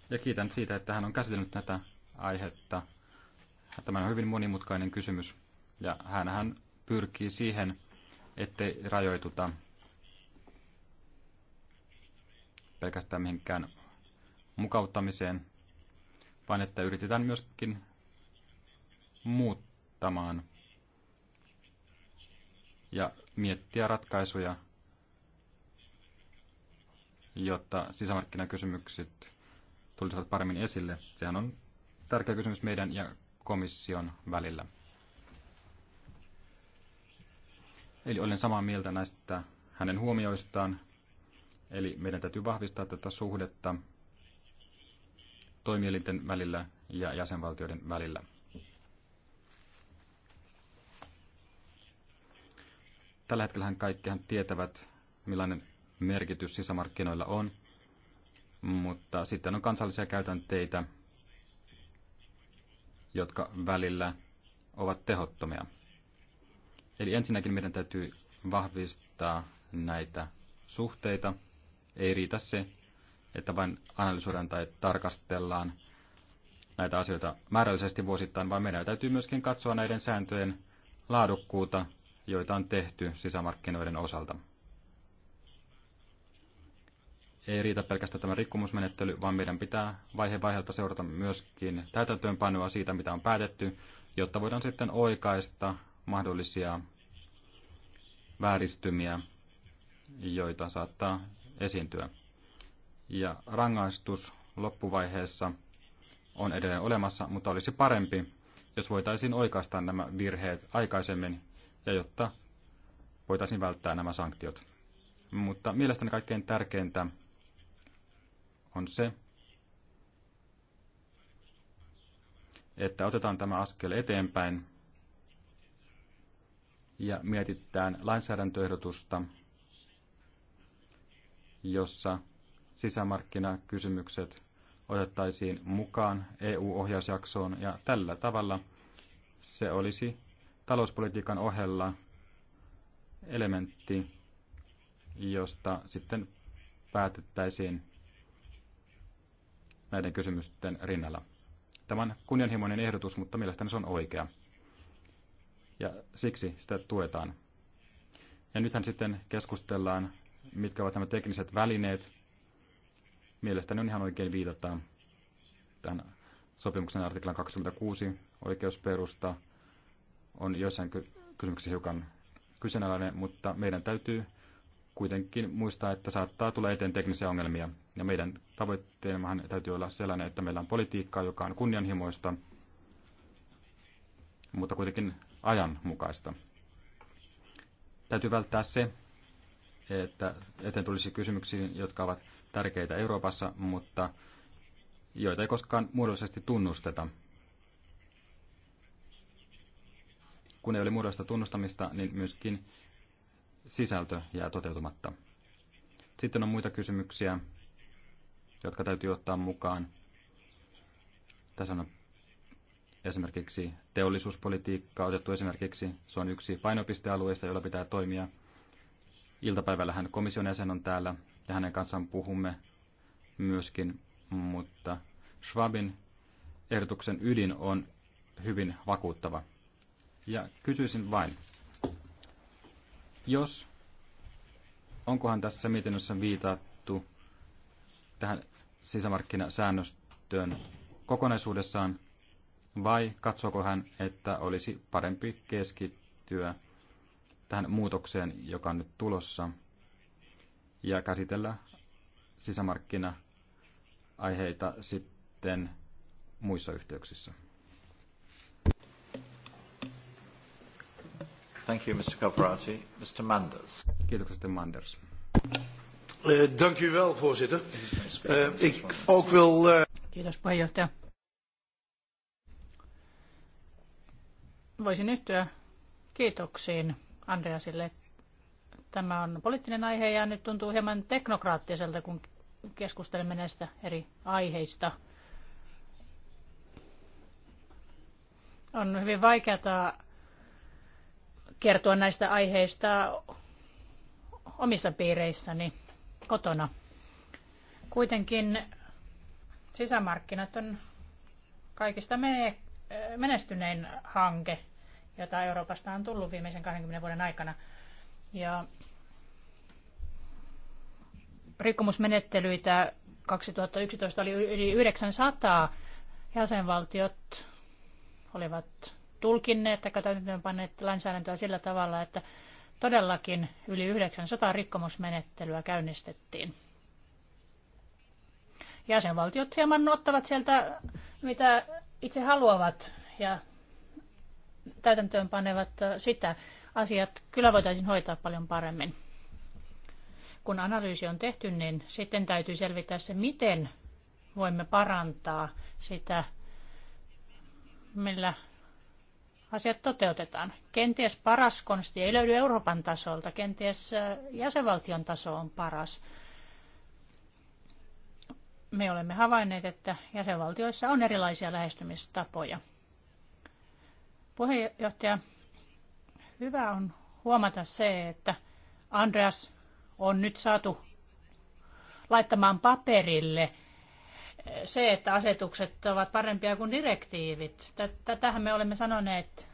ja kiitän siitä, että hän on käsitellyt tätä aihetta. Tämä on hyvin monimutkainen kysymys ja hän pyrkii siihen, ettei rajoituta pelkästään mihinkään mukauttamiseen, vaan että yritetään myöskin muuttamaan ja miettiä ratkaisuja, jotta sisämarkkinakysymykset tulisivat paremmin esille. Sehän on tärkeä kysymys meidän ja komission välillä. Eli olen samaa mieltä näistä hänen huomioistaan. Eli meidän täytyy vahvistaa tätä suhdetta toimielinten välillä ja jäsenvaltioiden välillä. Tällä hetkellä kaikkihan tietävät, millainen merkitys sisämarkkinoilla on – mutta sitten on kansallisia käytänteitä, jotka välillä ovat tehottomia. Eli ensinnäkin meidän täytyy vahvistaa näitä suhteita. Ei riitä se, että vain analysoidaan tai tarkastellaan näitä asioita määrällisesti vuosittain, vaan meidän täytyy myöskin katsoa näiden sääntöjen laadukkuutta, joita on tehty sisämarkkinoiden osalta ei riitä pelkästään tämä rikkomusmenettely, vaan meidän pitää vaihe vaiheelta seurata myöskin täytäntöönpanoa siitä, mitä on päätetty, jotta voidaan sitten oikaista mahdollisia vääristymiä, joita saattaa esiintyä. Ja rangaistus loppuvaiheessa on edelleen olemassa, mutta olisi parempi, jos voitaisiin oikaista nämä virheet aikaisemmin ja jotta voitaisiin välttää nämä sanktiot. Mutta mielestäni kaikkein tärkeintä on se, että otetaan tämä askel eteenpäin ja mietitään lainsäädäntöehdotusta, jossa sisämarkkinakysymykset otettaisiin mukaan EU-ohjausjaksoon ja tällä tavalla se olisi talouspolitiikan ohella elementti, josta sitten päätettäisiin näiden kysymysten rinnalla. Tämä on kunnianhimoinen ehdotus, mutta mielestäni se on oikea. Ja siksi sitä tuetaan. Ja nythän sitten keskustellaan, mitkä ovat nämä tekniset välineet. Mielestäni on ihan oikein viitata tämän sopimuksen artiklan 26 oikeusperusta on joissain kysymyksissä hiukan kyseenalainen, mutta meidän täytyy kuitenkin muistaa, että saattaa tulla eteen teknisiä ongelmia. Ja meidän tavoitteemahan täytyy olla sellainen, että meillä on politiikkaa, joka on kunnianhimoista, mutta kuitenkin ajanmukaista. Täytyy välttää se, että eteen tulisi kysymyksiä, jotka ovat tärkeitä Euroopassa, mutta joita ei koskaan muodollisesti tunnusteta. Kun ei ole muodollista tunnustamista, niin myöskin sisältö jää toteutumatta. Sitten on muita kysymyksiä, jotka täytyy ottaa mukaan. Tässä on esimerkiksi teollisuuspolitiikka otettu esimerkiksi. Se on yksi painopistealueista, jolla pitää toimia. Iltapäivällähän komission jäsen on täällä ja hänen kanssaan puhumme myöskin, mutta Schwabin ehdotuksen ydin on hyvin vakuuttava. Ja kysyisin vain, jos, onkohan tässä mietinnössä viitattu tähän sisämarkkinasäännöstöön kokonaisuudessaan, vai katsoko hän, että olisi parempi keskittyä tähän muutokseen, joka on nyt tulossa, ja käsitellä sisämarkkina-aiheita sitten muissa yhteyksissä? Thank you, Mr. Caprati. Mr. Manders. Manders. Eh, dank u wel, voorzitter. Eh, ik ook wil... Eh, Kiitos, puheenjohtaja. Voisin yhtyä kiitoksiin Andreasille. Tämä on poliittinen aihe ja nyt tuntuu hieman teknokraattiselta, kun keskustelemme näistä eri aiheista. On hyvin vaikeata kertoa näistä aiheista omissa piireissäni kotona. Kuitenkin sisämarkkinat on kaikista menestynein hanke, jota Euroopasta on tullut viimeisen 20 vuoden aikana. Ja rikkomusmenettelyitä 2011 oli yli 900. Jäsenvaltiot olivat tulkinneet tai täytäntöönpanneet lainsäädäntöä sillä tavalla, että todellakin yli 900 rikkomusmenettelyä käynnistettiin. Jäsenvaltiot hieman ottavat sieltä, mitä itse haluavat ja täytäntöönpanevat sitä. Asiat kyllä voitaisiin hoitaa paljon paremmin. Kun analyysi on tehty, niin sitten täytyy selvittää se, miten voimme parantaa sitä, millä asiat toteutetaan. Kenties paras konsti ei löydy Euroopan tasolta, kenties äh, jäsenvaltion taso on paras. Me olemme havainneet, että jäsenvaltioissa on erilaisia lähestymistapoja. Puheenjohtaja, hyvä on huomata se, että Andreas on nyt saatu laittamaan paperille – se, että asetukset ovat parempia kuin direktiivit. Tätähän me olemme sanoneet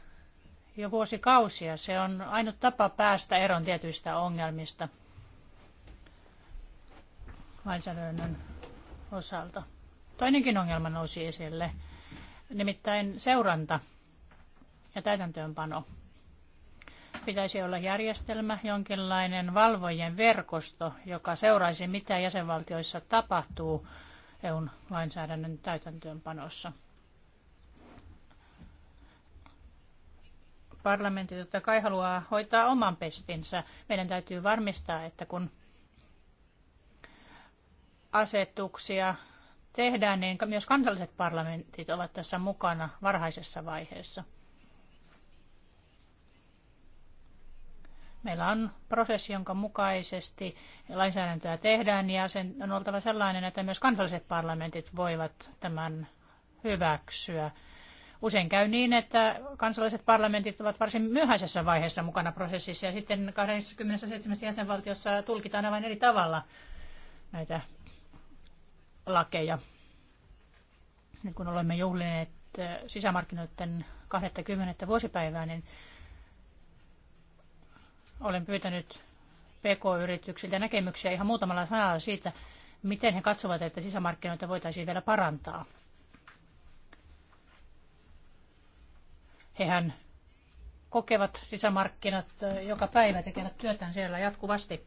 jo vuosikausia. Se on ainut tapa päästä eroon tietyistä ongelmista lainsäädännön osalta. Toinenkin ongelma nousi esille, nimittäin seuranta ja täytäntöönpano. Pitäisi olla järjestelmä, jonkinlainen valvojen verkosto, joka seuraisi, mitä jäsenvaltioissa tapahtuu EUn lainsäädännön täytäntöönpanossa. Parlamentti totta kai haluaa hoitaa oman pestinsä. Meidän täytyy varmistaa, että kun asetuksia tehdään, niin myös kansalliset parlamentit ovat tässä mukana varhaisessa vaiheessa. Meillä on prosessi, jonka mukaisesti lainsäädäntöä tehdään ja sen on oltava sellainen, että myös kansalliset parlamentit voivat tämän hyväksyä. Usein käy niin, että kansalliset parlamentit ovat varsin myöhäisessä vaiheessa mukana prosessissa ja sitten 27 jäsenvaltiossa tulkitaan aivan eri tavalla näitä lakeja. Nyt kun olemme juhlineet sisämarkkinoiden 20. vuosipäivää, niin olen pyytänyt PK-yrityksiltä näkemyksiä ihan muutamalla sanalla siitä, miten he katsovat, että sisämarkkinoita voitaisiin vielä parantaa. Hehän kokevat sisämarkkinat joka päivä, tekevät työtään siellä jatkuvasti.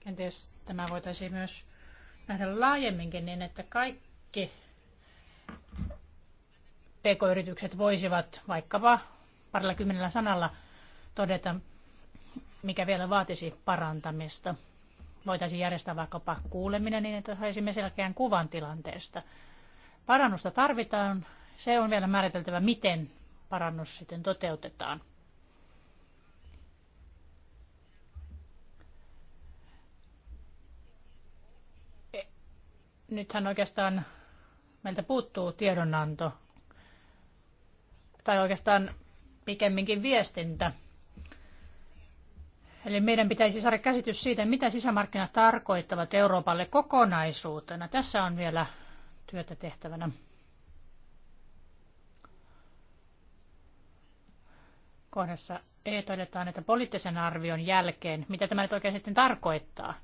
Kenties tämä voitaisiin myös nähdä laajemminkin niin, että kaikki pk-yritykset voisivat vaikkapa parilla kymmenellä sanalla todeta, mikä vielä vaatisi parantamista. Voitaisiin järjestää vaikkapa kuuleminen niin, että saisimme selkeän kuvan tilanteesta. Parannusta tarvitaan. Se on vielä määriteltävä, miten parannus sitten toteutetaan. E, nythän oikeastaan meiltä puuttuu tiedonanto. Tai oikeastaan pikemminkin viestintä. Eli meidän pitäisi saada käsitys siitä, mitä sisämarkkinat tarkoittavat Euroopalle kokonaisuutena. Tässä on vielä työtä tehtävänä. Kohdassa E todetaan, että poliittisen arvion jälkeen, mitä tämä nyt oikein sitten tarkoittaa.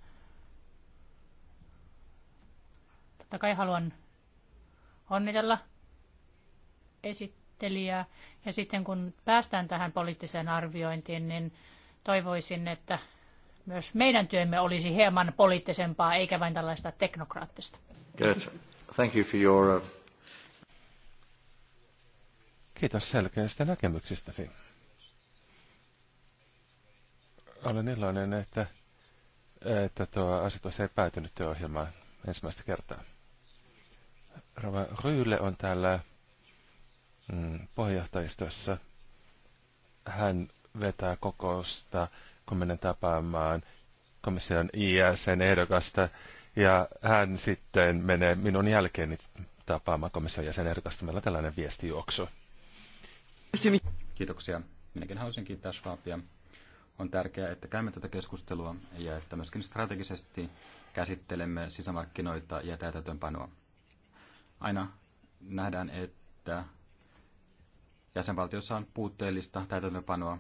Totta kai haluan onnitella esittelijää ja sitten kun päästään tähän poliittiseen arviointiin, niin toivoisin, että myös meidän työmme olisi hieman poliittisempaa, eikä vain tällaista teknokraattista. Good. Thank you for your... Uh, Kiitos selkeästä näkemyksistäsi. Olen iloinen, että, että tuo asetus ei päätynyt työohjelmaan ensimmäistä kertaa. Rova Ryyle on täällä Mm, puheenjohtajistossa. Hän vetää kokousta, kun menen tapaamaan komission ISN ehdokasta, ja hän sitten menee minun jälkeeni tapaamaan komission jäsen ehdokasta. Meillä on tällainen viestijuoksu. Kiitoksia. Minäkin haluaisin kiittää Schwabia. On tärkeää, että käymme tätä keskustelua ja että myöskin strategisesti käsittelemme sisämarkkinoita ja täytäntöönpanoa. Aina nähdään, että jäsenvaltiossa on puutteellista täytäntöönpanoa,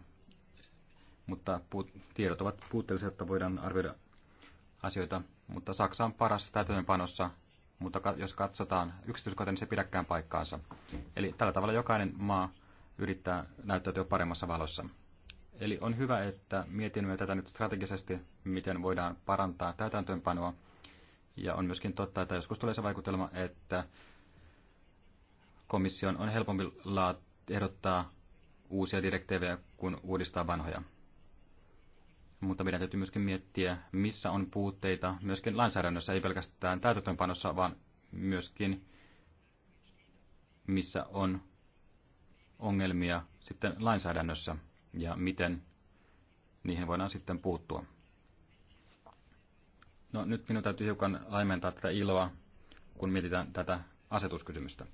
mutta puut- tiedot ovat puutteellisia, että voidaan arvioida asioita. Mutta Saksa on paras täytäntöönpanossa, mutta jos katsotaan yksityiskohtia, niin se pidäkään paikkaansa. Eli tällä tavalla jokainen maa yrittää näyttäytyä paremmassa valossa. Eli on hyvä, että mietimme tätä nyt strategisesti, miten voidaan parantaa täytäntöönpanoa. Ja on myöskin totta, että joskus tulee se vaikutelma, että komission on helpompi laatia ehdottaa uusia direktiivejä kuin uudistaa vanhoja. Mutta meidän täytyy myöskin miettiä, missä on puutteita myöskin lainsäädännössä, ei pelkästään täytäntöönpanossa, vaan myöskin missä on ongelmia sitten lainsäädännössä ja miten niihin voidaan sitten puuttua. No nyt minun täytyy hiukan laimentaa tätä iloa, kun mietitään tätä asetuskysymystä.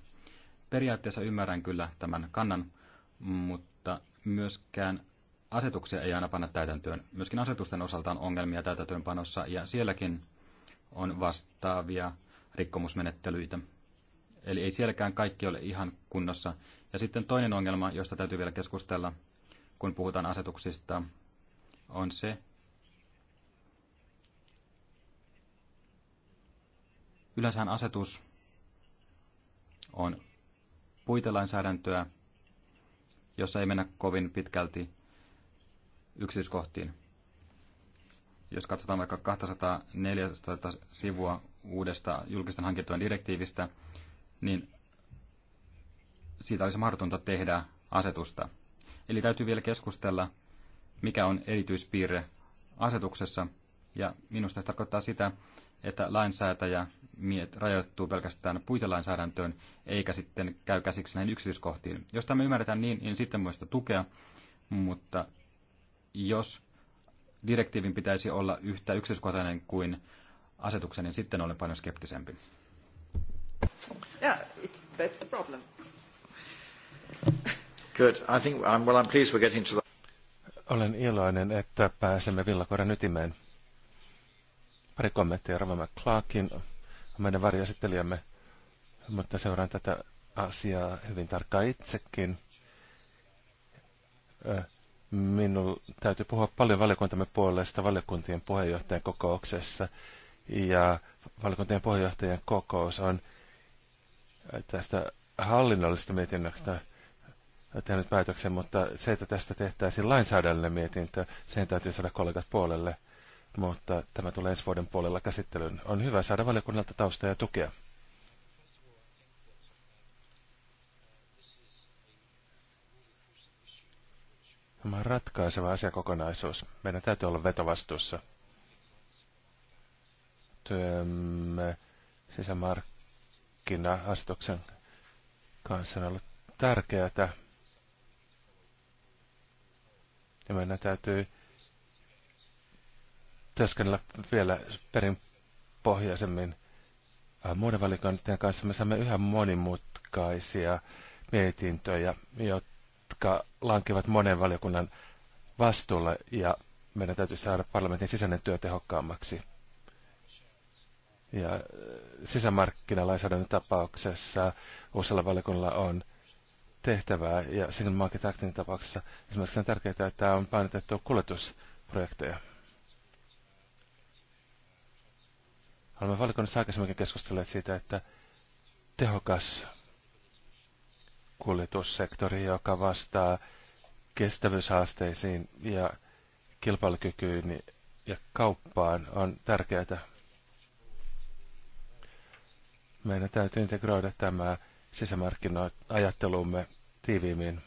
Periaatteessa ymmärrän kyllä tämän kannan, mutta myöskään asetuksia ei aina panna täytäntöön. Myöskin asetusten osalta on ongelmia täytäntöönpanossa ja sielläkin on vastaavia rikkomusmenettelyitä. Eli ei sielläkään kaikki ole ihan kunnossa. Ja sitten toinen ongelma, josta täytyy vielä keskustella, kun puhutaan asetuksista, on se, yleensä asetus on puitelainsäädäntöä, jossa ei mennä kovin pitkälti yksityiskohtiin. Jos katsotaan vaikka 200 sivua uudesta julkisten hankintojen direktiivistä, niin siitä olisi mahdotonta tehdä asetusta. Eli täytyy vielä keskustella, mikä on erityispiirre asetuksessa, ja minusta se tarkoittaa sitä, että lainsäätäjä miet rajoittuu pelkästään puitelainsäädäntöön, eikä sitten käy käsiksi näihin yksityiskohtiin. Jos tämä ymmärretään niin, niin sitten voisi tukea, mutta jos direktiivin pitäisi olla yhtä yksityiskohtainen kuin asetuksen, niin sitten olen paljon skeptisempi. Yeah, that's the problem. Good. I think, I'm, um, well, I'm pleased we're getting to the... Olen iloinen, että pääsemme villakoiran ytimeen. Pari kommenttia Rava McClarkin meidän varjoesittelijämme, mutta seuraan tätä asiaa hyvin tarkkaan itsekin. Minun täytyy puhua paljon valiokuntamme puolesta valiokuntien puheenjohtajan kokouksessa. Ja valiokuntien puheenjohtajan kokous on tästä hallinnollisesta mietinnöstä tehnyt päätöksen, mutta se, että tästä tehtäisiin lainsäädännöllinen mietintö, sen täytyy saada kollegat puolelle – mutta tämä tulee ensi vuoden puolella käsittelyyn. On hyvä saada valiokunnalta taustaa ja tukea. Tämä on ratkaiseva asiakokonaisuus. Meidän täytyy olla vetovastuussa. Työmme sisämarkkina-asetuksen kanssa on ollut tärkeää. Ja meidän täytyy työskennellä vielä perinpohjaisemmin äh, muiden kanssa. Me saamme yhä monimutkaisia mietintöjä, jotka lankivat monen valiokunnan vastuulle ja meidän täytyy saada parlamentin sisäinen työ tehokkaammaksi. Ja äh, sisämarkkinalainsäädännön tapauksessa uusilla valiokunnalla on tehtävää ja Single Market Actin tapauksessa esimerkiksi on tärkeää, että on painotettu kuljetusprojekteja. Olemme valikunnassa aikaisemminkin keskustelleet siitä, että tehokas kuljetussektori, joka vastaa kestävyyshaasteisiin ja kilpailukykyyn ja kauppaan, on tärkeää. Meidän täytyy integroida tämä sisämarkkinoajattelumme tiiviimmin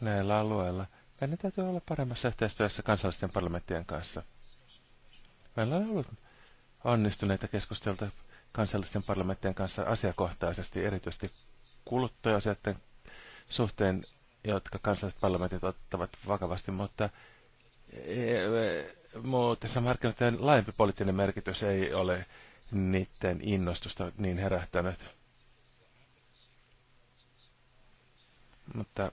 näillä alueilla. Meidän täytyy olla paremmassa yhteistyössä kansallisten parlamenttien kanssa – Meillä on ollut onnistuneita keskusteluita kansallisten parlamenttien kanssa asiakohtaisesti, erityisesti kuluttaja-asioiden suhteen, jotka kansalliset parlamentit ottavat vakavasti, e, e, mutta tässä markkinoiden laajempi poliittinen merkitys ei ole niiden innostusta niin herättänyt. Mutta,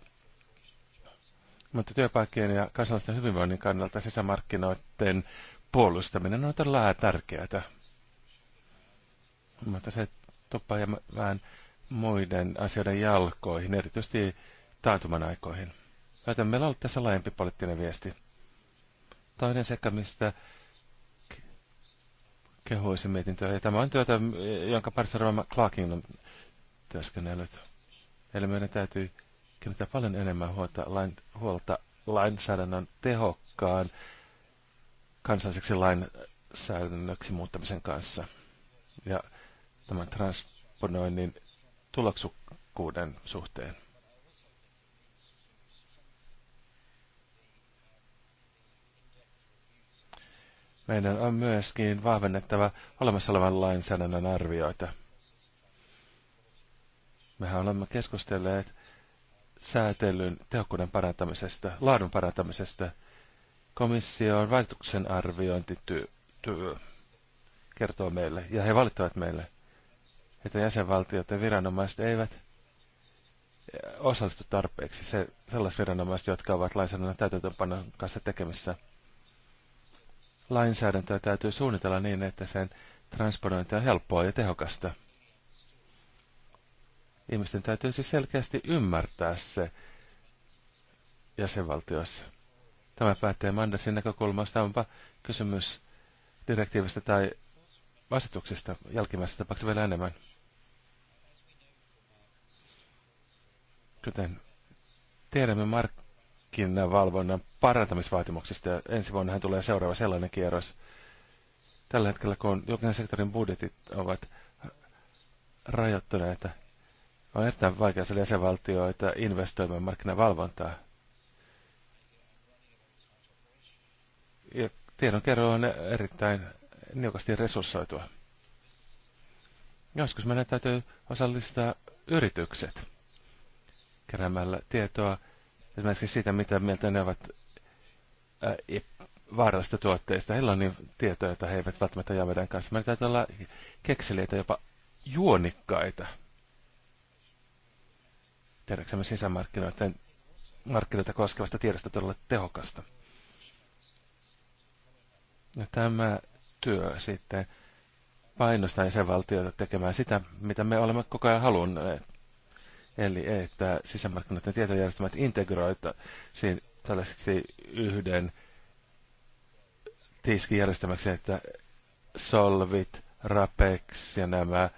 mutta työpaikkien ja kansallisten hyvinvoinnin kannalta sisämarkkinoiden puolustaminen on todella tärkeää. Mutta se toppaa ja vähän muiden asioiden jalkoihin, erityisesti taantuman aikoihin. Joten meillä on ollut tässä laajempi poliittinen viesti. Toinen sekä, mistä kehuisin mietintöä. Ja tämä on työtä, jonka parissa Rama Clarkin on työskennellyt. Eli meidän täytyy kiinnittää paljon enemmän huolta, lain, huolta lainsäädännön tehokkaan kansalliseksi lainsäädännöksi muuttamisen kanssa ja tämän transponoinnin tuloksukkuuden suhteen. Meidän on myöskin vahvennettava olemassa olevan lainsäädännön arvioita. Mehän olemme keskustelleet säätelyn tehokkuuden parantamisesta, laadun parantamisesta – komission vaikutuksen arviointityö kertoo meille, ja he valittavat meille, että jäsenvaltiot ja viranomaiset eivät osallistu tarpeeksi se, sellaiset viranomaiset, jotka ovat lainsäädännön täytäntöönpanon kanssa tekemissä. Lainsäädäntöä täytyy suunnitella niin, että sen transponointi on helppoa ja tehokasta. Ihmisten täytyy siis selkeästi ymmärtää se jäsenvaltioissa. Tämä päättää Mandasin näkökulmasta. Onpa kysymys direktiivistä tai asetuksesta jälkimmäisessä tapauksessa vielä enemmän. Kuten tiedämme markkinavalvonnan parantamisvaatimuksista, ja ensi hän tulee seuraava sellainen kierros. Tällä hetkellä, kun julkisen sektorin budjetit ovat rajoittuneita, on erittäin vaikea sille jäsenvaltioita investoimaan markkinavalvontaa. ja tiedonkerro on erittäin niukasti resurssoitua. Joskus meidän täytyy osallistaa yritykset keräämällä tietoa esimerkiksi siitä, mitä mieltä ne ovat vaarallista vaarallisista tuotteista. Heillä on niin tietoja, joita he eivät välttämättä jää meidän kanssa. Meidän täytyy olla kekseliäitä, jopa juonikkaita. Tiedäksemme sisämarkkinoiden markkinoita koskevasta tiedosta todella tehokasta. Ja tämä työ sitten painostaa jäsenvaltioita tekemään sitä, mitä me olemme koko ajan halunneet. Eli että sisämarkkinoiden tietojärjestelmät integroitaisiin tällaiseksi yhden tiskijärjestelmäksi, että Solvit, Rapex ja nämä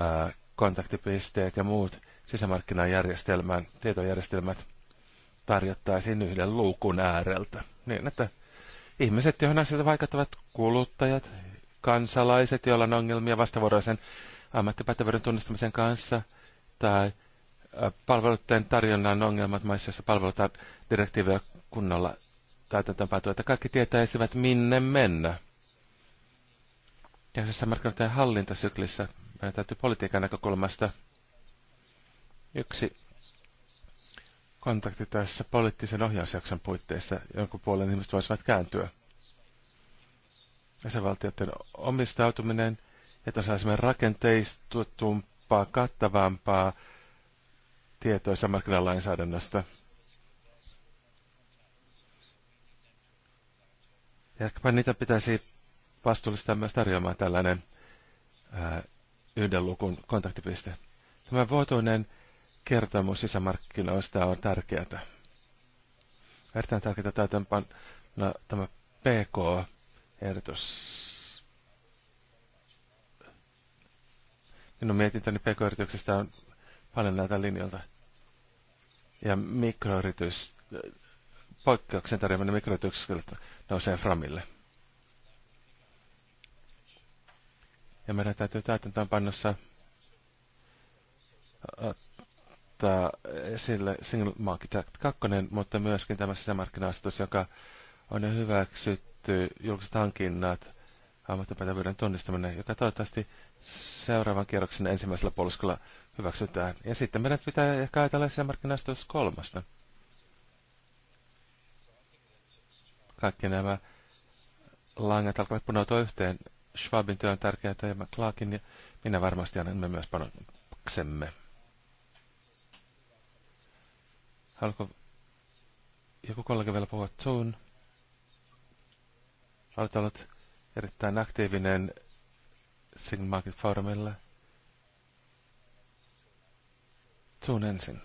ää, kontaktipisteet ja muut sisämarkkinajärjestelmän tietojärjestelmät tarjottaisiin yhden luukun ääreltä. Niin, että ihmiset, joihin asioita vaikuttavat kuluttajat, kansalaiset, joilla on ongelmia vastavuoroisen ammattipätevyyden tunnistamisen kanssa, tai palveluiden tarjonnan ongelmat maissa, joissa palvelutaan direktiiviä kunnolla täytäntöönpäätyä, että kaikki tietäisivät minne mennä. Ja tässä markkinoiden hallintasyklissä meidän täytyy politiikan näkökulmasta yksi kontakti tässä poliittisen ohjausjakson puitteissa, jonkun puolen ihmiset voisivat kääntyä. Jäsenvaltioiden omistautuminen, että saisimme rakenteistuttumpaa, kattavampaa tietoa markkinalainsäädännöstä. Ja ehkäpä niitä pitäisi vastuullista myös tarjoamaan tällainen ää, yhden lukun kontaktipiste. Tämä vuotuinen kertomus sisämarkkinoista on tärkeää. Erittäin tärkeää täytäntöön no, tämä PK-ehdotus. Minun mietintäni PK-yrityksestä on paljon näitä linjoilta. Ja mikroyritys, poikkeuksen tarjoaminen mikroyrityksille nousee framille. Ja meidän täytyy pannossa tota, sille Single Market Act 2, mutta myöskin tämä sisämarkkina joka on jo hyväksytty, julkiset hankinnat, ammattipätevyyden tunnistaminen, joka toivottavasti seuraavan kierroksen ensimmäisellä puoliskolla hyväksytään. Ja sitten meidän pitää ehkä ajatella sisämarkkina kolmasta. Kaikki nämä langat alkavat punoutua yhteen. Schwabin työ on tärkeää ja Clarkin ja minä varmasti annamme myös panoksemme. Haluatko joku kollega vielä puhua tuun Olet ollut erittäin aktiivinen Sigma Market Forumilla. Sun ensin.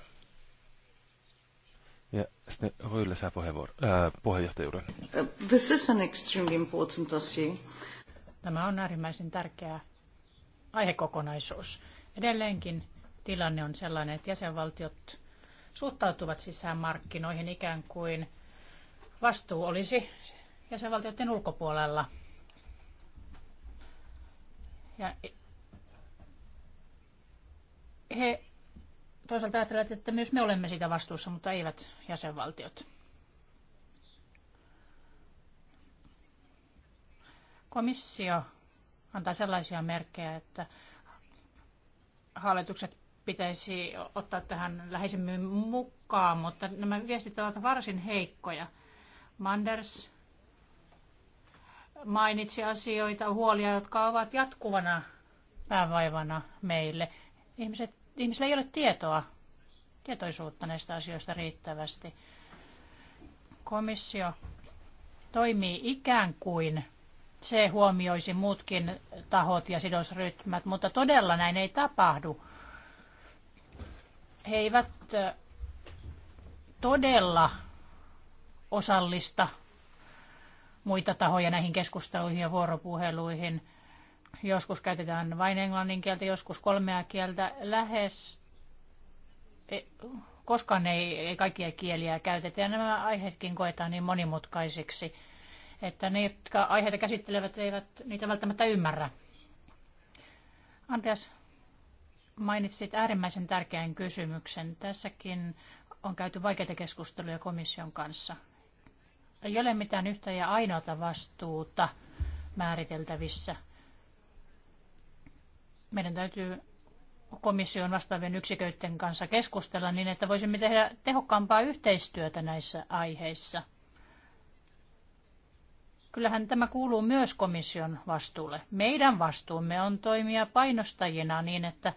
Ja sitten Ryllä saa puheenvuoro, äh, puheenjohtajuuden. This is an extremely important dossier. Tämä on äärimmäisen tärkeä aihekokonaisuus. Edelleenkin tilanne on sellainen, että jäsenvaltiot suhtautuvat sisämarkkinoihin ikään kuin vastuu olisi jäsenvaltioiden ulkopuolella. Ja he toisaalta ajattelevat, että myös me olemme siitä vastuussa, mutta eivät jäsenvaltiot. Komissio antaa sellaisia merkkejä, että hallitukset pitäisi ottaa tähän läheisemmin mukaan, mutta nämä viestit ovat varsin heikkoja. Manders mainitsi asioita, huolia, jotka ovat jatkuvana päävaivana meille. Ihmiset, ihmisillä ei ole tietoa, tietoisuutta näistä asioista riittävästi. Komissio toimii ikään kuin se huomioisi muutkin tahot ja sidosryhmät, mutta todella näin ei tapahdu he eivät todella osallista muita tahoja näihin keskusteluihin ja vuoropuheluihin. Joskus käytetään vain englannin kieltä, joskus kolmea kieltä. Lähes e, koskaan ei, ei kaikkia kieliä käytetä ja nämä aiheetkin koetaan niin monimutkaisiksi, että ne, jotka aiheita käsittelevät, eivät niitä välttämättä ymmärrä. Andreas mainitsit äärimmäisen tärkeän kysymyksen. Tässäkin on käyty vaikeita keskusteluja komission kanssa. Ei ole mitään yhtä ja ainoata vastuuta määriteltävissä. Meidän täytyy komission vastaavien yksiköiden kanssa keskustella niin, että voisimme tehdä tehokkaampaa yhteistyötä näissä aiheissa. Kyllähän tämä kuuluu myös komission vastuulle. Meidän vastuumme on toimia painostajina niin, että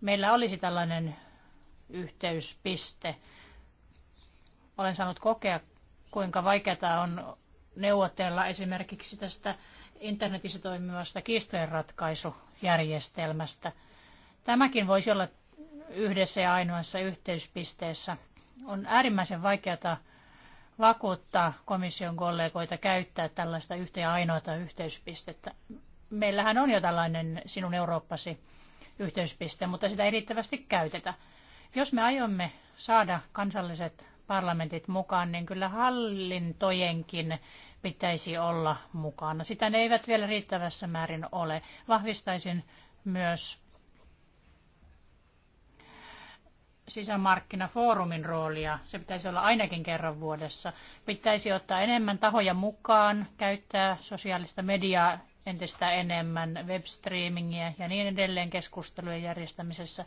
meillä olisi tällainen yhteyspiste. Olen saanut kokea, kuinka vaikeaa on neuvotella esimerkiksi tästä internetissä toimivasta kiistojenratkaisujärjestelmästä. Tämäkin voisi olla yhdessä ja ainoassa yhteyspisteessä. On äärimmäisen vaikeata vakuuttaa komission kollegoita käyttää tällaista yhtä ja ainoata yhteyspistettä. Meillähän on jo tällainen sinun Eurooppasi yhteyspiste, mutta sitä ei riittävästi käytetä. Jos me aiomme saada kansalliset parlamentit mukaan, niin kyllä hallintojenkin pitäisi olla mukana. Sitä ne eivät vielä riittävässä määrin ole. Vahvistaisin myös sisämarkkinafoorumin roolia. Se pitäisi olla ainakin kerran vuodessa. Pitäisi ottaa enemmän tahoja mukaan, käyttää sosiaalista mediaa entistä enemmän webstreamingia ja niin edelleen keskustelujen järjestämisessä.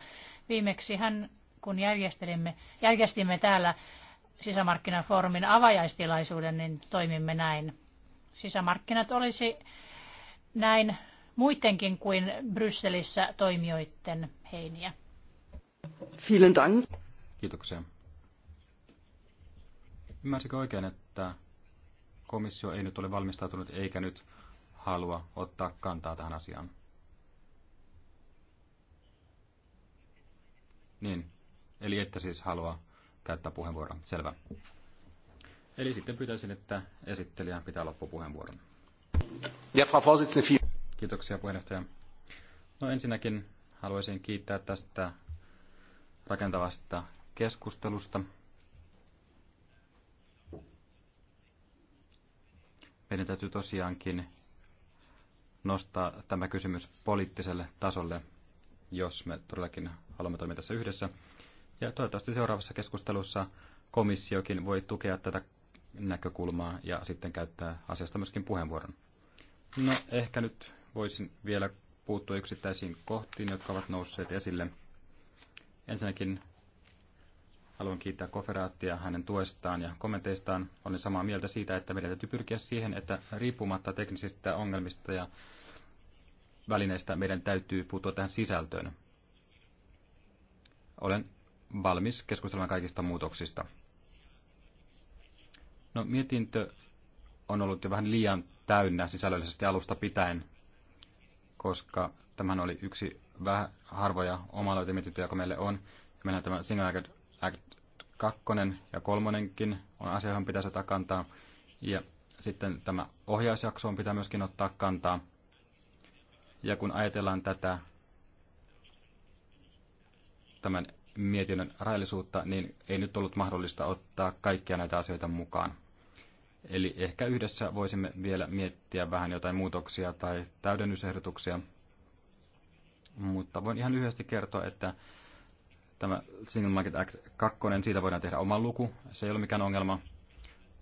Viimeksi hän, kun järjestelimme, järjestimme täällä sisämarkkinafoorumin avajaistilaisuuden, niin toimimme näin. Sisämarkkinat olisi näin muidenkin kuin Brysselissä toimijoiden heiniä. Vielen Dank. Kiitoksia. Ymmärsikö oikein, että komissio ei nyt ole valmistautunut eikä nyt halua ottaa kantaa tähän asiaan. Niin, eli että siis halua käyttää puheenvuoron. Selvä. Eli sitten pyytäisin, että esittelijä pitää loppupuheenvuoron. Ja Frau Vorsitzende, Kiitoksia puheenjohtaja. No ensinnäkin haluaisin kiittää tästä rakentavasta keskustelusta. Meidän täytyy tosiaankin nostaa tämä kysymys poliittiselle tasolle, jos me todellakin haluamme toimia tässä yhdessä. Ja toivottavasti seuraavassa keskustelussa komissiokin voi tukea tätä näkökulmaa ja sitten käyttää asiasta myöskin puheenvuoron. No ehkä nyt voisin vielä puuttua yksittäisiin kohtiin, jotka ovat nousseet esille. Ensinnäkin Haluan kiittää Koferaattia hänen tuestaan ja kommenteistaan. Olen samaa mieltä siitä, että meidän täytyy pyrkiä siihen, että riippumatta teknisistä ongelmista ja välineistä meidän täytyy puuttua tähän sisältöön. Olen valmis keskustelemaan kaikista muutoksista. No, mietintö on ollut jo vähän liian täynnä sisällöllisesti alusta pitäen, koska tämähän oli yksi vähän harvoja oma mietintöjä, joka meille on. Ja meillä on tämä Single kakkonen ja kolmonenkin on asia, johon pitäisi ottaa kantaa. Ja sitten tämä ohjausjakso on pitää myöskin ottaa kantaa. Ja kun ajatellaan tätä tämän mietinnön rajallisuutta, niin ei nyt ollut mahdollista ottaa kaikkia näitä asioita mukaan. Eli ehkä yhdessä voisimme vielä miettiä vähän jotain muutoksia tai täydennysehdotuksia. Mutta voin ihan lyhyesti kertoa, että Tämä Single Market Act 2, siitä voidaan tehdä oma luku, se ei ole mikään ongelma.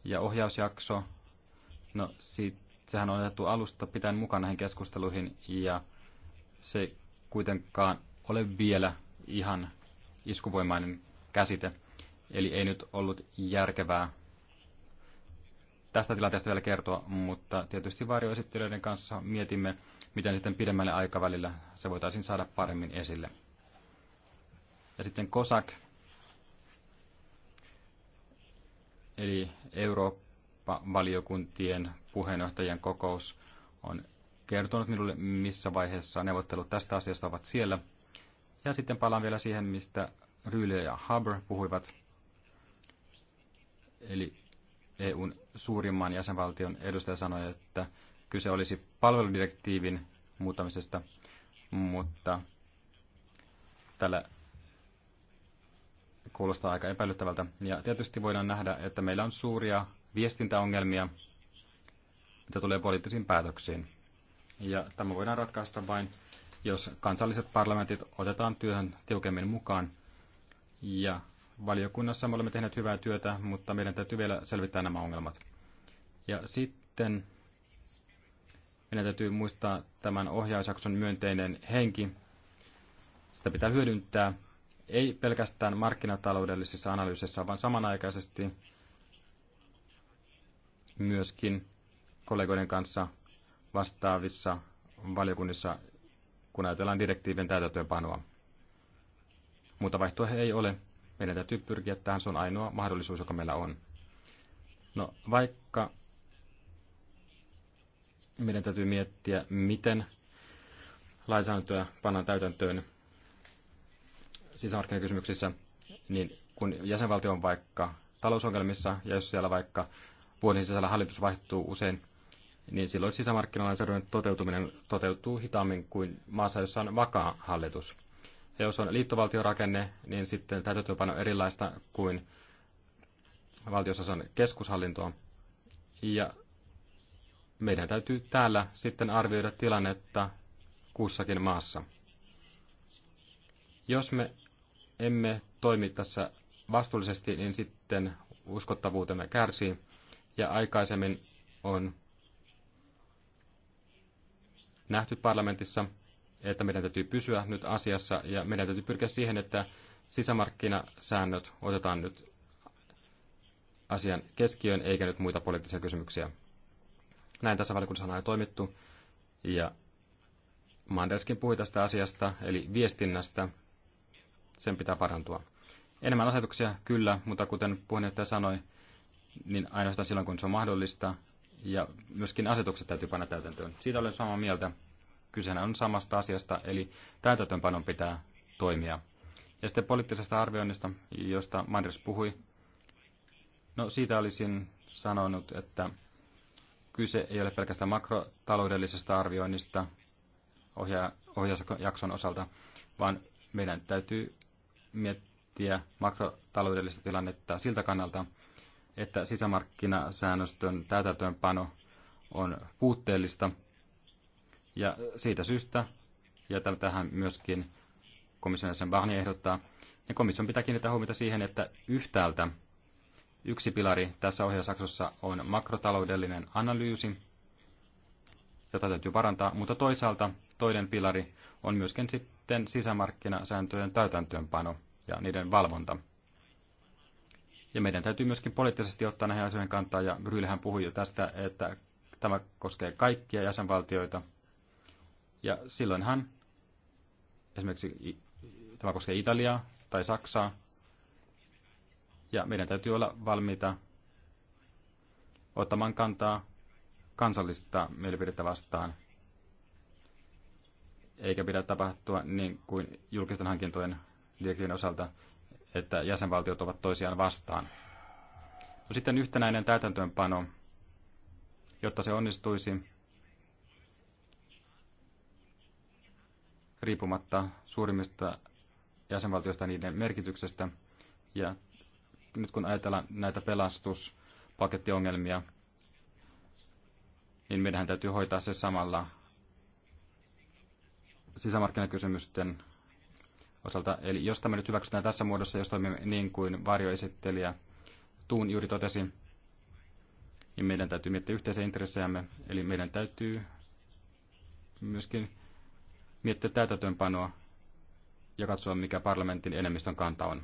Ja ohjausjakso, no siitä, sehän on otettu alusta pitäen mukaan näihin keskusteluihin ja se ei kuitenkaan ole vielä ihan iskuvoimainen käsite. Eli ei nyt ollut järkevää tästä tilanteesta vielä kertoa, mutta tietysti varjoesittelijöiden kanssa mietimme, miten sitten pidemmälle aikavälillä se voitaisiin saada paremmin esille. Ja sitten COSAC, eli Eurooppa-valiokuntien puheenjohtajien kokous, on kertonut minulle, missä vaiheessa neuvottelut tästä asiasta ovat siellä. Ja sitten palaan vielä siihen, mistä Ryle ja Haber puhuivat, eli EUn suurimman jäsenvaltion edustaja sanoi, että kyse olisi palveludirektiivin muuttamisesta, mutta tällä kuulostaa aika epäilyttävältä. Ja tietysti voidaan nähdä, että meillä on suuria viestintäongelmia, mitä tulee poliittisiin päätöksiin. Ja tämä voidaan ratkaista vain, jos kansalliset parlamentit otetaan työhön tiukemmin mukaan. Ja valiokunnassa me olemme tehneet hyvää työtä, mutta meidän täytyy vielä selvittää nämä ongelmat. Ja sitten meidän täytyy muistaa tämän ohjausjakson myönteinen henki. Sitä pitää hyödyntää ei pelkästään markkinataloudellisissa analyyseissa, vaan samanaikaisesti myöskin kollegoiden kanssa vastaavissa valiokunnissa, kun ajatellaan direktiivin täytäntöönpanoa. Muuta vaihtoehtoja ei ole. Meidän täytyy pyrkiä tähän, se on ainoa mahdollisuus, joka meillä on. No, vaikka meidän täytyy miettiä, miten lainsäädäntöä pannaan täytäntöön, sisämarkkinakysymyksissä, niin kun jäsenvaltio on vaikka talousongelmissa ja jos siellä vaikka vuoden sisällä hallitus vaihtuu usein, niin silloin sisämarkkinalainsäädännön toteutuminen toteutuu hitaammin kuin maassa, jossa on vakaa hallitus. Ja jos on liittovaltiorakenne, niin sitten on erilaista kuin valtiossa on keskushallintoa. Ja meidän täytyy täällä sitten arvioida tilannetta kussakin maassa. Jos me emme toimi tässä vastuullisesti, niin sitten uskottavuutemme kärsii. Ja aikaisemmin on nähty parlamentissa, että meidän täytyy pysyä nyt asiassa ja meidän täytyy pyrkiä siihen, että sisämarkkinasäännöt otetaan nyt asian keskiöön eikä nyt muita poliittisia kysymyksiä. Näin tässä valiokunnassa on toimittu ja Mandelskin puhui tästä asiasta eli viestinnästä sen pitää parantua. Enemmän asetuksia, kyllä, mutta kuten puheenjohtaja sanoi, niin ainoastaan silloin, kun se on mahdollista, ja myöskin asetukset täytyy panna täytäntöön. Siitä olen samaa mieltä. Kysehän on samasta asiasta, eli täytäntöönpanon pitää toimia. Ja sitten poliittisesta arvioinnista, josta Mandris puhui. No siitä olisin sanonut, että kyse ei ole pelkästään makrotaloudellisesta arvioinnista ohjausjakson osalta, vaan meidän täytyy miettiä makrotaloudellista tilannetta siltä kannalta, että sisämarkkinasäännöstön täytäntöönpano on puutteellista. Ja siitä syystä, ja tähän myöskin komission jäsen Vahni ehdottaa, niin komission pitää kiinnittää huomiota siihen, että yhtäältä yksi pilari tässä ohjausaksossa on makrotaloudellinen analyysi, jota täytyy parantaa, mutta toisaalta toinen pilari on myöskin sitten sisämarkkinasääntöjen täytäntöönpano – ja niiden valvonta. Ja meidän täytyy myöskin poliittisesti ottaa näihin asioihin kantaa, ja Ryylihän puhui jo tästä, että tämä koskee kaikkia jäsenvaltioita. Ja silloinhan esimerkiksi tämä koskee Italiaa tai Saksaa, ja meidän täytyy olla valmiita ottamaan kantaa kansallista mielipidettä vastaan, eikä pidä tapahtua niin kuin julkisten hankintojen direktiivin osalta, että jäsenvaltiot ovat toisiaan vastaan. No sitten yhtenäinen täytäntöönpano, jotta se onnistuisi riippumatta suurimmista jäsenvaltioista niiden merkityksestä. Ja nyt kun ajatellaan näitä pelastuspakettiongelmia, niin meidän täytyy hoitaa se samalla sisämarkkinakysymysten osalta. Eli jos tämä nyt hyväksytään tässä muodossa, jos toimimme niin kuin varjoesittelijä Tuun juuri totesi, niin meidän täytyy miettiä yhteisiä intressejämme. Eli meidän täytyy myöskin miettiä täytäntöönpanoa ja katsoa, mikä parlamentin enemmistön kanta on.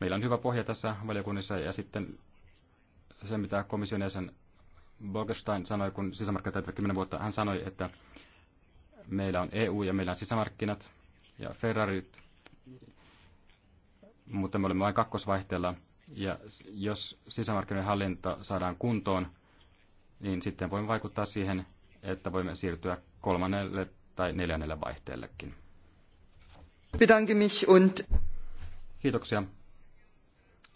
Meillä on hyvä pohja tässä valiokunnissa ja sitten se, mitä komission jäsen Bolkestein sanoi, kun sisämarkkinat täyttävät 10 vuotta, hän sanoi, että meillä on EU ja meillä on sisämarkkinat ja Ferrarit, mutta me olemme vain kakkosvaihteella. Ja jos sisämarkkinoiden hallinta saadaan kuntoon, niin sitten voimme vaikuttaa siihen, että voimme siirtyä kolmannelle tai neljännelle vaihteellekin. Bedanke mich und... Kiitoksia.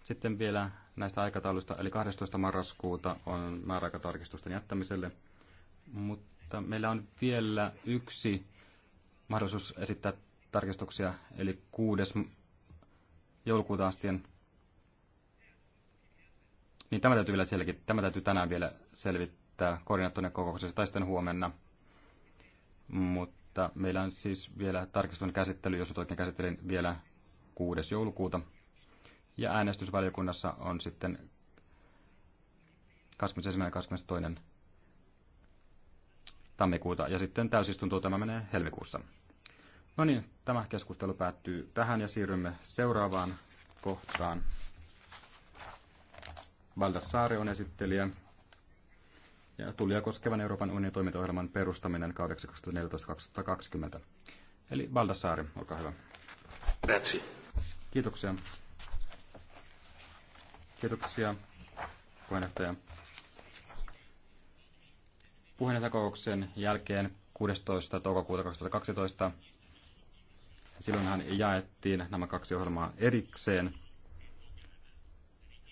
Sitten vielä näistä aikatauluista, eli 12. marraskuuta on määräaikatarkistusten jättämiselle. Mutta meillä on vielä yksi mahdollisuus esittää tarkistuksia, eli 6. joulukuuta asti. Niin tämä täytyy vielä selkittää. Tämä täytyy tänään vielä selvittää koordinaattorin kokouksessa tai sitten huomenna. Mutta meillä on siis vielä tarkistun käsittely, jos oikein käsittelin vielä 6. joulukuuta. Ja äänestysvaliokunnassa on sitten 21. ja 22. tammikuuta. Ja sitten täysistunto tämä menee helmikuussa. No niin, tämä keskustelu päättyy tähän ja siirrymme seuraavaan kohtaan. Valdassaari on esittelijä ja tulia koskevan Euroopan unionin toimintaohjelman perustaminen 2014 2020 Eli Valdassaari, olkaa hyvä. Grazie. Kiitoksia. Kiitoksia, puheenjohtaja. Puheenjohtajakokouksen jälkeen 16. toukokuuta 2012 silloinhan jaettiin nämä kaksi ohjelmaa erikseen,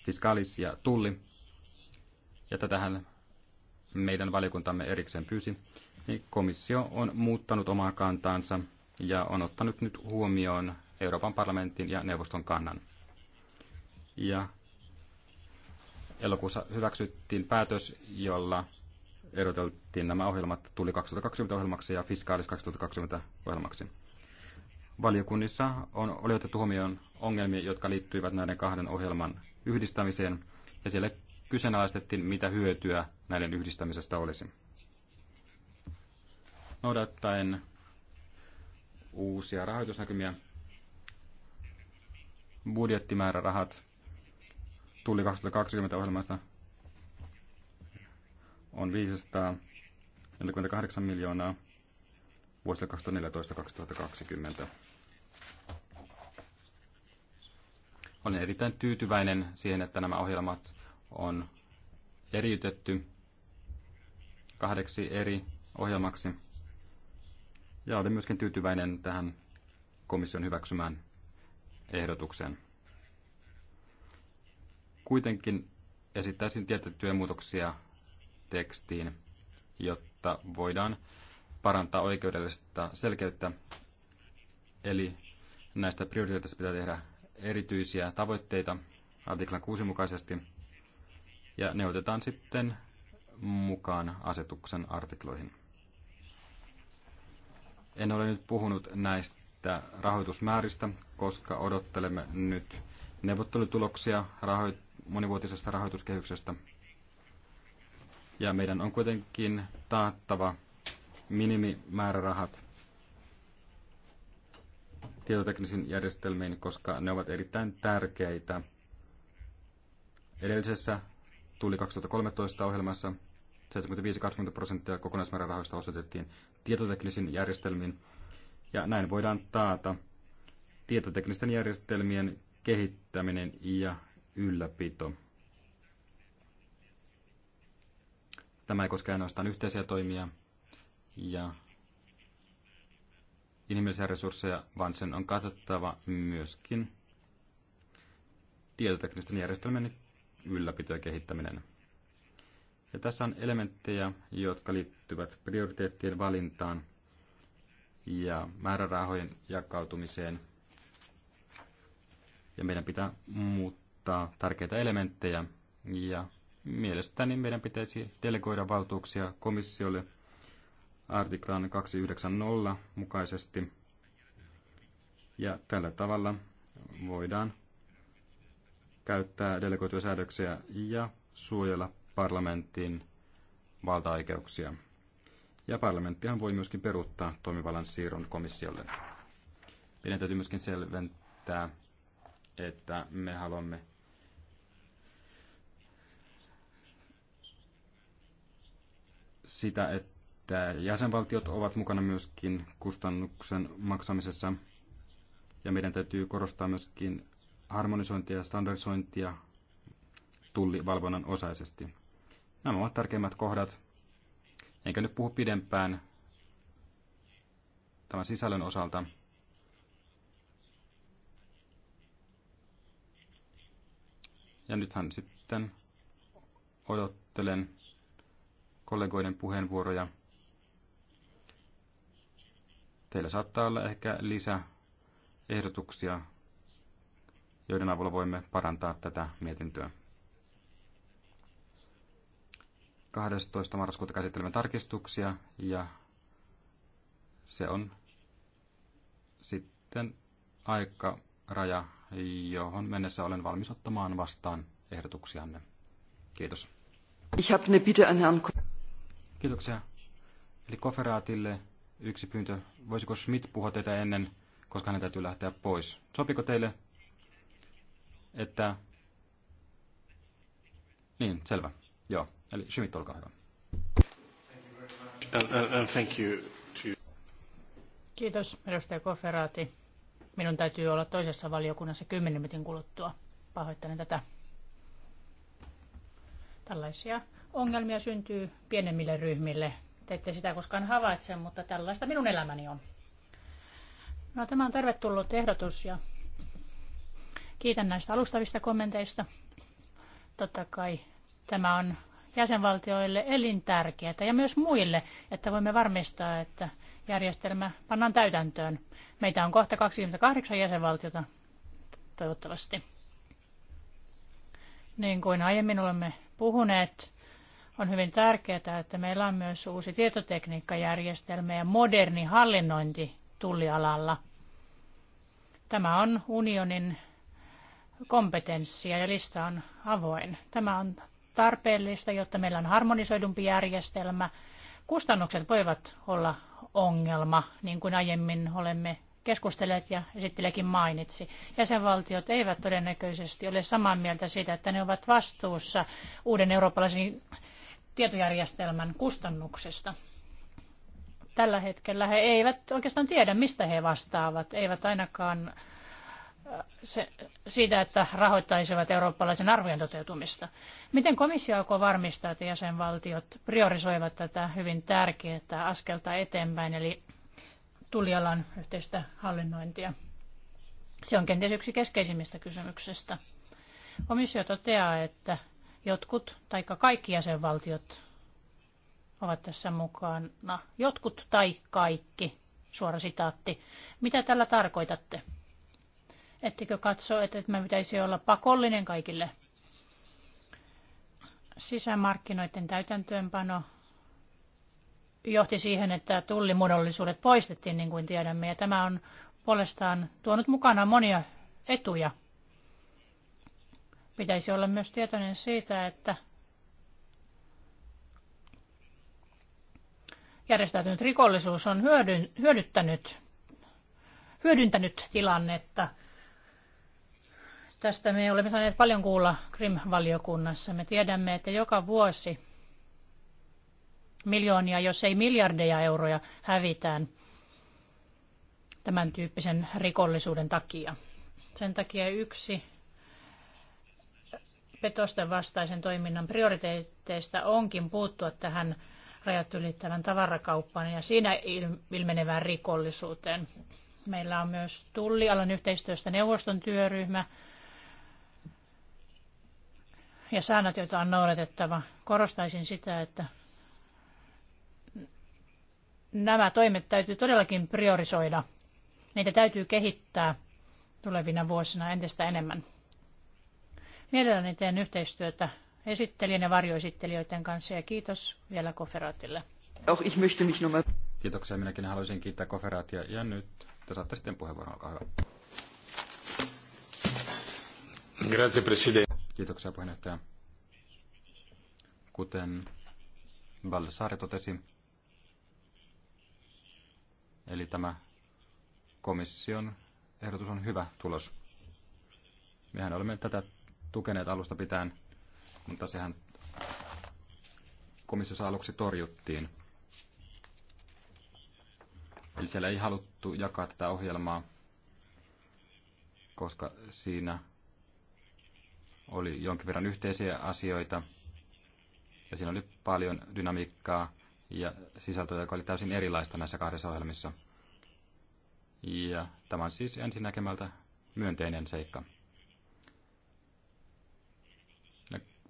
Fiskalis ja tulli, ja tätähän meidän valiokuntamme erikseen pyysi, niin komissio on muuttanut omaa kantaansa ja on ottanut nyt huomioon Euroopan parlamentin ja neuvoston kannan. Ja elokuussa hyväksyttiin päätös, jolla eroteltiin nämä ohjelmat tuli 2020 ohjelmaksi ja fiskaalis 2020 ohjelmaksi. Valiokunnissa on, oli otettu huomioon ongelmia, jotka liittyivät näiden kahden ohjelman yhdistämiseen, ja siellä kyseenalaistettiin, mitä hyötyä näiden yhdistämisestä olisi. Noudattaen uusia rahoitusnäkymiä, budjettimäärärahat tuli 2020 ohjelmasta on 548 miljoonaa vuosille 2014-2020. Olen erittäin tyytyväinen siihen, että nämä ohjelmat on eriytetty kahdeksi eri ohjelmaksi. Ja olen myöskin tyytyväinen tähän komission hyväksymään ehdotukseen. Kuitenkin esittäisin tiettyjä muutoksia tekstiin, jotta voidaan parantaa oikeudellista selkeyttä. Eli näistä prioriteeteista pitää tehdä erityisiä tavoitteita artiklan 6 mukaisesti, ja ne otetaan sitten mukaan asetuksen artikloihin. En ole nyt puhunut näistä rahoitusmääristä, koska odottelemme nyt neuvottelutuloksia rahoit- monivuotisesta rahoituskehyksestä. Ja meidän on kuitenkin taattava minimimäärärahat tietoteknisiin järjestelmiin, koska ne ovat erittäin tärkeitä. Edellisessä tuli 2013 ohjelmassa 75-20 prosenttia rahoista osoitettiin tietoteknisiin järjestelmiin, ja näin voidaan taata tietoteknisten järjestelmien kehittäminen ja ylläpito. Tämä ei koske ainoastaan yhteisiä toimia ja inhimillisiä resursseja, vaan sen on katsottava myöskin tietoteknisten järjestelmien ylläpito ja kehittäminen. Ja tässä on elementtejä, jotka liittyvät prioriteettien valintaan ja määrärahojen jakautumiseen. Ja meidän pitää muuttaa tärkeitä elementtejä ja mielestäni meidän pitäisi delegoida valtuuksia komissiolle – Artiklaan 290 mukaisesti. Ja tällä tavalla voidaan käyttää delegoituja säädöksiä ja suojella parlamentin valtaoikeuksia. Ja parlamenttihan voi myöskin peruuttaa toimivallan siirron komissiolle. Meidän täytyy myöskin selventää, että me haluamme sitä, että että jäsenvaltiot ovat mukana myöskin kustannuksen maksamisessa. Ja meidän täytyy korostaa myöskin harmonisointia ja standardisointia tullivalvonnan osaisesti. Nämä ovat tärkeimmät kohdat. Enkä nyt puhu pidempään tämän sisällön osalta. Ja nythän sitten odottelen kollegoiden puheenvuoroja. Teillä saattaa olla ehkä lisää ehdotuksia, joiden avulla voimme parantaa tätä mietintöä. 12. marraskuuta käsittelemme tarkistuksia ja se on sitten aikaraja, johon mennessä olen valmis ottamaan vastaan ehdotuksianne. Kiitos. Ich habe eine Bitte an Herrn Kiitoksia. Eli koferaatille yksi pyyntö. Voisiko Schmidt puhua teitä ennen, koska hänen täytyy lähteä pois? Sopiko teille, että... Niin, selvä. Joo, eli Schmidt, olkaa hyvä. thank you to... Kiitos, edustaja Koferaati. Minun täytyy olla toisessa valiokunnassa kymmenen minuutin kuluttua. Pahoittelen tätä. Tällaisia ongelmia syntyy pienemmille ryhmille te ette sitä koskaan havaitse, mutta tällaista minun elämäni on. No, tämä on tervetullut ehdotus ja kiitän näistä alustavista kommenteista. Totta kai tämä on jäsenvaltioille elintärkeää ja myös muille, että voimme varmistaa, että järjestelmä pannaan täytäntöön. Meitä on kohta 28 jäsenvaltiota, toivottavasti. Niin kuin aiemmin olemme puhuneet, on hyvin tärkeää, että meillä on myös uusi tietotekniikkajärjestelmä ja moderni hallinnointi tullialalla. Tämä on unionin kompetenssia ja lista on avoin. Tämä on tarpeellista, jotta meillä on harmonisoidumpi järjestelmä. Kustannukset voivat olla ongelma, niin kuin aiemmin olemme keskustelleet ja esittelekin mainitsi. Jäsenvaltiot eivät todennäköisesti ole samaa mieltä siitä, että ne ovat vastuussa uuden eurooppalaisen tietojärjestelmän kustannuksista. Tällä hetkellä he eivät oikeastaan tiedä, mistä he vastaavat, eivät ainakaan se, siitä, että rahoittaisivat eurooppalaisen arvojen toteutumista. Miten komissio aikoo varmistaa, että jäsenvaltiot priorisoivat tätä hyvin tärkeää askelta eteenpäin, eli tulialan yhteistä hallinnointia? Se on kenties yksi keskeisimmistä kysymyksistä. Komissio toteaa, että Jotkut, tai kaikki jäsenvaltiot ovat tässä mukana. Jotkut tai kaikki, suora sitaatti. Mitä tällä tarkoitatte? Ettekö katso, että me pitäisi olla pakollinen kaikille? Sisämarkkinoiden täytäntöönpano johti siihen, että tullimuodollisuudet poistettiin, niin kuin tiedämme, ja tämä on puolestaan tuonut mukana monia etuja. Pitäisi olla myös tietoinen siitä, että järjestäytynyt rikollisuus on hyödyn, hyödyttänyt, hyödyntänyt tilannetta. Tästä me olemme saaneet paljon kuulla Krim-valiokunnassa. Me tiedämme, että joka vuosi miljoonia, jos ei miljardeja euroja hävitään tämän tyyppisen rikollisuuden takia. Sen takia yksi petosten vastaisen toiminnan prioriteetteista onkin puuttua tähän rajat ylittävän tavarakauppaan ja siinä ilmenevään rikollisuuteen. Meillä on myös tullialan yhteistyöstä neuvoston työryhmä ja säännöt, joita on noudatettava. Korostaisin sitä, että nämä toimet täytyy todellakin priorisoida. Niitä täytyy kehittää tulevina vuosina entistä enemmän. Mielelläni teen yhteistyötä esittelijän ja varjoesittelijöiden kanssa ja kiitos vielä Koferaatille. Auch ich möchte mich nochmal... Kiitoksia. Minäkin haluaisin kiittää Koferaatia. Ja nyt te saatte sitten puheenvuoron. Olkaa hyvä. Grazie, Presidente. Kiitoksia puheenjohtaja. Kuten Balsaari totesi, eli tämä komission ehdotus on hyvä tulos. Mehän olemme tätä tukeneet alusta pitäen, mutta sehän komissiossa aluksi torjuttiin. Eli siellä ei haluttu jakaa tätä ohjelmaa, koska siinä oli jonkin verran yhteisiä asioita ja siinä oli paljon dynamiikkaa ja sisältöä, joka oli täysin erilaista näissä kahdessa ohjelmissa. Ja tämä on siis ensinnäkemältä myönteinen seikka.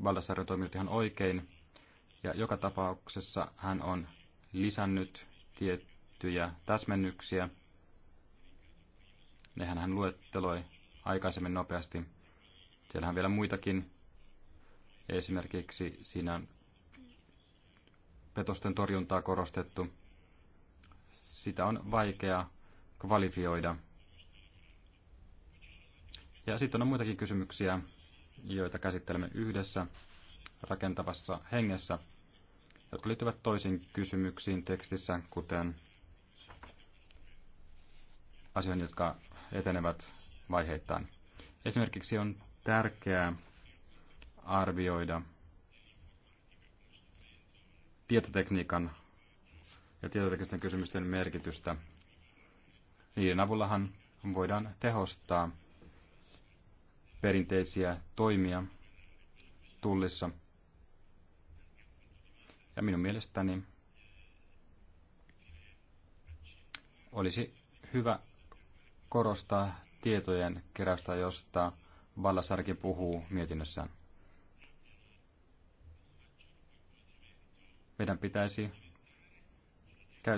Valdassar on toiminut ihan oikein. Ja joka tapauksessa hän on lisännyt tiettyjä täsmennyksiä. Nehän hän luetteloi aikaisemmin nopeasti. Siellähän vielä muitakin. Esimerkiksi siinä on petosten torjuntaa korostettu. Sitä on vaikea kvalifioida. Ja sitten on muitakin kysymyksiä, joita käsittelemme yhdessä rakentavassa hengessä, jotka liittyvät toisiin kysymyksiin tekstissä, kuten asioihin, jotka etenevät vaiheittain. Esimerkiksi on tärkeää arvioida tietotekniikan ja tietoteknisten kysymysten merkitystä. Niiden avullahan voidaan tehostaa perinteisiä toimia tullissa. Ja minun mielestäni olisi hyvä korostaa tietojen kerästä, josta Vallasarki puhuu mietinnössään. Meidän pitäisi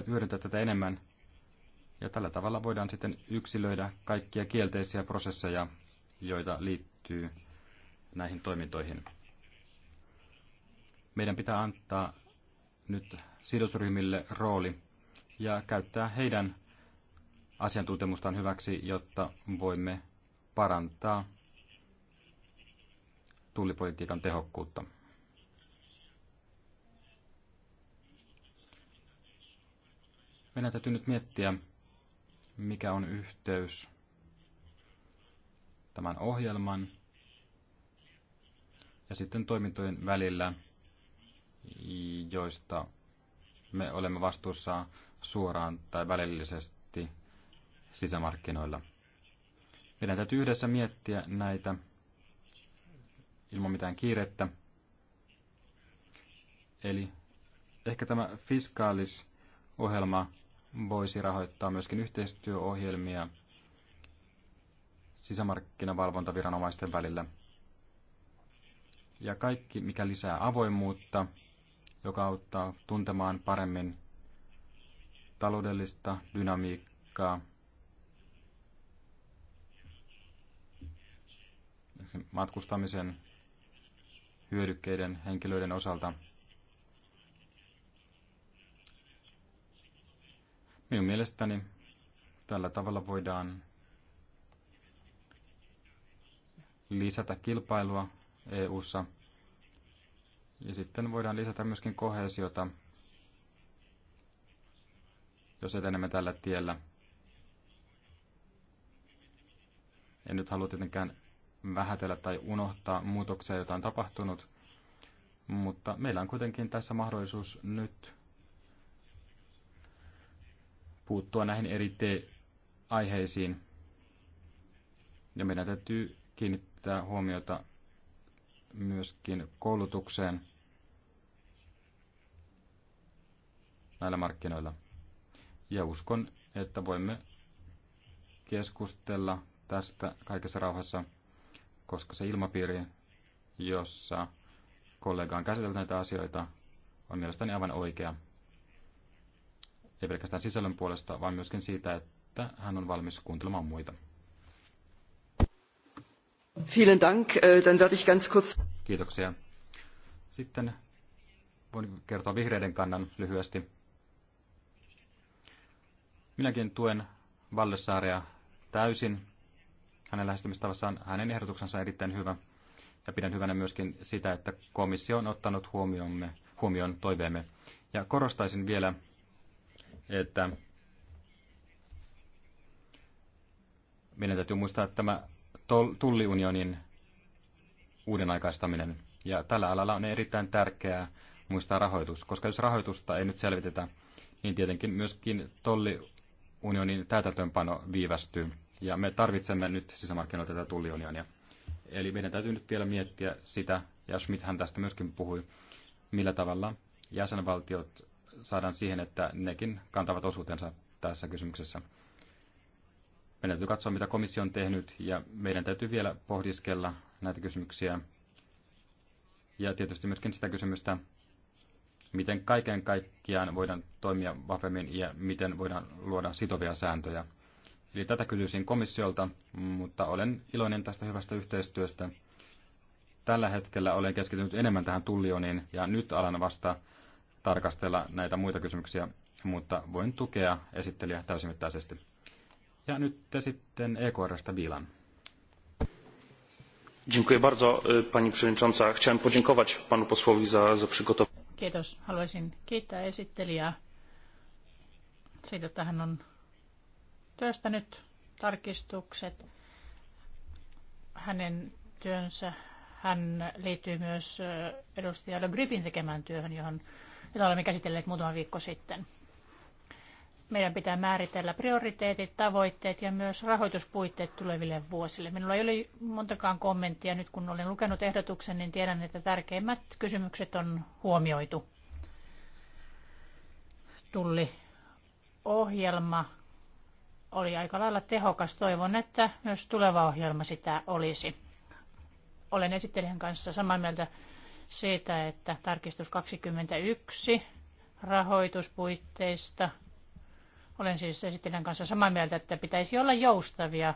hyödyntää tätä enemmän ja tällä tavalla voidaan sitten yksilöidä kaikkia kielteisiä prosesseja, joita liittyy näihin toimintoihin. Meidän pitää antaa nyt sidosryhmille rooli ja käyttää heidän asiantuntemustaan hyväksi, jotta voimme parantaa tullipolitiikan tehokkuutta. Meidän täytyy nyt miettiä, mikä on yhteys tämän ohjelman ja sitten toimintojen välillä, joista me olemme vastuussa suoraan tai välillisesti sisämarkkinoilla. Meidän täytyy yhdessä miettiä näitä ilman mitään kiirettä. Eli ehkä tämä fiskaalisohjelma voisi rahoittaa myöskin yhteistyöohjelmia sisämarkkinavalvontaviranomaisten välillä. Ja kaikki, mikä lisää avoimuutta, joka auttaa tuntemaan paremmin taloudellista dynamiikkaa, matkustamisen hyödykkeiden henkilöiden osalta. Minun mielestäni tällä tavalla voidaan lisätä kilpailua EU:ssa ja sitten voidaan lisätä myöskin kohesiota, jos etenemme tällä tiellä. En nyt halua tietenkään vähätellä tai unohtaa muutoksia, joita on tapahtunut, mutta meillä on kuitenkin tässä mahdollisuus nyt puuttua näihin eri aiheisiin. Ja meidän täytyy kiinnittää kiinnittää huomiota myöskin koulutukseen näillä markkinoilla. Ja uskon, että voimme keskustella tästä kaikessa rauhassa, koska se ilmapiiri, jossa kollega on käsitelty näitä asioita, on mielestäni aivan oikea. Ei pelkästään sisällön puolesta, vaan myöskin siitä, että hän on valmis kuuntelemaan muita. Vielen Dank. Äh, dann werde ich ganz kurz... Kiitoksia. Sitten voin kertoa vihreiden kannan lyhyesti. Minäkin tuen Vallessaaria täysin. Hänen lähestymistavassaan hänen ehdotuksensa erittäin hyvä. Ja pidän hyvänä myöskin sitä, että komissio on ottanut huomiomme, huomioon toiveemme. Ja korostaisin vielä, että meidän täytyy muistaa tämä tulliunionin uuden aikaistaminen. Ja tällä alalla on erittäin tärkeää muistaa rahoitus, koska jos rahoitusta ei nyt selvitetä, niin tietenkin myöskin Tulliunionin täytäntöönpano viivästyy. Ja me tarvitsemme nyt sisämarkkinoita tätä tulliunionia. Eli meidän täytyy nyt vielä miettiä sitä, ja Schmidthän tästä myöskin puhui, millä tavalla jäsenvaltiot saadaan siihen, että nekin kantavat osuutensa tässä kysymyksessä. Meidän täytyy katsoa, mitä komissio on tehnyt, ja meidän täytyy vielä pohdiskella näitä kysymyksiä. Ja tietysti myöskin sitä kysymystä, miten kaiken kaikkiaan voidaan toimia vahvemmin ja miten voidaan luoda sitovia sääntöjä. Eli tätä kysyisin komissiolta, mutta olen iloinen tästä hyvästä yhteistyöstä. Tällä hetkellä olen keskittynyt enemmän tähän tullioniin ja nyt alan vasta tarkastella näitä muita kysymyksiä, mutta voin tukea esittelijä täysimittaisesti. Ja nyt te sitten EKRstä Bilan. Dziękuję bardzo pani przewodnicząca. Chciałem podziękować panu posłowi za, za przygotowanie. Kiitos. Haluaisin kiittää esittelijää siitä, että hän on työstänyt tarkistukset. Hänen työnsä hän liittyy myös edustaja Le Gripin tekemään työhön, johon, jota olemme käsitelleet muutama viikko sitten. Meidän pitää määritellä prioriteetit, tavoitteet ja myös rahoituspuitteet tuleville vuosille. Minulla ei ole montakaan kommenttia nyt, kun olen lukenut ehdotuksen, niin tiedän, että tärkeimmät kysymykset on huomioitu. Tulli ohjelma oli aika lailla tehokas. Toivon, että myös tuleva ohjelma sitä olisi. Olen esittelijän kanssa samaa mieltä siitä, että tarkistus 21 rahoituspuitteista olen siis esittelijän kanssa samaa mieltä, että pitäisi olla joustavia.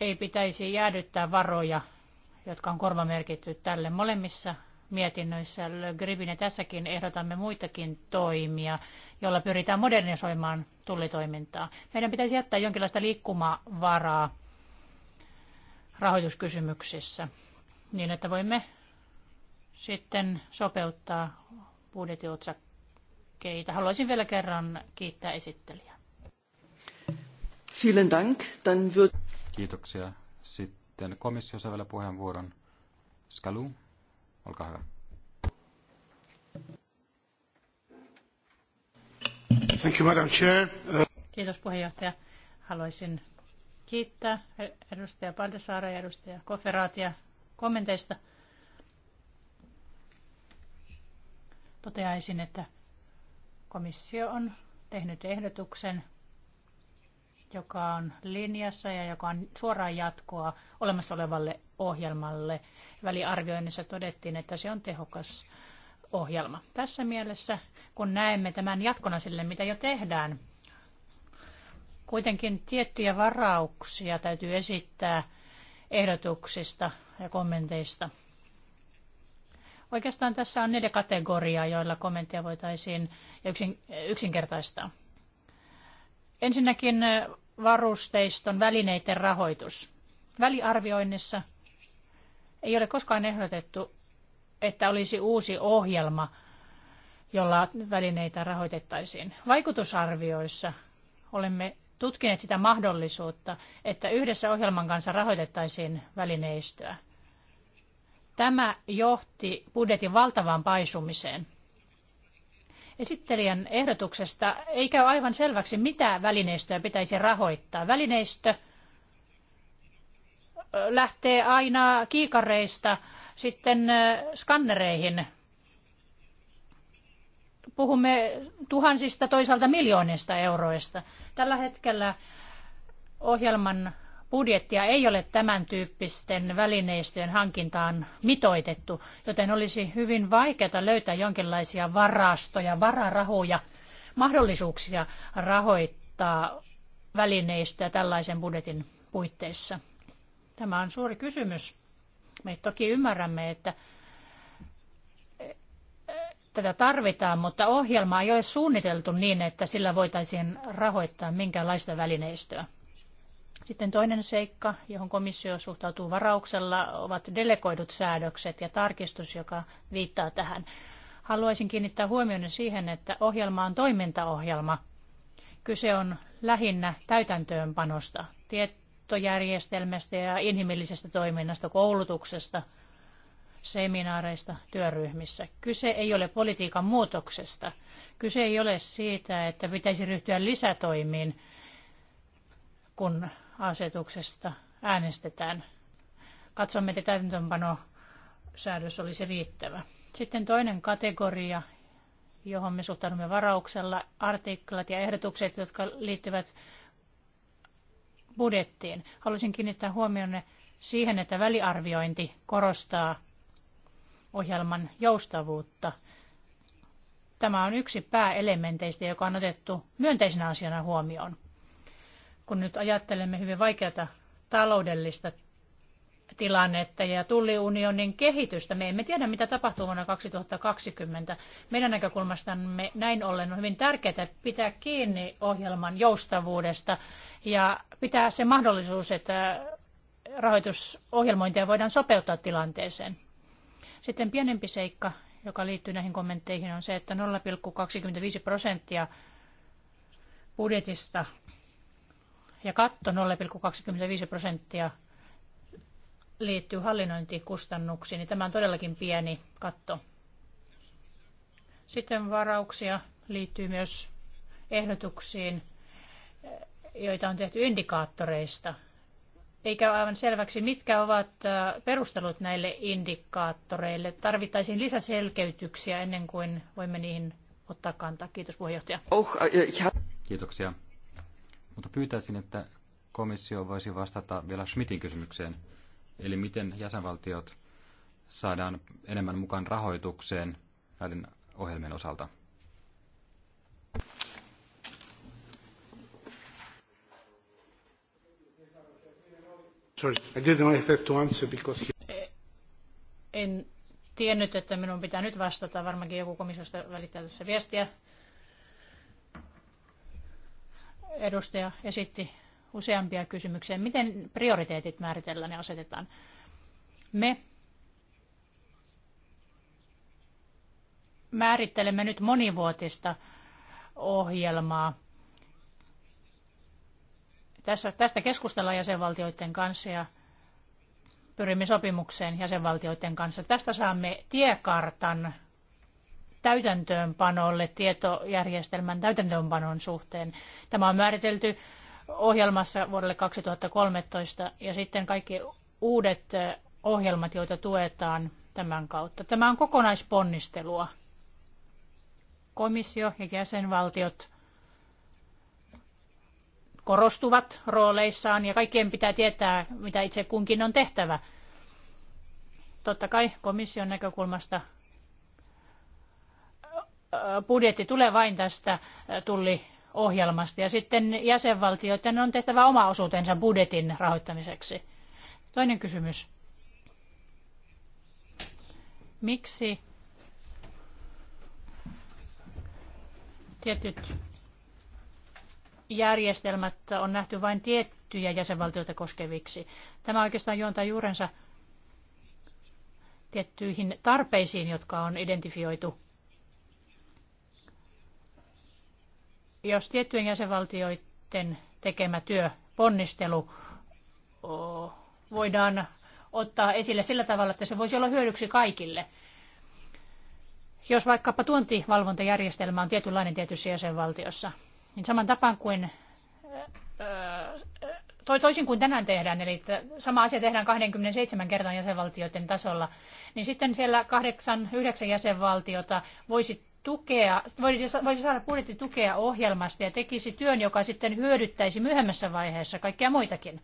Ei pitäisi jäädyttää varoja, jotka on korvamerkitty tälle molemmissa mietinnöissä. Gribin ja tässäkin ehdotamme muitakin toimia, joilla pyritään modernisoimaan tullitoimintaa. Meidän pitäisi jättää jonkinlaista liikkumavaraa rahoituskysymyksissä niin, että voimme sitten sopeuttaa budjetiotsakkeet hankkeita. Haluaisin vielä kerran kiittää esittelijää. Vielen Dank. Dann wird... Kiitoksia. Sitten komissio saa vielä puheenvuoron. Skalu, olkaa hyvä. Thank you, Madam Chair. Uh... Kiitos puheenjohtaja. Haluaisin kiittää edustaja Paldesaara ja edustaja Koferaatia kommenteista. Toteaisin, että Komissio on tehnyt ehdotuksen, joka on linjassa ja joka on suoraan jatkoa olemassa olevalle ohjelmalle. Väliarvioinnissa todettiin, että se on tehokas ohjelma. Tässä mielessä, kun näemme tämän jatkona sille, mitä jo tehdään, kuitenkin tiettyjä varauksia täytyy esittää ehdotuksista ja kommenteista. Oikeastaan tässä on neljä kategoriaa, joilla kommenttia voitaisiin yksin, yksinkertaistaa. Ensinnäkin eh, varusteiston välineiden rahoitus. Väliarvioinnissa ei ole koskaan ehdotettu, että olisi uusi ohjelma, jolla välineitä rahoitettaisiin. Vaikutusarvioissa olemme tutkineet sitä mahdollisuutta, että yhdessä ohjelman kanssa rahoitettaisiin välineistöä. Tämä johti budjetin valtavaan paisumiseen. Esittelijän ehdotuksesta ei käy aivan selväksi, mitä välineistöä pitäisi rahoittaa. Välineistö lähtee aina kiikareista sitten skannereihin. Puhumme tuhansista toisaalta miljoonista euroista. Tällä hetkellä ohjelman budjettia ei ole tämän tyyppisten välineistöjen hankintaan mitoitettu, joten olisi hyvin vaikeaa löytää jonkinlaisia varastoja, vararahoja, mahdollisuuksia rahoittaa välineistöä tällaisen budjetin puitteissa. Tämä on suuri kysymys. Me toki ymmärrämme, että eh, tätä tarvitaan, mutta ohjelma ei ole suunniteltu niin, että sillä voitaisiin rahoittaa minkäänlaista välineistöä. Sitten toinen seikka, johon komissio suhtautuu varauksella, ovat delegoidut säädökset ja tarkistus, joka viittaa tähän. Haluaisin kiinnittää huomioon siihen, että ohjelma on toimintaohjelma. Kyse on lähinnä täytäntöönpanosta, tietojärjestelmästä ja inhimillisestä toiminnasta, koulutuksesta, seminaareista, työryhmissä. Kyse ei ole politiikan muutoksesta. Kyse ei ole siitä, että pitäisi ryhtyä lisätoimiin, kun asetuksesta äänestetään. Katsomme, että täytäntöönpanosäädös olisi riittävä. Sitten toinen kategoria, johon me suhtaudumme varauksella, artikkelat ja ehdotukset, jotka liittyvät budjettiin. Haluaisin kiinnittää huomioon siihen, että väliarviointi korostaa ohjelman joustavuutta. Tämä on yksi pääelementeistä, joka on otettu myönteisenä asiana huomioon kun nyt ajattelemme hyvin vaikeata taloudellista tilannetta ja tulliunionin kehitystä. Me emme tiedä, mitä tapahtuu vuonna 2020. Meidän näkökulmastamme näin ollen on hyvin tärkeää pitää kiinni ohjelman joustavuudesta ja pitää se mahdollisuus, että rahoitusohjelmointia voidaan sopeuttaa tilanteeseen. Sitten pienempi seikka, joka liittyy näihin kommentteihin, on se, että 0,25 prosenttia budjetista ja katto 0,25 prosenttia liittyy hallinnointikustannuksiin, niin tämä on todellakin pieni katto. Sitten varauksia liittyy myös ehdotuksiin, joita on tehty indikaattoreista. Eikä ole aivan selväksi, mitkä ovat perustelut näille indikaattoreille. Tarvittaisiin lisäselkeytyksiä ennen kuin voimme niihin ottaa kantaa. Kiitos puheenjohtaja. Äh, Kiitoksia. Mutta pyytäisin, että komissio voisi vastata vielä Schmidtin kysymykseen, eli miten jäsenvaltiot saadaan enemmän mukaan rahoitukseen näiden ohjelmien osalta. Sorry, I didn't expect to answer because he... E, en tiennyt, että minun pitää nyt vastata. Varmaankin joku komissiosta välittää tässä viestiä edustaja esitti useampia kysymyksiä. Miten prioriteetit määritellään ja asetetaan? Me määrittelemme nyt monivuotista ohjelmaa. Tässä, tästä keskustellaan jäsenvaltioiden kanssa ja pyrimme sopimukseen jäsenvaltioiden kanssa. Tästä saamme tiekartan täytäntöönpanolle tietojärjestelmän täytäntöönpanon suhteen. Tämä on määritelty ohjelmassa vuodelle 2013 ja sitten kaikki uudet ohjelmat, joita tuetaan tämän kautta. Tämä on kokonaisponnistelua. Komissio ja jäsenvaltiot korostuvat rooleissaan ja kaikkien pitää tietää, mitä itse kunkin on tehtävä. Totta kai komission näkökulmasta budjetti tulee vain tästä tulliohjelmasta ja sitten jäsenvaltioiden on tehtävä oma osuutensa budjetin rahoittamiseksi. Toinen kysymys. Miksi tietyt järjestelmät on nähty vain tiettyjä jäsenvaltioita koskeviksi. Tämä oikeastaan juontaa juurensa tiettyihin tarpeisiin, jotka on identifioitu jos tiettyjen jäsenvaltioiden tekemä työ, ponnistelu voidaan ottaa esille sillä tavalla, että se voisi olla hyödyksi kaikille. Jos vaikkapa tuontivalvontajärjestelmä on tietynlainen tietyssä jäsenvaltiossa, niin saman tapaan kuin toi toisin kuin tänään tehdään, eli sama asia tehdään 27 kertaa jäsenvaltioiden tasolla, niin sitten siellä 8-9 jäsenvaltiota voisi tukea, voisi saada budjettitukea ohjelmasta ja tekisi työn, joka sitten hyödyttäisi myöhemmässä vaiheessa kaikkia muitakin.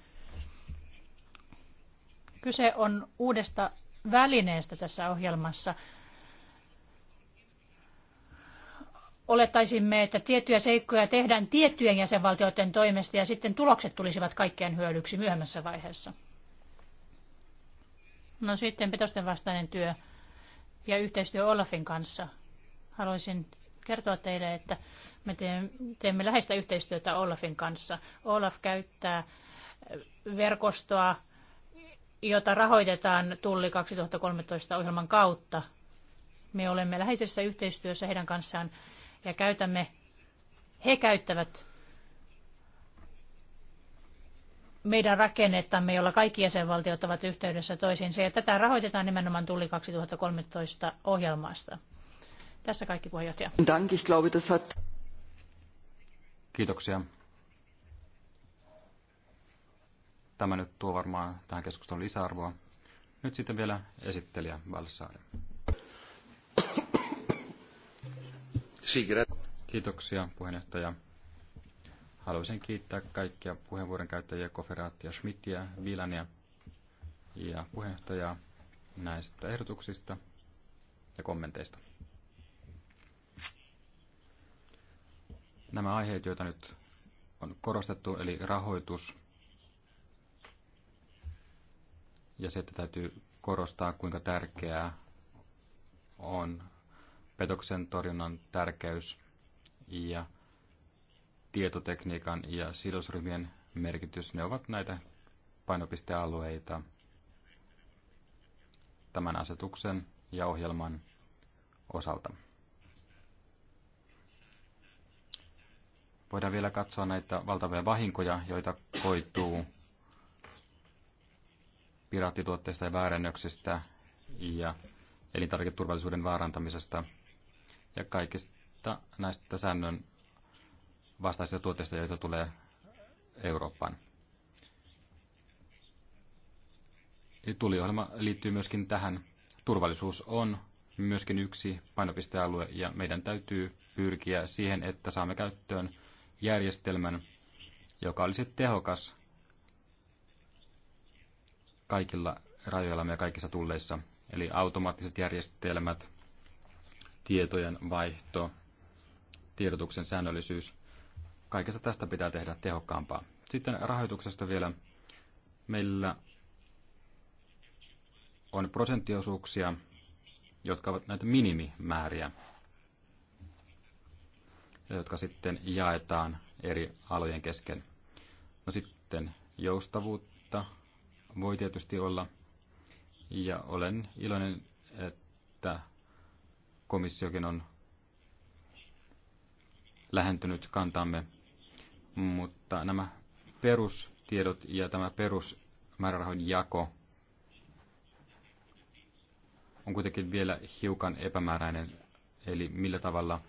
Kyse on uudesta välineestä tässä ohjelmassa. Olettaisimme, että tiettyjä seikkoja tehdään tiettyjen jäsenvaltioiden toimesta ja sitten tulokset tulisivat kaikkien hyödyksi myöhemmässä vaiheessa. No sitten petosten vastainen työ ja yhteistyö Olafin kanssa – haluaisin kertoa teille, että me teemme läheistä yhteistyötä Olafin kanssa. Olaf käyttää äh, verkostoa, jota rahoitetaan Tulli 2013 ohjelman kautta. Me olemme läheisessä yhteistyössä heidän kanssaan ja käytämme, he käyttävät meidän rakennettamme, jolla kaikki jäsenvaltiot ovat yhteydessä toisiinsa. Ja tätä rahoitetaan nimenomaan Tulli 2013 ohjelmasta. Tässä kaikki puheenjohtaja. Dank, ich glaube, das hat... Kiitoksia. Tämä nyt tuo varmaan tähän keskusteluun lisäarvoa. Nyt sitten vielä esittelijä Valsaari. Kiitoksia puheenjohtaja. Haluaisin kiittää kaikkia puheenvuoron käyttäjiä, Koferaattia, Schmidtia, Vilania ja puheenjohtajaa näistä ehdotuksista ja kommenteista. Nämä aiheet, joita nyt on korostettu, eli rahoitus ja se, että täytyy korostaa, kuinka tärkeää on petoksen torjunnan tärkeys ja tietotekniikan ja sidosryhmien merkitys, ne ovat näitä painopistealueita tämän asetuksen ja ohjelman osalta. voidaan vielä katsoa näitä valtavia vahinkoja, joita koituu piraattituotteista ja väärännöksistä ja elintarviketurvallisuuden vaarantamisesta ja kaikista näistä säännön vastaisista tuotteista, joita tulee Eurooppaan. Tuliohjelma liittyy myöskin tähän. Turvallisuus on myöskin yksi painopistealue ja meidän täytyy pyrkiä siihen, että saamme käyttöön järjestelmän, joka olisi tehokas kaikilla rajoillamme ja kaikissa tulleissa. Eli automaattiset järjestelmät, tietojen vaihto, tiedotuksen säännöllisyys. Kaikesta tästä pitää tehdä tehokkaampaa. Sitten rahoituksesta vielä. Meillä on prosenttiosuuksia, jotka ovat näitä minimimääriä jotka sitten jaetaan eri alojen kesken. No sitten joustavuutta voi tietysti olla, ja olen iloinen, että komissiokin on lähentynyt kantamme, mutta nämä perustiedot ja tämä perusmäärärahojen jako on kuitenkin vielä hiukan epämääräinen, eli millä tavalla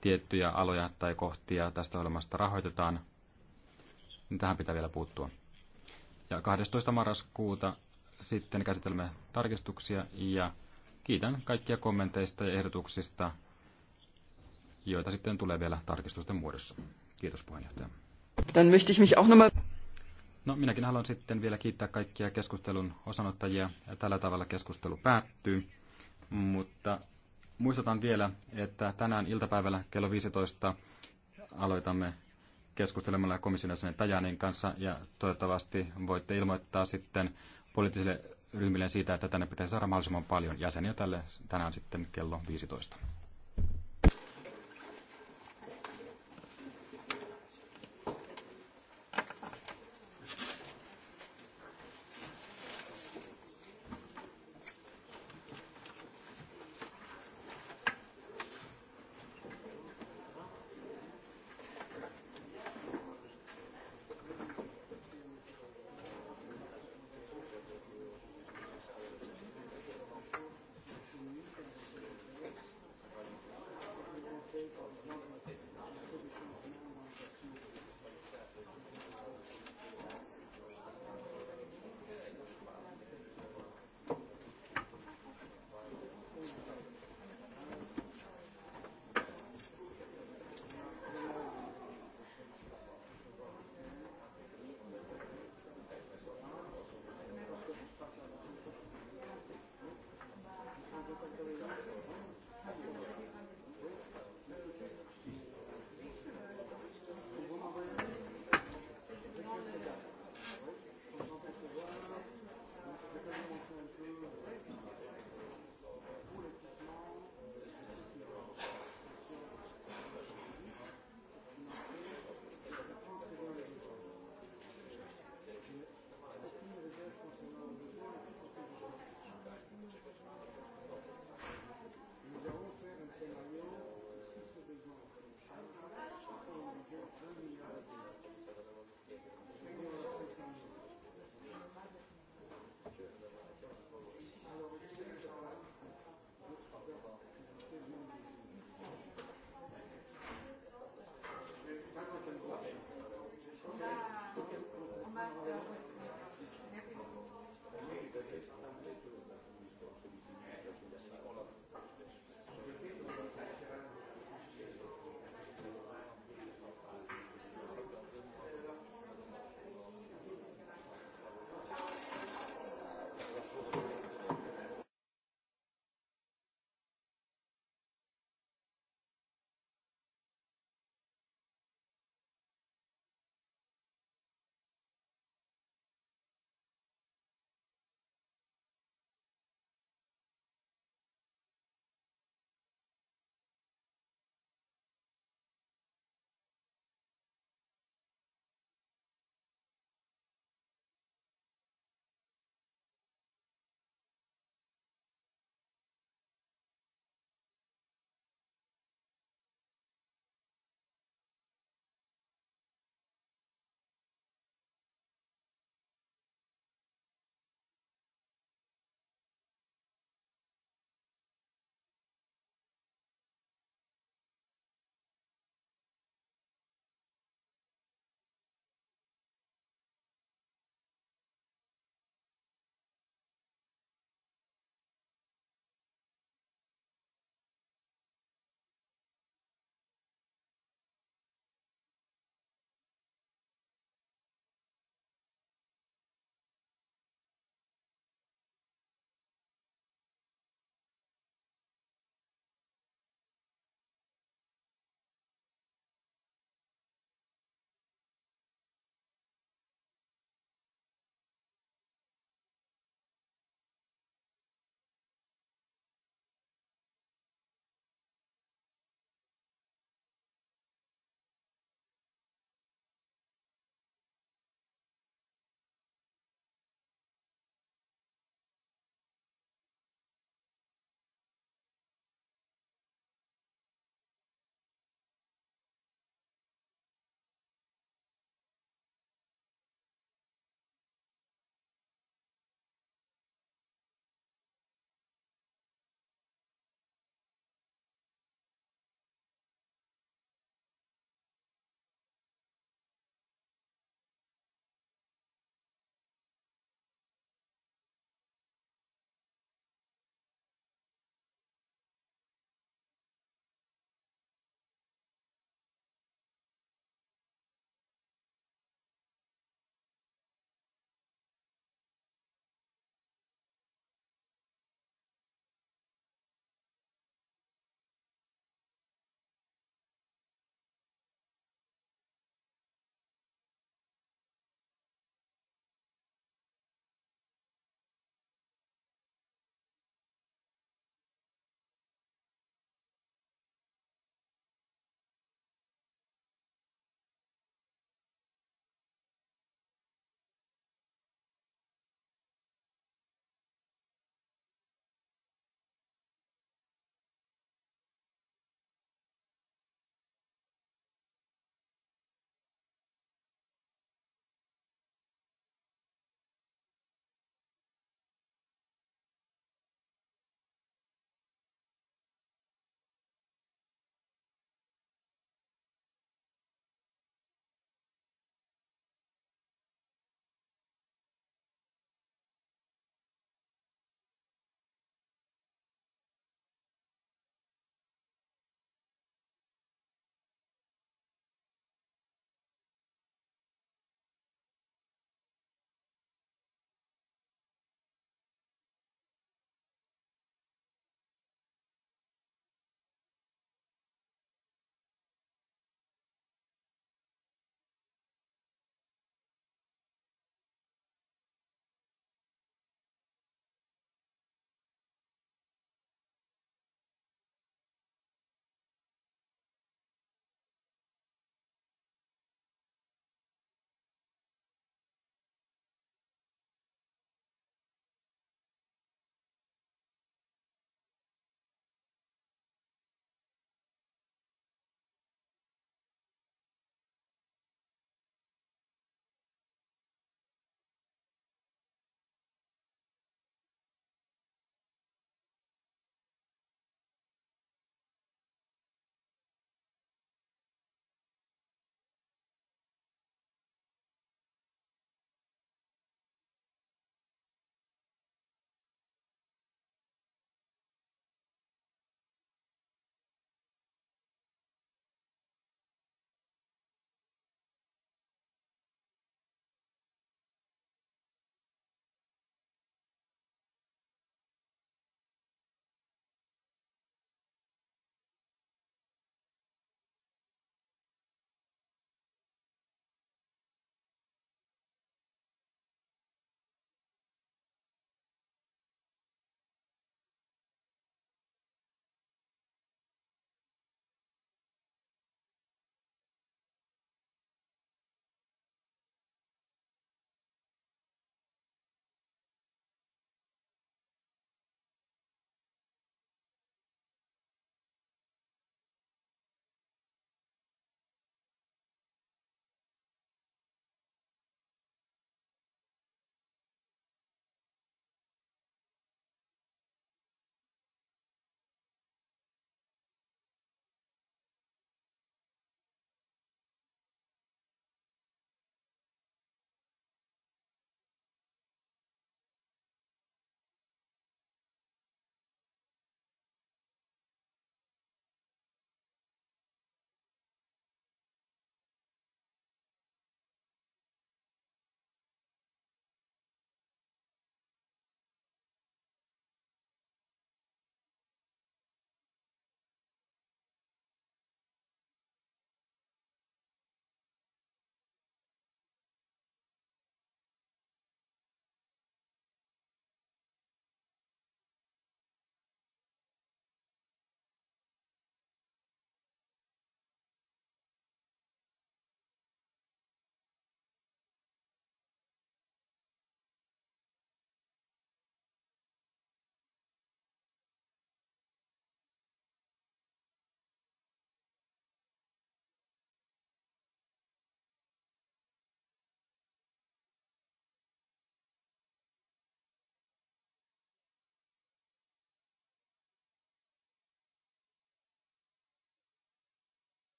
tiettyjä aloja tai kohtia tästä olemasta rahoitetaan, niin tähän pitää vielä puuttua. Ja 12. marraskuuta sitten käsitelmme tarkistuksia ja kiitän kaikkia kommenteista ja ehdotuksista, joita sitten tulee vielä tarkistusten muodossa. Kiitos puheenjohtaja. Dann möchte ich mich auch No minäkin haluan sitten vielä kiittää kaikkia keskustelun osanottajia ja tällä tavalla keskustelu päättyy, mutta Muistutan vielä, että tänään iltapäivällä kello 15 aloitamme keskustelemalla komission jäsenen Tajanin kanssa ja toivottavasti voitte ilmoittaa sitten poliittisille ryhmille siitä, että tänne pitäisi saada mahdollisimman paljon jäseniä tälle tänään sitten kello 15.